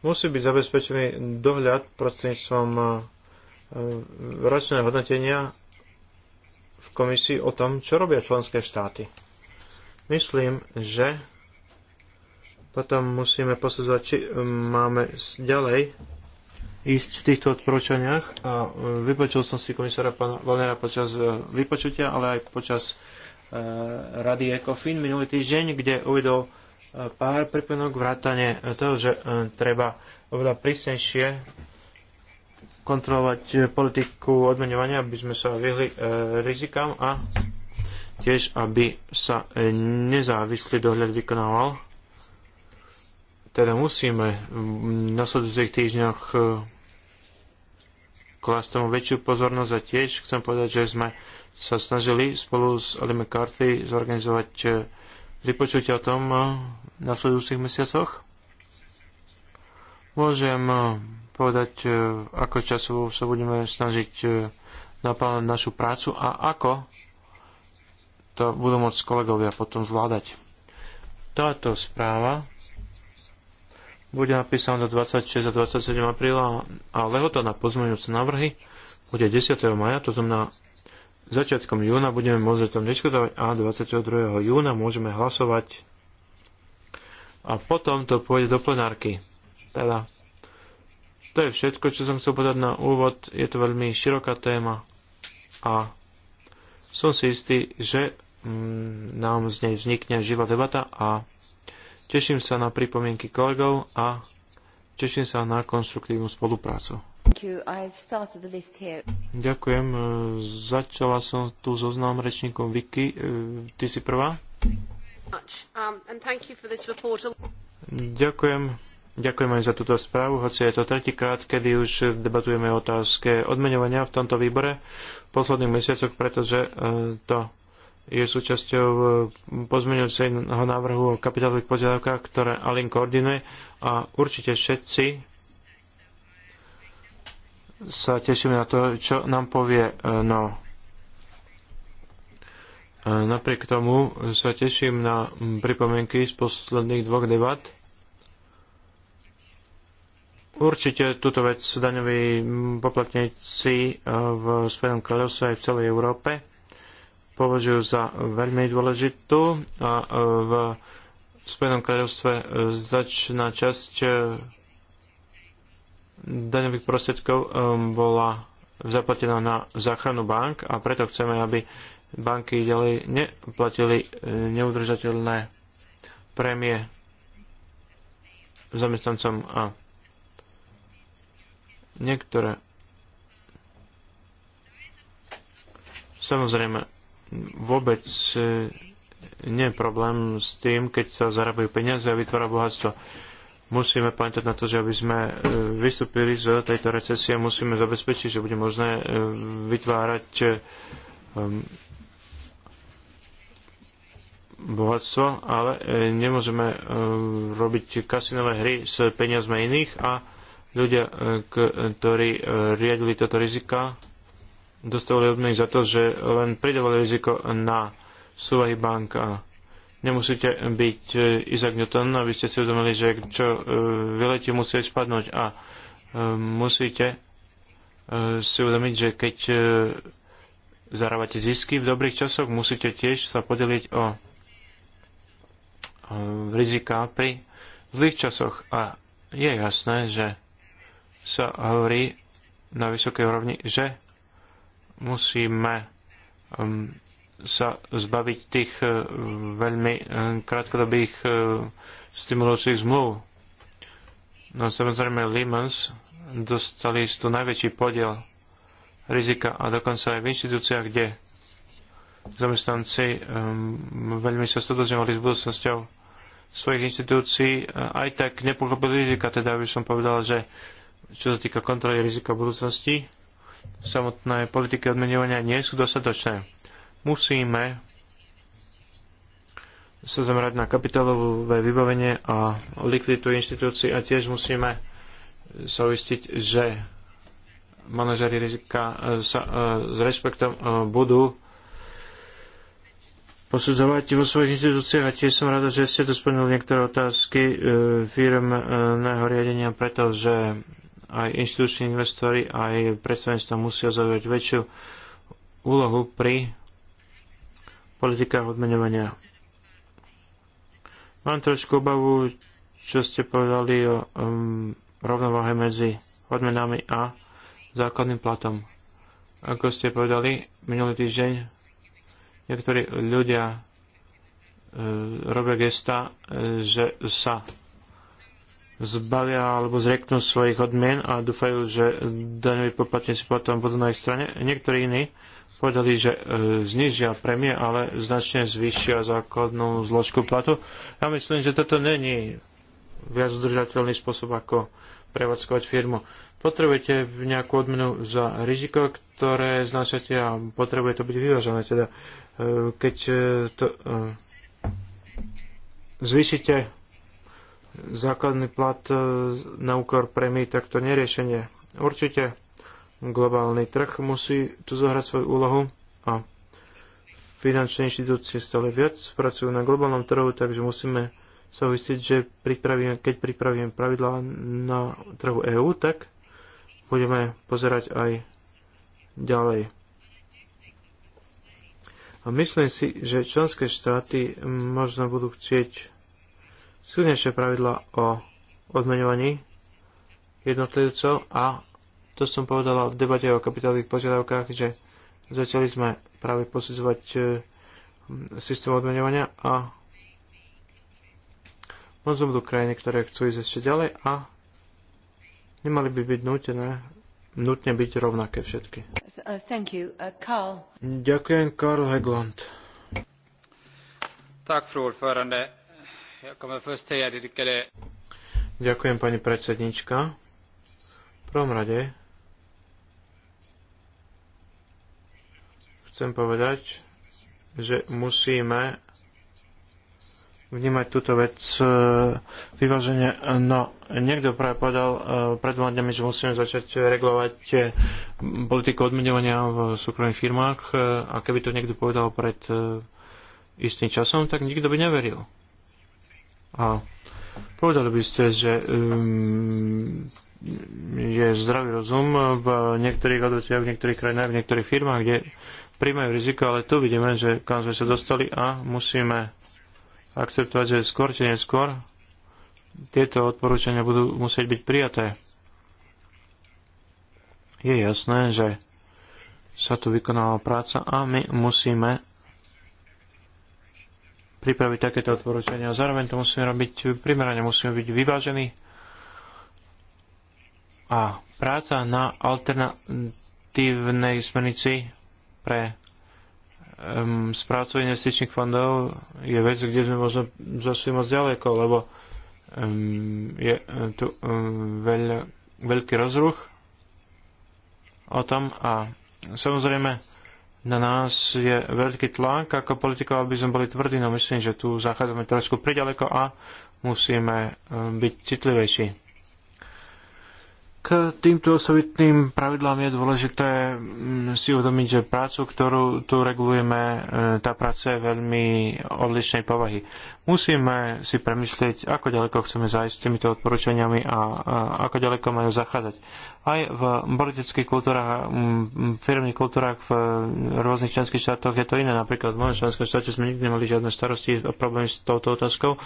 Musí byť zabezpečený dohľad prostredníctvom eh, ročného hodnotenia v komisii o tom, čo robia členské štáty. Myslím, že potom musíme posudzovať, či e, máme ďalej ísť v týchto odporúčaniach. A e, vypočul som si komisára pána Valnera počas e, vypočutia, ale aj počas rady ECOFIN minulý týždeň, kde uvedol pár pripomienok vrátane toho, že treba oveľa prísnejšie kontrolovať eh, politiku odmenovania, aby sme sa vyhli e, rizikám a tiež, aby sa eh, nezávislý dohľad vykonával. Teda musíme v nasledujúcich týždňoch klásť tomu väčšiu pozornosť a tiež chcem povedať, že sme sa snažili spolu s Ali McCarthy zorganizovať vypočutie o tom v nasledujúcich mesiacoch. Môžem povedať, e, ako časovo sa budeme snažiť e, naplánať našu prácu a ako to budú môcť kolegovia potom zvládať. Táto správa bude napísaná do 26 a 27 apríla a lehota na pozmeňujúce návrhy bude 10. maja, to znamená začiatkom júna budeme môcť o tom diskutovať a 22. júna môžeme hlasovať a potom to pôjde do plenárky. Teda to je všetko, čo som chcel povedať na úvod. Je to veľmi široká téma a som si istý, že mm, nám z nej vznikne živá debata a teším sa na pripomienky kolegov a teším sa na konštruktívnu spoluprácu. Ďakujem. Začala som tu so znám rečníkom Vicky. E, ty si prvá? Um, Ďakujem. Ďakujem aj za túto správu, hoci je to tretíkrát, kedy už debatujeme o otázke odmeňovania v tomto výbore v posledných mesiacoch, pretože e, to je súčasťou e, pozmeňujúceho návrhu o kapitálových požiadavkách, ktoré Alin koordinuje a určite všetci sa tešíme na to, čo nám povie. E, no, napriek tomu sa teším na pripomienky z posledných dvoch debat Určite túto vec daňoví poplatníci e, v Spojenom kráľovstve aj v celej Európe považujú za veľmi dôležitú a e, v Spojenom kráľovstve e, značná časť daňových prostriedkov bola zaplatená na záchranu bank a preto chceme, aby banky ďalej neplatili neudržateľné prémie zamestnancom a Niektoré. Samozrejme, vôbec e, nie je problém s tým, keď sa zarabujú peniaze a vytvára bohatstvo. Musíme pamätať na to, že aby sme e, vystúpili z tejto recesie, musíme zabezpečiť, že bude možné e, vytvárať um, bohatstvo, ale nemôžeme robiť kasinové hry s peniazmi iných a ľudia, e, ktorí e, riadili toto rizika, dostali odmeny za to, že len pridávali riziko na súvahy bank nemusíte byť e, Isaac Newton, aby ste si uvedomili, že čo vyletí, musí spadnúť a musíte si uvedomiť, že keď zarábate zisky v dobrých časoch, musíte tiež sa podeliť o rizika pri zlých časoch a je jasné, že sa hovorí na vysokej úrovni, že musíme um, sa zbaviť tých uh, veľmi um, krátkodobých uh, stimulujúcich zmluv. No samozrejme Lehman's dostali tu najväčší podiel rizika a dokonca aj v inštitúciách, kde zamestnanci um, veľmi sa stotožňovali s budúcnosťou svojich inštitúcií, aj tak nepochopili rizika. Teda by som povedal, že čo sa týka kontroly rizika budúcnosti, samotné politiky odmenovania nie sú dostatočné. Musíme sa zamerať na kapitálové vybavenie a likviditu inštitúcií a tiež musíme sa uistiť, že manažery rizika e, sa e, s rešpektom e, budú posudzovať vo svojich inštitúciách a tiež som rada, že ste tu splnili niektoré otázky firmného riadenia, pretože aj inštituční investori, aj predstavenstva musia zaujať väčšiu úlohu pri politikách odmenovania. Mám trošku obavu, čo ste povedali o um, rovnováhe medzi odmenami a základným platom. Ako ste povedali, minulý týždeň niektorí ľudia uh, robia gesta, uh, že sa zbavia alebo zreknú svojich odmien a dúfajú, že daňoví poplatníci potom budú na ich strane. Niektorí iní povedali, že e, znižia premie, ale značne zvýšia základnú zložku platu. Ja myslím, že toto není viac udržateľný spôsob, ako prevádzkovať firmu. Potrebujete nejakú odmenu za riziko, ktoré znašate a potrebuje to byť vyvážené. Teda, e, keď e, to e, zvýšite základný plat e, na úkor premí, tak to neriešenie. Určite globálny trh musí tu zohrať svoju úlohu a finančné inštitúcie stále viac pracujú na globálnom trhu, takže musíme sa uistiť, že pripravíme, keď pripravíme pravidlá na trhu EÚ, tak budeme pozerať aj ďalej. A myslím si, že členské štáty možno budú chcieť sú dnešné pravidla o odmenovaní jednotlivcov a to som povedala v debate o kapitálových požiadavkách, že začali sme práve posudzovať e, systém odmenovania a možno budú krajiny, ktoré chcú ísť ešte ďalej a nemali by byť nutné nutne byť rovnaké všetky. uh, Carl. Uh, Ďakujem, Karl Heglund. Tak, fru ordförande. Ďakujem, pani predsednička. V prvom rade chcem povedať, že musíme vnímať túto vec e, vyvážene. No, niekto práve povedal e, pred dvoma dňami, že musíme začať regulovať e, politiku odmenovania v súkromných firmách a keby to niekto povedal pred istým časom, tak nikto by neveril. A povedali by ste, že um, je zdravý rozum v niektorých odvetviach, v niektorých krajinách, v niektorých firmách, kde príjmajú riziko, ale tu vidíme, že kam sme sa dostali a musíme akceptovať, že skôr či neskôr tieto odporúčania budú musieť byť prijaté. Je jasné, že sa tu vykonáva práca a my musíme pripraviť takéto odporúčania. Zároveň to musíme robiť primerane, musíme byť vyvážení a práca na alternatívnej smernici pre um, správcov investičných fondov je vec, kde sme možno zašli moc ďaleko, lebo um, je tu um, veľ, veľký rozruch o tom a samozrejme na nás je veľký tlak ako politikov, aby sme boli tvrdí, no myslím, že tu zachádzame trošku priďaleko a musíme eh, byť citlivejší. K týmto osobitným pravidlám je dôležité mm, si uvedomiť, že prácu, ktorú tu regulujeme, e, tá práca je veľmi odlišnej povahy. Musíme si premyslieť, ako ďaleko chceme zájsť s týmito odporúčaniami a ako ďaleko majú zachádzať. Aj v politických kultúrach, firmných kultúrach v e, rôznych členských štátoch je to iné. Napríklad v mojom členskom štáte sme nikdy nemali žiadne starosti o problémy s touto otázkou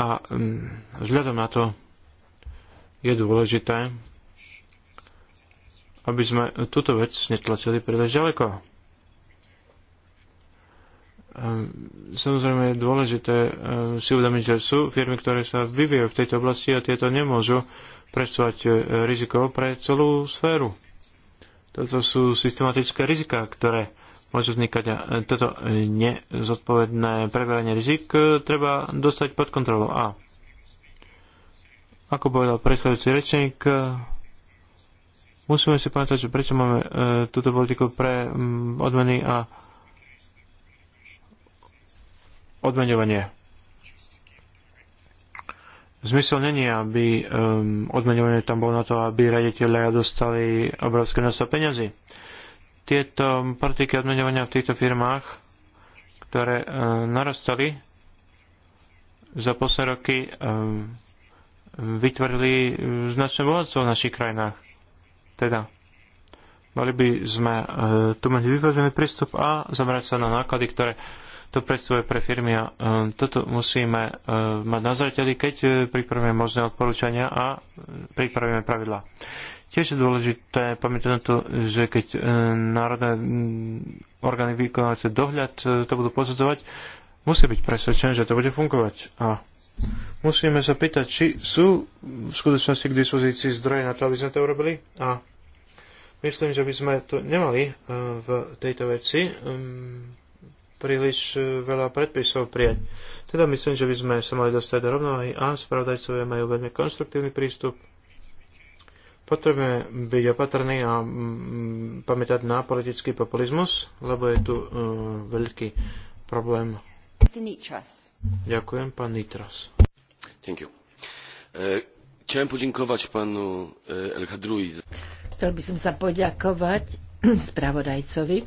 a vzhľadom na to je dôležité aby sme túto vec netlačili príliš ďaleko. Ehm, samozrejme je dôležité ehm, si uvedomiť, že sú firmy, ktoré sa vyvíjajú v tejto oblasti a tieto nemôžu predstavovať e, riziko pre celú sféru. Toto sú systematické riziká, ktoré môžu vznikať. A e, toto nezodpovedné preberanie rizik e, treba dostať pod kontrolu. A ako povedal predchádzajúci rečník, Musíme si pamätať, že prečo máme e, túto politiku pre m, mm, odmeny a odmeňovanie. Zmysel není, aby um, odmeňovanie tam bolo na to, aby raditeľia dostali obrovské množstvo peňazí. Tieto politiky odmeňovania v týchto firmách, ktoré uh, narastali za posledné roky, um, vytvorili značné bohatstvo v našich krajinách. Teda, mali by sme e, tu mať vyvážený prístup a zamerať sa na náklady, ktoré to predstavuje pre firmy a e, toto musíme e, mať na zreteli, keď pripravíme možné odporúčania a pripravíme pravidlá. Tiež je dôležité pamätať na to, že keď národné orgány vykonávajúce dohľad to budú pozadzovať, musí byť presvedčené, že to bude fungovať. A musíme sa pýtať, či sú v skutočnosti k dispozícii zdroje na to, aby sme to urobili. A Myslím, že by sme tu nemali e, v tejto veci e, príliš veľa predpisov prijať. Teda myslím, že by sme sa mali dostať do rovnováhy a spravodajcovia majú veľmi konstruktívny prístup. Potrebujeme byť opatrní a pamätať na politický populizmus, lebo je tu uh, veľký problém. Ďakujem, pán Nitras. Ďakujem. Uh, chcem chciałem pánu uh, e, El Hadrui za... Chcel by som sa poďakovať spravodajcovi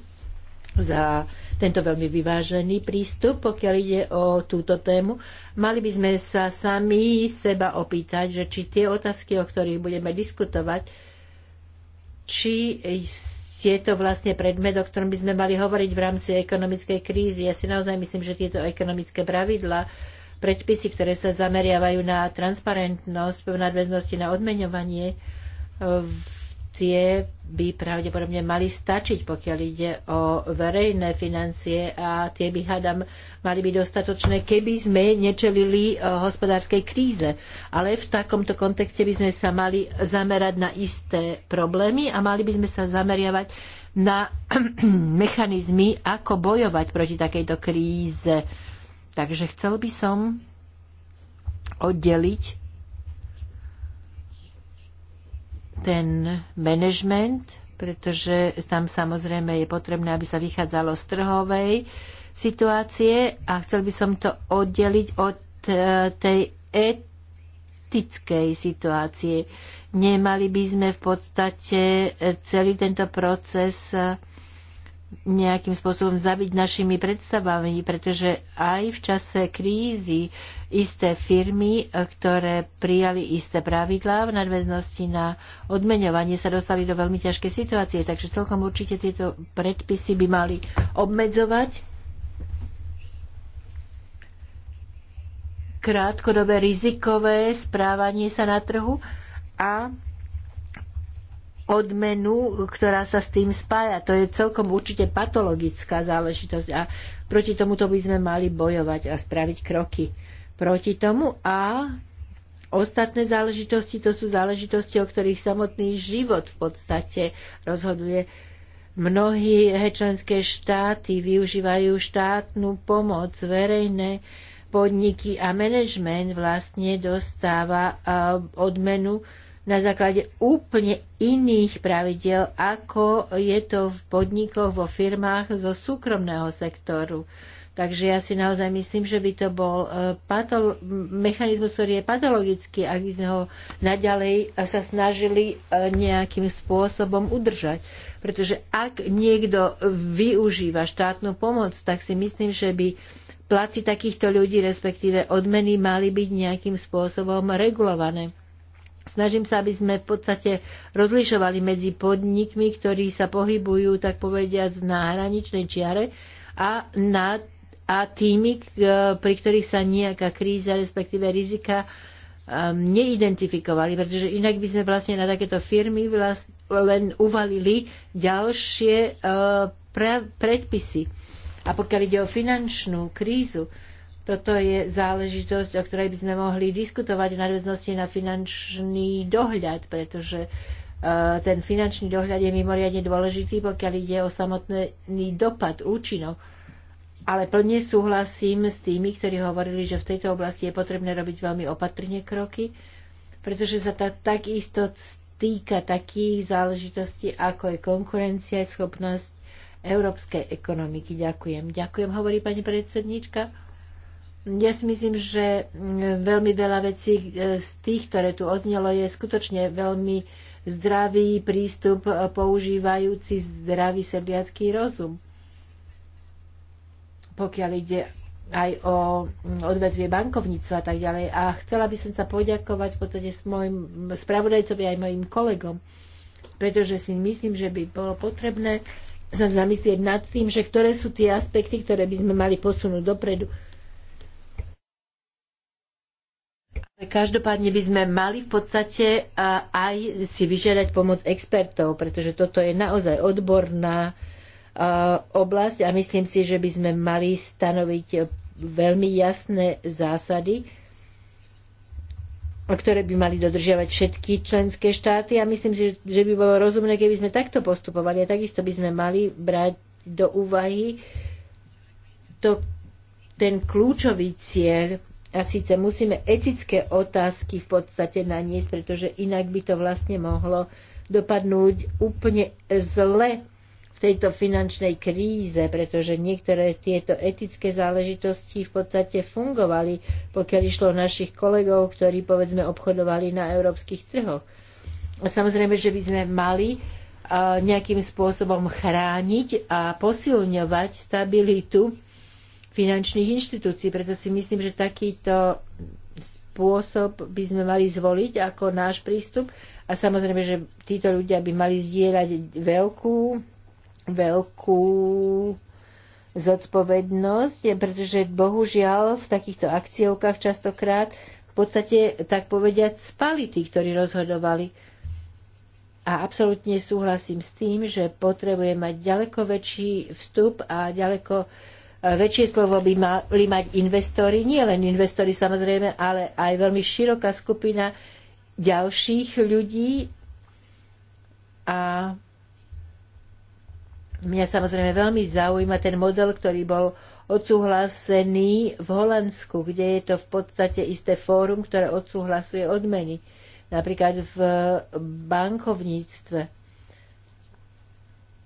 za tento veľmi vyvážený prístup, pokiaľ ide o túto tému. Mali by sme sa sami seba opýtať, že či tie otázky, o ktorých budeme diskutovať, či je to vlastne predmet, o ktorom by sme mali hovoriť v rámci ekonomickej krízy. Ja si naozaj myslím, že tieto ekonomické pravidla, predpisy, ktoré sa zameriavajú na transparentnosť v nadväznosti na odmeňovanie, v tie by pravdepodobne mali stačiť, pokiaľ ide o verejné financie a tie by, hádam, mali byť dostatočné, keby sme nečelili e, hospodárskej kríze. Ale v takomto kontexte by sme sa mali zamerať na isté problémy a mali by sme sa zameriavať na mechanizmy, ako bojovať proti takejto kríze. Takže chcel by som oddeliť ten management, pretože tam samozrejme je potrebné, aby sa vychádzalo z trhovej situácie a chcel by som to oddeliť od e, tej etickej situácie. Nemali by sme v podstate e, celý tento proces e, nejakým spôsobom zabiť našimi predstavami, pretože aj v čase krízy isté firmy, e, ktoré prijali isté pravidlá v nadväznosti na odmeňovanie, sa dostali do veľmi ťažkej situácie. Takže celkom určite tieto predpisy by mali obmedzovať krátkodobé rizikové správanie sa na trhu a odmenu, ktorá sa s tým spája. To je celkom určite patologická záležitosť a proti tomuto by sme mali bojovať a spraviť kroky proti tomu a ostatné záležitosti to sú záležitosti, o ktorých samotný život v podstate rozhoduje. Mnohí členské štáty využívajú štátnu pomoc, verejné podniky a manažment vlastne dostáva odmenu na základe úplne iných pravidel, ako je to v podnikoch, vo firmách zo súkromného sektoru. Takže ja si naozaj myslím, že by to bol e, patolo- mechanizmus, ktorý je patologický, ak by sme ho naďalej sa snažili e, nejakým spôsobom udržať. Pretože ak niekto využíva štátnu pomoc, tak si myslím, že by platy takýchto ľudí, respektíve odmeny, mali byť nejakým spôsobom regulované. Snažím sa, aby sme v podstate rozlišovali medzi podnikmi, ktorí sa pohybujú, tak povediať, na hraničnej čiare a nad a tými, e, pri ktorých sa nejaká kríza, respektíve rizika e, neidentifikovali, pretože inak by sme vlastne na takéto firmy vlast, len uvalili ďalšie e, pre, predpisy. A pokiaľ ide o finančnú krízu, toto je záležitosť, o ktorej by sme mohli diskutovať v nadväznosti na finančný dohľad, pretože ten finančný dohľad je mimoriadne dôležitý, pokiaľ ide o samotný dopad, účinok ale plne súhlasím s tými, ktorí hovorili, že v tejto oblasti je potrebné robiť veľmi opatrne kroky, pretože sa tá takisto týka takých záležitostí, ako je konkurencia, schopnosť európskej ekonomiky. Ďakujem. Ďakujem, hovorí pani predsednička. Ja si myslím, že mm, veľmi veľa vecí e, z tých, ktoré tu odznelo, je skutočne veľmi zdravý prístup e, používajúci zdravý sedliacký rozum pokiaľ ide aj o odvetvie bankovníctva a tak ďalej. A chcela by som sa poďakovať v podstate s môjim spravodajcovi aj mojim kolegom, pretože si myslím, že by bolo potrebné sa zamyslieť nad tým, že ktoré sú tie aspekty, ktoré by sme mali posunúť dopredu. Každopádne by sme mali v podstate aj si vyžiadať pomoc expertov, pretože toto je naozaj odborná Eh, oblasť a myslím si, že by sme mali stanoviť veľmi jasné zásady, ktoré by mali dodržiavať všetky členské štáty a myslím si, že by bolo rozumné, keby sme takto postupovali a takisto by sme mali brať do úvahy to, ten kľúčový cieľ a síce musíme etické otázky v podstate naniesť, pretože inak by to vlastne mohlo dopadnúť úplne zle tejto finančnej kríze, pretože niektoré tieto etické záležitosti v podstate fungovali, pokiaľ išlo našich kolegov, ktorí povedzme obchodovali na európskych trhoch. A samozrejme, že by sme mali nejakým spôsobom chrániť a posilňovať stabilitu finančných inštitúcií. Preto si myslím, že takýto spôsob by sme mali zvoliť ako náš prístup. A samozrejme, že títo ľudia by mali zdieľať veľkú veľkú zodpovednosť, pretože bohužiaľ v takýchto akciovkách častokrát v podstate, tak povediať, spali tí, ktorí rozhodovali. A absolútne súhlasím s tým, že potrebuje mať ďaleko väčší vstup a ďaleko e, väčšie slovo by mali mať investori, nie len investori samozrejme, ale aj veľmi široká skupina ďalších ľudí. A Mňa samozrejme veľmi zaujíma ten model, ktorý bol odsúhlasený v Holandsku, kde je to v podstate isté fórum, ktoré odsúhlasuje odmeny, napríklad v eh, bankovníctve.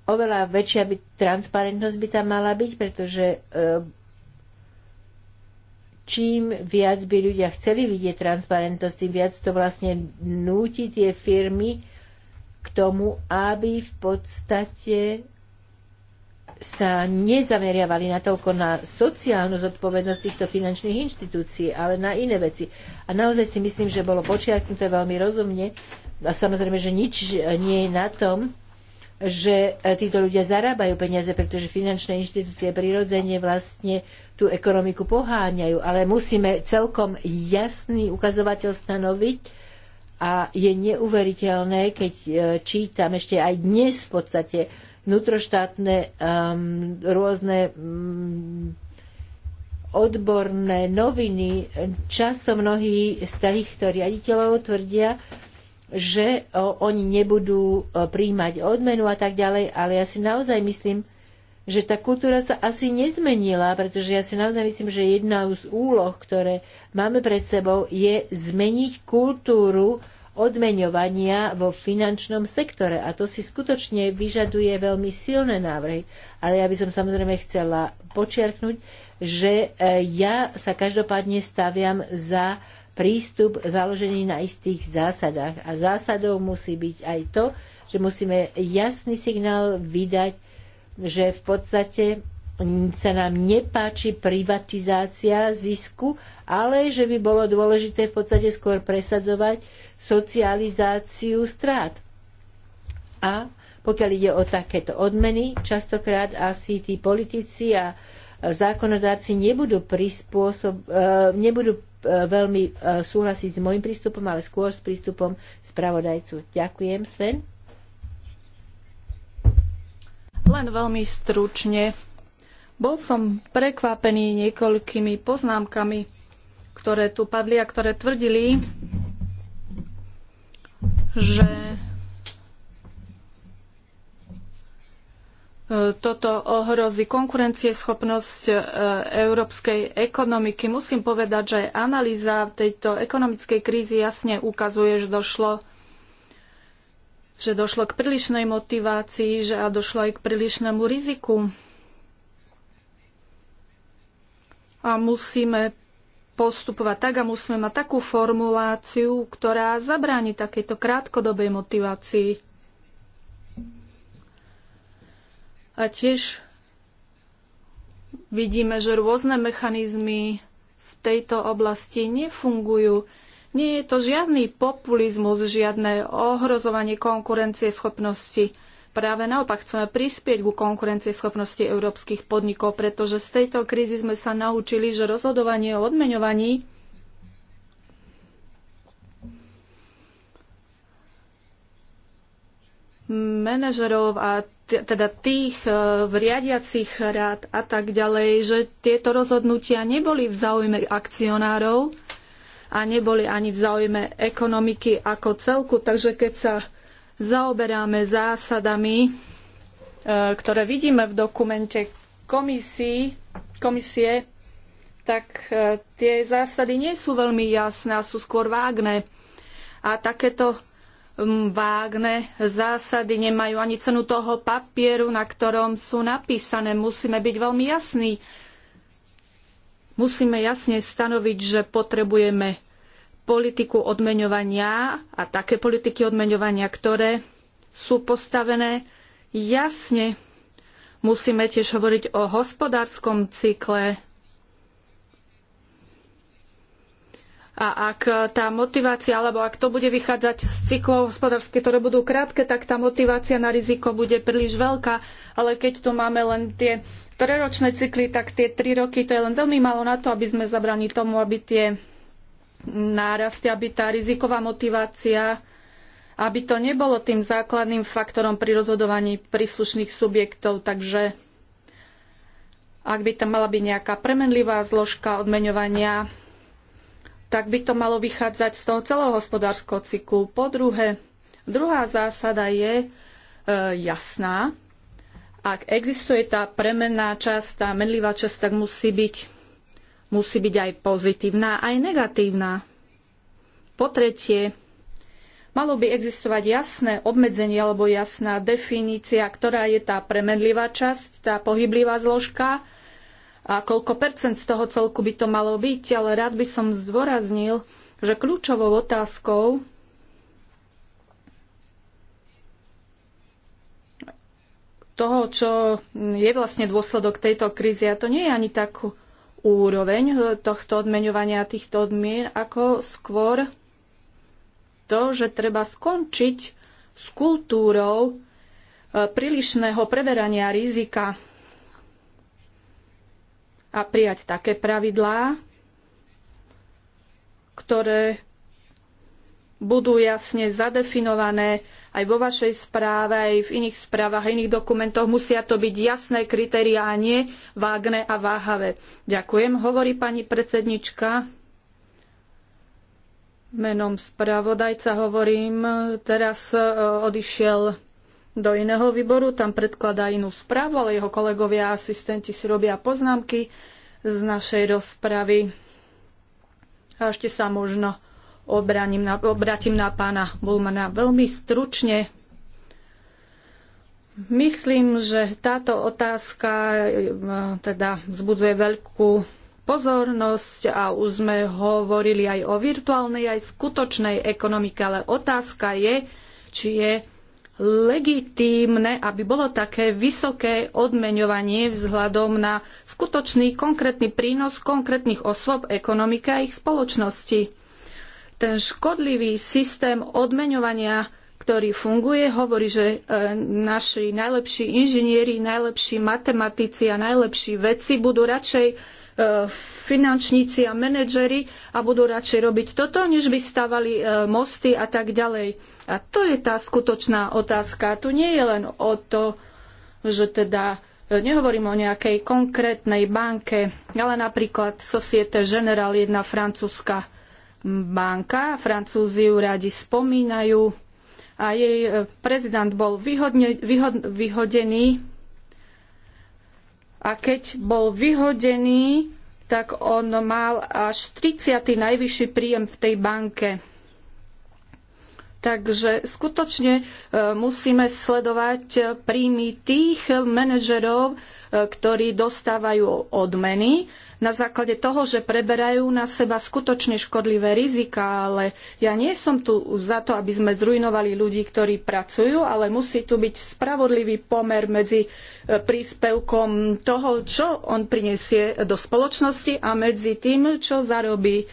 Oveľa väčšia by, transparentnosť by tam mala byť, pretože eh, čím viac by ľudia chceli vidieť transparentnosť, tým viac to vlastne núti tie firmy k tomu, aby v podstate sa nezameriavali natoľko na sociálnu zodpovednosť týchto finančných inštitúcií, ale na iné veci. A naozaj si myslím, že bolo počiarknuté veľmi rozumne. A samozrejme, že nič nie je na tom, že e, títo ľudia zarábajú peniaze, pretože finančné inštitúcie prirodzene vlastne tú ekonomiku poháňajú. Ale musíme celkom jasný ukazovateľ stanoviť a je neuveriteľné, keď e, čítam ešte aj dnes v podstate vnútroštátne um, rôzne um, odborné noviny, často mnohí z týchto riaditeľov tvrdia, že o, oni nebudú o, príjmať odmenu a tak ďalej, ale ja si naozaj myslím, že tá kultúra sa asi nezmenila, pretože ja si naozaj myslím, že jedna z úloh, ktoré máme pred sebou, je zmeniť kultúru odmeňovania vo finančnom sektore. A to si skutočne vyžaduje veľmi silné návrhy. Ale ja by som samozrejme chcela počiarknúť, že e, ja sa každopádne staviam za prístup založený na istých zásadách. A zásadou musí byť aj to, že musíme jasný signál vydať, že v podstate sa nám nepáči privatizácia zisku ale že by bolo dôležité v podstate skôr presadzovať socializáciu strát. A pokiaľ ide o takéto odmeny, častokrát asi tí politici a zákonodáci nebudú, prispôsob, e, nebudú e, veľmi e, súhlasiť s môjim prístupom, ale skôr s prístupom spravodajcu. Ďakujem, Sven. Len veľmi stručne. Bol som prekvapený niekoľkými poznámkami ktoré tu padli a ktoré tvrdili, že e, toto ohrozí konkurencieschopnosť e, európskej ekonomiky. Musím povedať, že analýza tejto ekonomickej krízy jasne ukazuje, že došlo že došlo k prílišnej motivácii že a došlo aj k prílišnému riziku. A musíme postupovať tak a musíme mať takú formuláciu, ktorá zabráni takejto krátkodobej motivácii. A tiež vidíme, že rôzne mechanizmy v tejto oblasti nefungujú. Nie je to žiadny populizmus, žiadne ohrozovanie konkurencie schopnosti. Práve naopak chceme prispieť ku konkurencieschopnosti európskych podnikov, pretože z tejto krízy sme sa naučili, že rozhodovanie o odmeňovaní manažerov a teda tých e, v riadiacich rád a tak ďalej, že tieto rozhodnutia neboli v záujme akcionárov a neboli ani v záujme ekonomiky ako celku. Takže keď sa zaoberáme zásadami, e, ktoré vidíme v dokumente komisie, tak e, tie zásady nie sú veľmi jasné a sú skôr vágne. A takéto vágne zásady nemajú ani cenu toho papieru, na ktorom sú napísané. Musíme byť veľmi jasní. Musíme jasne stanoviť, že potrebujeme politiku odmeňovania a také politiky odmeňovania, ktoré sú postavené jasne. Musíme tiež hovoriť o hospodárskom cykle A ak tá motivácia, alebo ak to bude vychádzať z cyklov hospodárskych, ktoré budú krátke, tak tá motivácia na riziko bude príliš veľká. Ale keď tu máme len tie trojročné cykly, tak tie tri roky, to je len veľmi málo na to, aby sme zabrali tomu, aby tie nárastie, aby tá riziková motivácia, aby to nebolo tým základným faktorom pri rozhodovaní príslušných subjektov. Takže ak by tam mala byť nejaká premenlivá zložka odmeňovania, tak by to malo vychádzať z toho celého hospodárskeho cyklu. Po druhé, druhá zásada je e, jasná. Ak existuje tá premenná časť, tá menlivá časť, tak musí byť musí byť aj pozitívna, aj negatívna. Po tretie, malo by existovať jasné obmedzenie alebo jasná definícia, ktorá je tá premenlivá časť, tá pohyblivá zložka a koľko percent z toho celku by to malo byť, ale rád by som zdôraznil, že kľúčovou otázkou toho, čo je vlastne dôsledok tejto krízy, a to nie je ani takú úroveň eh, tohto odmeňovania týchto odmien, ako skôr to, že treba skončiť s kultúrou eh, prílišného preverania rizika a prijať také pravidlá, ktoré budú jasne zadefinované aj vo vašej správe, aj v iných správach, a iných dokumentoch. Musia to byť jasné kritériá, a nie vágne a váhavé. Ďakujem, hovorí pani predsednička. Menom spravodajca hovorím, teraz e, odišiel do iného výboru, tam predkladá inú správu, ale jeho kolegovia a asistenti si robia poznámky z našej rozpravy. A ešte sa možno obraním na, obratím na pána Bulmana veľmi stručne. Myslím, že táto otázka eh, teda vzbudzuje veľkú pozornosť a už sme hovorili aj o virtuálnej, aj skutočnej ekonomike, ale otázka je, či je legitímne, aby bolo také vysoké odmeňovanie vzhľadom na skutočný konkrétny prínos konkrétnych osôb ekonomike a ich spoločnosti ten škodlivý systém odmeňovania, ktorý funguje, hovorí, že e, naši najlepší inžinieri, najlepší matematici a najlepší vedci budú radšej e, finančníci a manažery a budú radšej robiť toto, než by stavali e, mosty a tak ďalej. A to je tá skutočná otázka. Tu nie je len o to, že teda Nehovorím o nejakej konkrétnej banke, ale napríklad Societe Generale, jedna francúzska banka, Francúzi ju radi spomínajú a jej e, prezident bol vyhodne, vyhod, vyhodený a keď bol vyhodený, tak on mal až 30. najvyšší príjem v tej banke. Takže skutočne e, musíme sledovať príjmy tých manažerov, e, ktorí dostávajú odmeny na základe toho, že preberajú na seba skutočne škodlivé rizika, ale ja nie som tu za to, aby sme zrujnovali ľudí, ktorí pracujú, ale musí tu byť spravodlivý pomer medzi e, príspevkom toho, čo on prinesie do spoločnosti a medzi tým, čo zarobí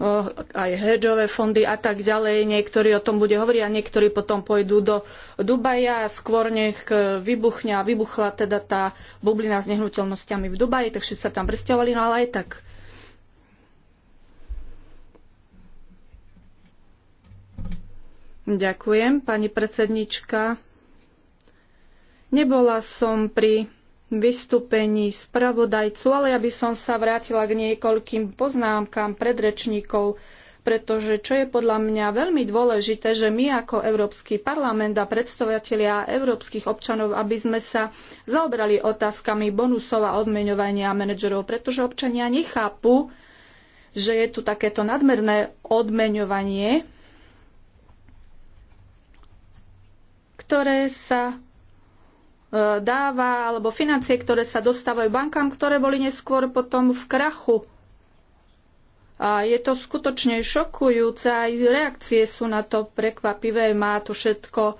aj hedžové fondy a tak ďalej. Niektorí o tom bude hovoriť a niektorí potom pôjdu do Dubaja a skôr nech e, vybuchne a vybuchla teda tá bublina s nehnuteľnosťami v Dubaji, tak všetci sa tam presťahovali, no ale aj tak. Ďakujem, pani predsednička. Nebola som pri vystúpení spravodajcu, ale ja by som sa vrátila k niekoľkým poznámkam predrečníkov, pretože čo je podľa mňa veľmi dôležité, že my ako Európsky parlament a predstavatelia európskych občanov, aby sme sa zaobrali otázkami bonusov a odmeňovania manažerov, pretože občania nechápu, že je tu takéto nadmerné odmeňovanie, ktoré sa E, dáva, alebo financie, ktoré sa dostávajú bankám, ktoré boli neskôr potom v krachu. A je to skutočne šokujúce, aj reakcie sú na to prekvapivé, má to všetko e,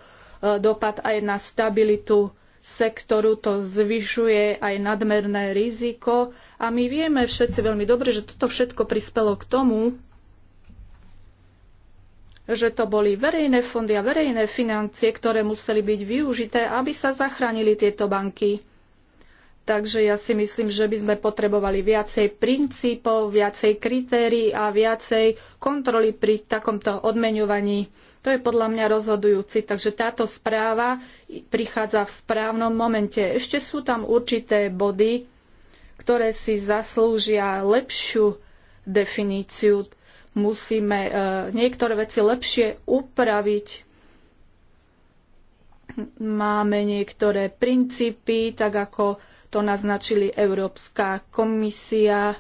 dopad aj na stabilitu sektoru, to zvyšuje aj nadmerné riziko a my vieme všetci veľmi dobre, že toto všetko prispelo k tomu, že to boli verejné fondy a verejné financie, ktoré museli byť využité, aby sa zachránili tieto banky. Takže ja si myslím, že by sme potrebovali viacej princípov, viacej kritérií a viacej kontroly pri takomto odmeňovaní. To je podľa mňa rozhodujúci. Takže táto správa prichádza v správnom momente. Ešte sú tam určité body, ktoré si zaslúžia lepšiu definíciu musíme e, niektoré veci lepšie upraviť. Máme niektoré princípy, tak ako to naznačili Európska komisia.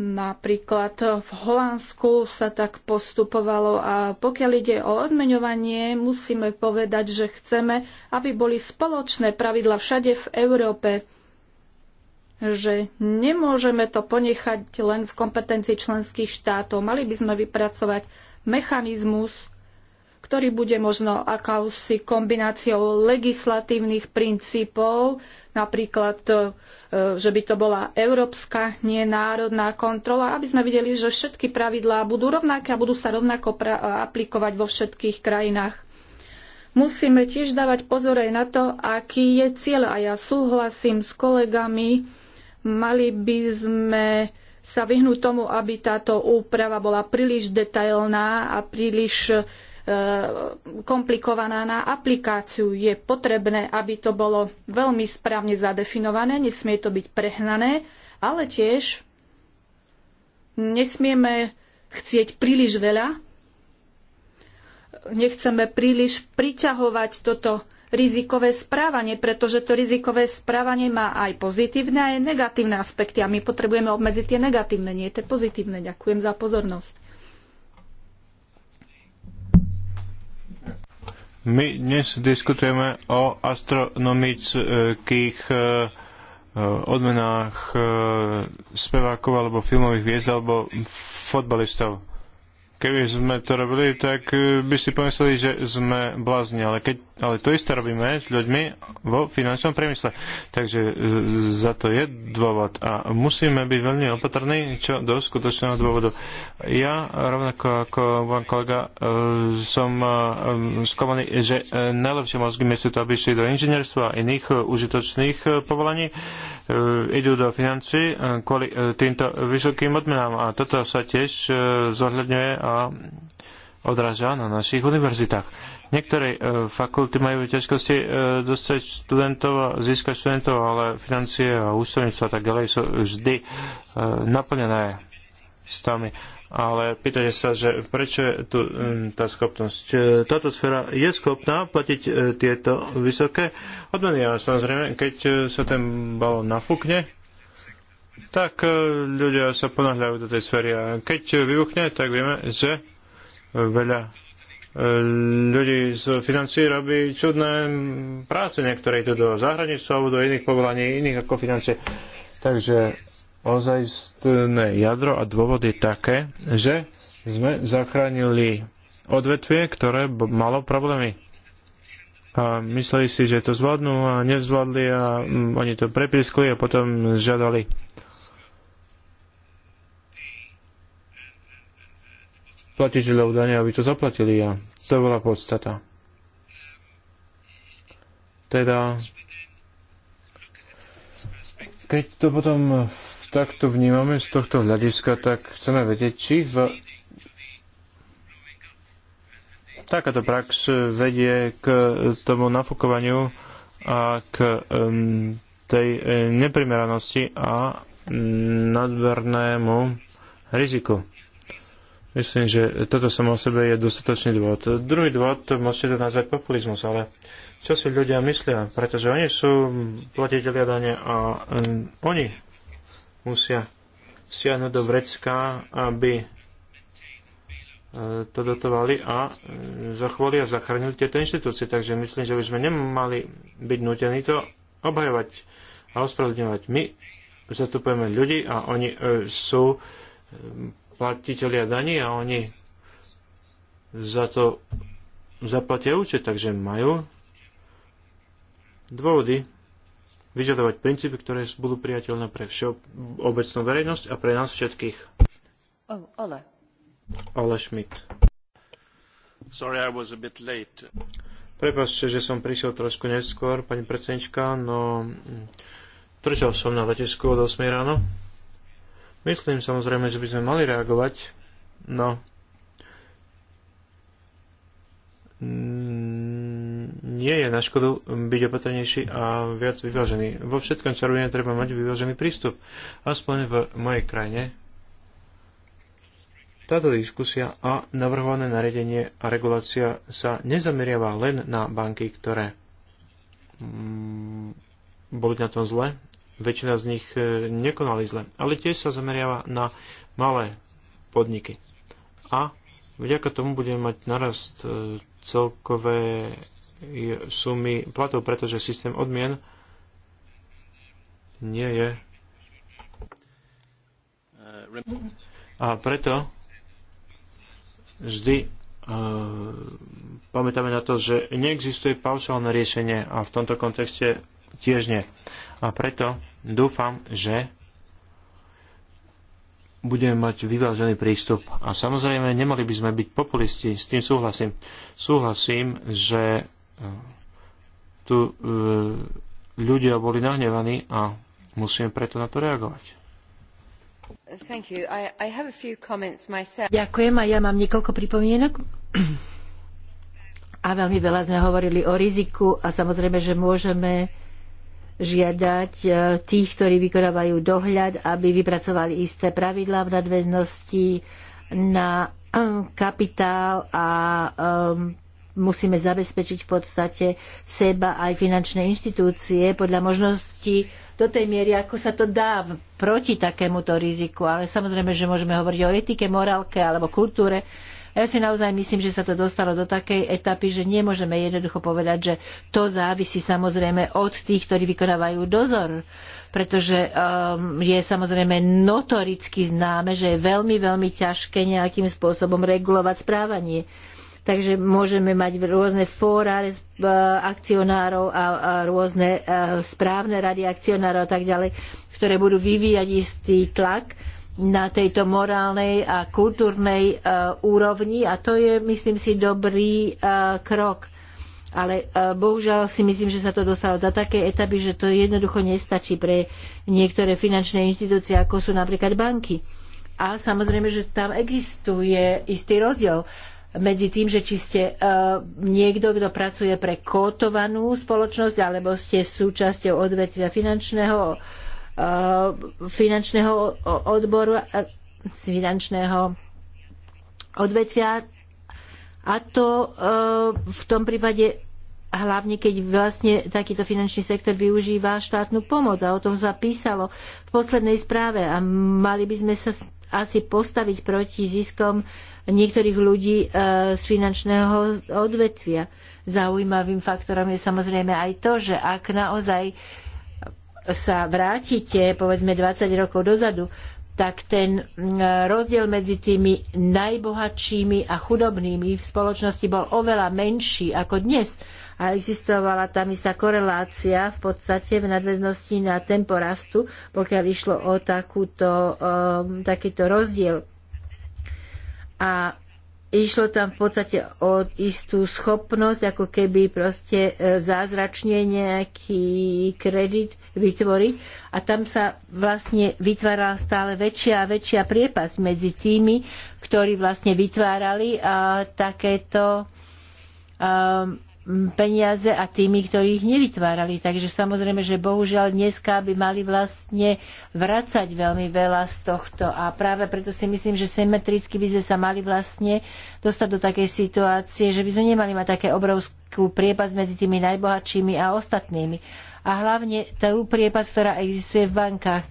Napríklad v Holandsku sa tak postupovalo a pokiaľ ide o odmeňovanie, musíme povedať, že chceme, aby boli spoločné pravidla všade v Európe že nemôžeme to ponechať len v kompetencii členských štátov. Mali by sme vypracovať mechanizmus, ktorý bude možno akousi kombináciou legislatívnych princípov, napríklad, e, že by to bola európska, nie národná kontrola, aby sme videli, že všetky pravidlá budú rovnaké a budú sa rovnako aplikovať vo všetkých krajinách musíme tiež dávať pozor aj na to, aký je cieľ. A ja súhlasím s kolegami, Mali by sme sa vyhnúť tomu, aby táto úprava bola príliš detailná a príliš e, komplikovaná na aplikáciu. Je potrebné, aby to bolo veľmi správne zadefinované, nesmie to byť prehnané, ale tiež nesmieme chcieť príliš veľa, nechceme príliš priťahovať toto rizikové správanie, pretože to rizikové správanie má aj pozitívne, aj negatívne aspekty a my potrebujeme obmedziť tie negatívne, nie tie pozitívne. Ďakujem za pozornosť. My dnes diskutujeme o astronomických e, e, odmenách e, spevákov alebo filmových hviezd alebo fotbalistov. Keby sme to robili, tak e, by si pomysleli, že sme blázni, ale, keď, ale to isté robíme s ľuďmi vo finančnom priemysle. Takže e, za to je dôvod a musíme byť veľmi opatrní čo do skutočného dôvodu. Ja rovnako ako pán kolega e, som sklamaný, že najlepšie mozgy miesto to, aby šli do inžinierstva a iných užitočných povolaní, idú do financí kvôli týmto vysokým odmenám a toto sa tiež zohľadňuje a odráža na našich univerzitách. Niektoré e, fakulty majú ťažkosti e, dostať študentov a získať študentov, ale financie a ústavníctva a tak ďalej sú vždy e, naplnené stami. Ale pýtate sa, že prečo je tu e, tá schopnosť? E, táto sféra je schopná platiť e, tieto vysoké odmeny a samozrejme, keď sa ten balón nafúkne, tak e, ľudia sa ponáhľajú do tej sféry. A keď vybuchne, tak vieme, že veľa e, ľudí z financií robí čudné práce, niektoré idú do zahraničstva, alebo do iných povolaní, iných ako financie. Takže ozajstné jadro a dôvod je také, že sme zachránili odvetvie, ktoré malo problémy. A mysleli si, že to zvládnu a nevzvládli a mm, oni to prepiskli a potom žiadali platiteľov dane, aby to zaplatili a to bola podstata. Teda, keď to potom takto vnímame z tohto hľadiska, tak chceme vedieť, či v takáto prax vedie k tomu nafukovaniu a k um, tej eh, neprimeranosti a nadvernému riziku. Myslím, že toto samo o sebe je dostatočný dôvod. Druhý dôvod, môžete to nazvať populizmus, ale čo si ľudia myslia? Pretože oni sú platiteľia dane a um, oni musia siahnuť do vrecka, aby e, to dotovali a e, zachovali a zachránili tieto inštitúcie. Takže myslím, že by sme nemali byť nutení to obhajovať a ospravedlňovať. My zastupujeme ľudí a oni e, sú platiteľia daní a oni za to zaplatia účet, takže majú dôvody vyžadovať princípy, ktoré budú priateľné pre všeobecnú verejnosť a pre nás všetkých. Oh, Ole. Ole Schmidt. Sorry, I was a bit late. Prepašte, že som prišiel trošku neskôr, pani predsednička, no trčal mm, som na letisku od 8 ráno. Myslím samozrejme, že by sme mali reagovať, no nie je na škodu byť opatrnejší a viac vyvážený. Vo všetkom čarovine treba mať vyvážený prístup, aspoň v mojej krajine. Táto diskusia a navrhované nariadenie a regulácia sa nezameriava len na banky, ktoré mm, boli na tom zle, väčšina z nich e, nekonali zle. Ale tiež sa zameriava na malé podniky. A vďaka tomu budeme mať narast e, celkové e, sumy platov, pretože systém odmien nie je. A preto vždy pamätáme na to, že neexistuje paušálne riešenie a v tomto kontexte tiež nie. A preto dúfam, že budeme mať vyvážený prístup. A samozrejme, nemali by sme byť populisti, s tým súhlasím. Súhlasím, že eh, tu e, ľudia boli nahnevaní a musíme preto na to reagovať. I, I Ďakujem a ja mám niekoľko pripomienok. A veľmi veľa sme hovorili o riziku a samozrejme, že môžeme žiadať e, tých, ktorí vykonávajú dohľad, aby vypracovali isté pravidlá v nadväznosti na e, kapitál a um, musíme zabezpečiť v podstate seba aj finančné inštitúcie podľa možností do tej miery, ako sa to dá proti takémuto riziku. Ale samozrejme, že môžeme hovoriť o etike, morálke alebo kultúre ja si naozaj myslím, že sa to dostalo do takej etapy, že nemôžeme jednoducho povedať, že to závisí samozrejme od tých, ktorí vykonávajú dozor, pretože um, je samozrejme notoricky známe, že je veľmi, veľmi ťažké nejakým spôsobom regulovať správanie. Takže môžeme mať rôzne fóra uh, akcionárov a, rôzne uh, správne rady akcionárov a tak ďalej, ktoré budú vyvíjať istý tlak na tejto morálnej a kultúrnej e, úrovni a to je, myslím si, dobrý e, krok. Ale e, bohužiaľ si myslím, že sa to dostalo do také etapy, že to jednoducho nestačí pre niektoré finančné inštitúcie, ako sú napríklad banky. A samozrejme, že tam existuje istý rozdiel medzi tým, že či ste uh, niekto, kto pracuje pre kotovanú spoločnosť, alebo ste súčasťou odvetvia finančného uh, Eh, finančného odboru, eh, finančného odvetvia. A to eh, v tom prípade hlavne keď vlastne takýto finančný sektor využíva štátnu pomoc. A o tom sa písalo v poslednej správe. A mali by sme sa asi postaviť proti ziskom niektorých ľudí z finančného odvetvia. Zaujímavým faktorom je samozrejme aj to, že ak naozaj sa vrátite, povedzme 20 rokov dozadu, tak ten mm, rozdiel medzi tými najbohatšími a chudobnými v spoločnosti bol oveľa menší ako dnes. A existovala tam istá korelácia v podstate v nadväznosti na tempo rastu, pokiaľ išlo o takúto, um, takýto rozdiel. A Išlo tam v podstate o istú schopnosť, ako keby proste e, zázračne nejaký kredit vytvoriť. A tam sa vlastne vytvárala stále väčšia a väčšia priepas medzi tými, ktorí vlastne vytvárali a takéto um, peniaze a tými, ktorí ich nevytvárali. Takže samozrejme, že bohužiaľ dneska by mali vlastne vracať veľmi veľa z tohto. A práve preto si myslím, že symetricky by sme sa mali vlastne dostať do takej situácie, že by sme nemali mať také obrovskú priepas medzi tými najbohatšími a ostatnými. A hlavne tú priepas, ktorá existuje v bankách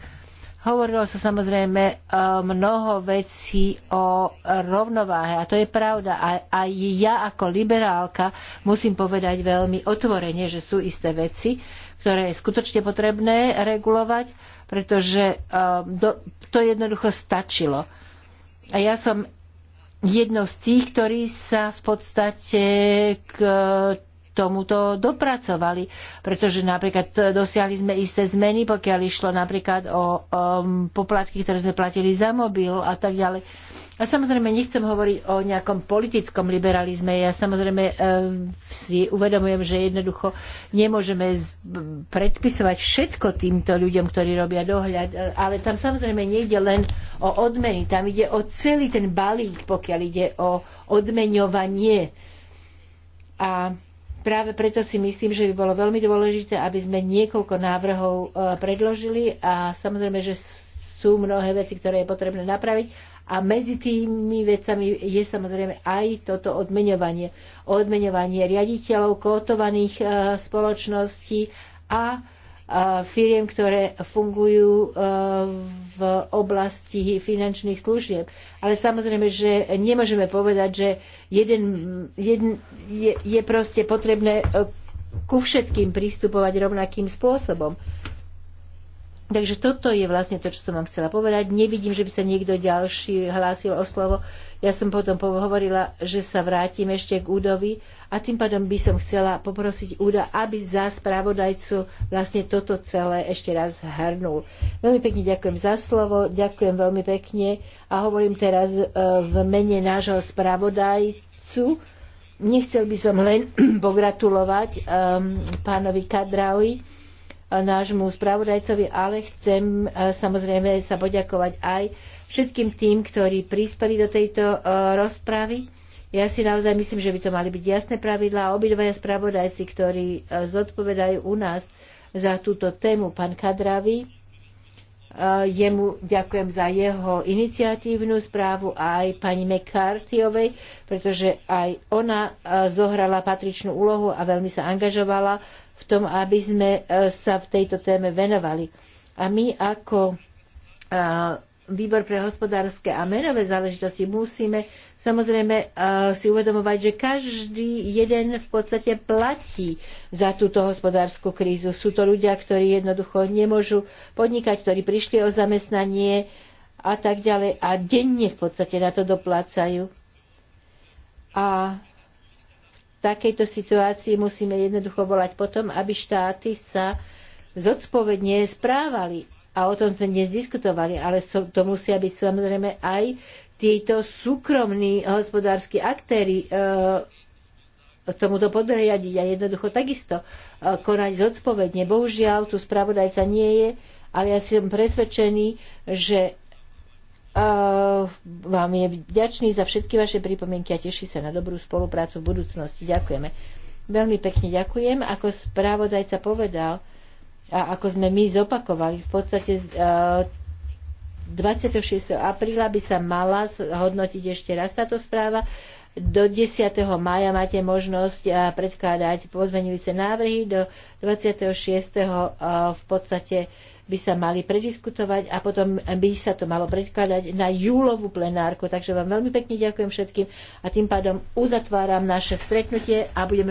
Hovorilo sa samozrejme e, mnoho vecí o rovnováhe a to je pravda. A aj ja ako liberálka musím povedať veľmi otvorene, že sú isté veci, ktoré je skutočne potrebné regulovať, pretože e, to jednoducho stačilo. A ja som jednou z tých, ktorí sa v podstate k tomuto dopracovali, pretože napríklad dosiahli sme isté zmeny, pokiaľ išlo napríklad o um, poplatky, ktoré sme platili za mobil a tak ďalej. A samozrejme nechcem hovoriť o nejakom politickom liberalizme. Ja samozrejme um, si uvedomujem, že jednoducho nemôžeme predpisovať všetko týmto ľuďom, ktorí robia dohľad, ale tam samozrejme nejde len o odmeny, tam ide o celý ten balík, pokiaľ ide o odmeňovanie. A Práve preto si myslím, že by bolo veľmi dôležité, aby sme niekoľko návrhov e, predložili a samozrejme, že sú mnohé veci, ktoré je potrebné napraviť. A medzi tými vecami je samozrejme aj toto odmeňovanie. Odmeňovanie riaditeľov, kotovaných e, spoločností a firiem, ktoré fungujú e, v oblasti finančných služieb. Ale samozrejme, že nemôžeme povedať, že jeden, jeden, je, je proste potrebné e, ku všetkým pristupovať rovnakým spôsobom. Takže toto je vlastne to, čo som vám chcela povedať. Nevidím, že by sa niekto ďalší hlásil o slovo. Ja som potom hovorila, že sa vrátim ešte k údovi a tým pádom by som chcela poprosiť Úda, aby za správodajcu vlastne toto celé ešte raz hrnul. Veľmi pekne ďakujem za slovo, ďakujem veľmi pekne a hovorím teraz e, v mene nášho spravodajcu. Nechcel by som len pogratulovať um, pánovi Kadraovi, e, nášmu spravodajcovi, ale chcem samozrejme sa poďakovať aj všetkým tým, ktorí prispeli do tejto rozpravy. Ja si naozaj myslím, že by to mali byť jasné pravidlá a obidvaja spravodajci, ktorí e, zodpovedajú u nás za túto tému, pán Kadravi, e, jemu ďakujem za jeho iniciatívnu správu a aj pani McCarthyovej, pretože aj ona e, zohrala patričnú úlohu a veľmi sa angažovala v tom, aby sme sa v tejto téme venovali. A my ako výbor pre hospodárske a menové záležitosti musíme samozrejme e, si uvedomovať, že každý jeden v podstate platí za túto hospodárskú krízu. Sú to ľudia, ktorí jednoducho nemôžu podnikať, ktorí prišli o zamestnanie a tak ďalej a denne v podstate na to doplácajú. A v takejto situácii musíme jednoducho volať potom, aby štáty sa zodpovedne správali a o tom sme dnes diskutovali, ale to musia byť samozrejme aj títo súkromní hospodársky aktéry e, tomuto podriadiť a jednoducho takisto e, konať zodpovedne. Bohužiaľ, tu spravodajca nie je, ale ja som presvedčený, že e, vám je vďačný za všetky vaše pripomienky a teší sa na dobrú spoluprácu v budúcnosti. Ďakujeme. Veľmi pekne ďakujem. Ako spravodajca povedal, a ako sme my zopakovali, v podstate 26. apríla by sa mala hodnotiť ešte raz táto správa. Do 10. maja máte možnosť predkladať pozmeňujúce návrhy. Do 26. v podstate by sa mali prediskutovať a potom by sa to malo predkladať na júlovú plenárku. Takže vám veľmi pekne ďakujem všetkým a tým pádom uzatváram naše stretnutie a budeme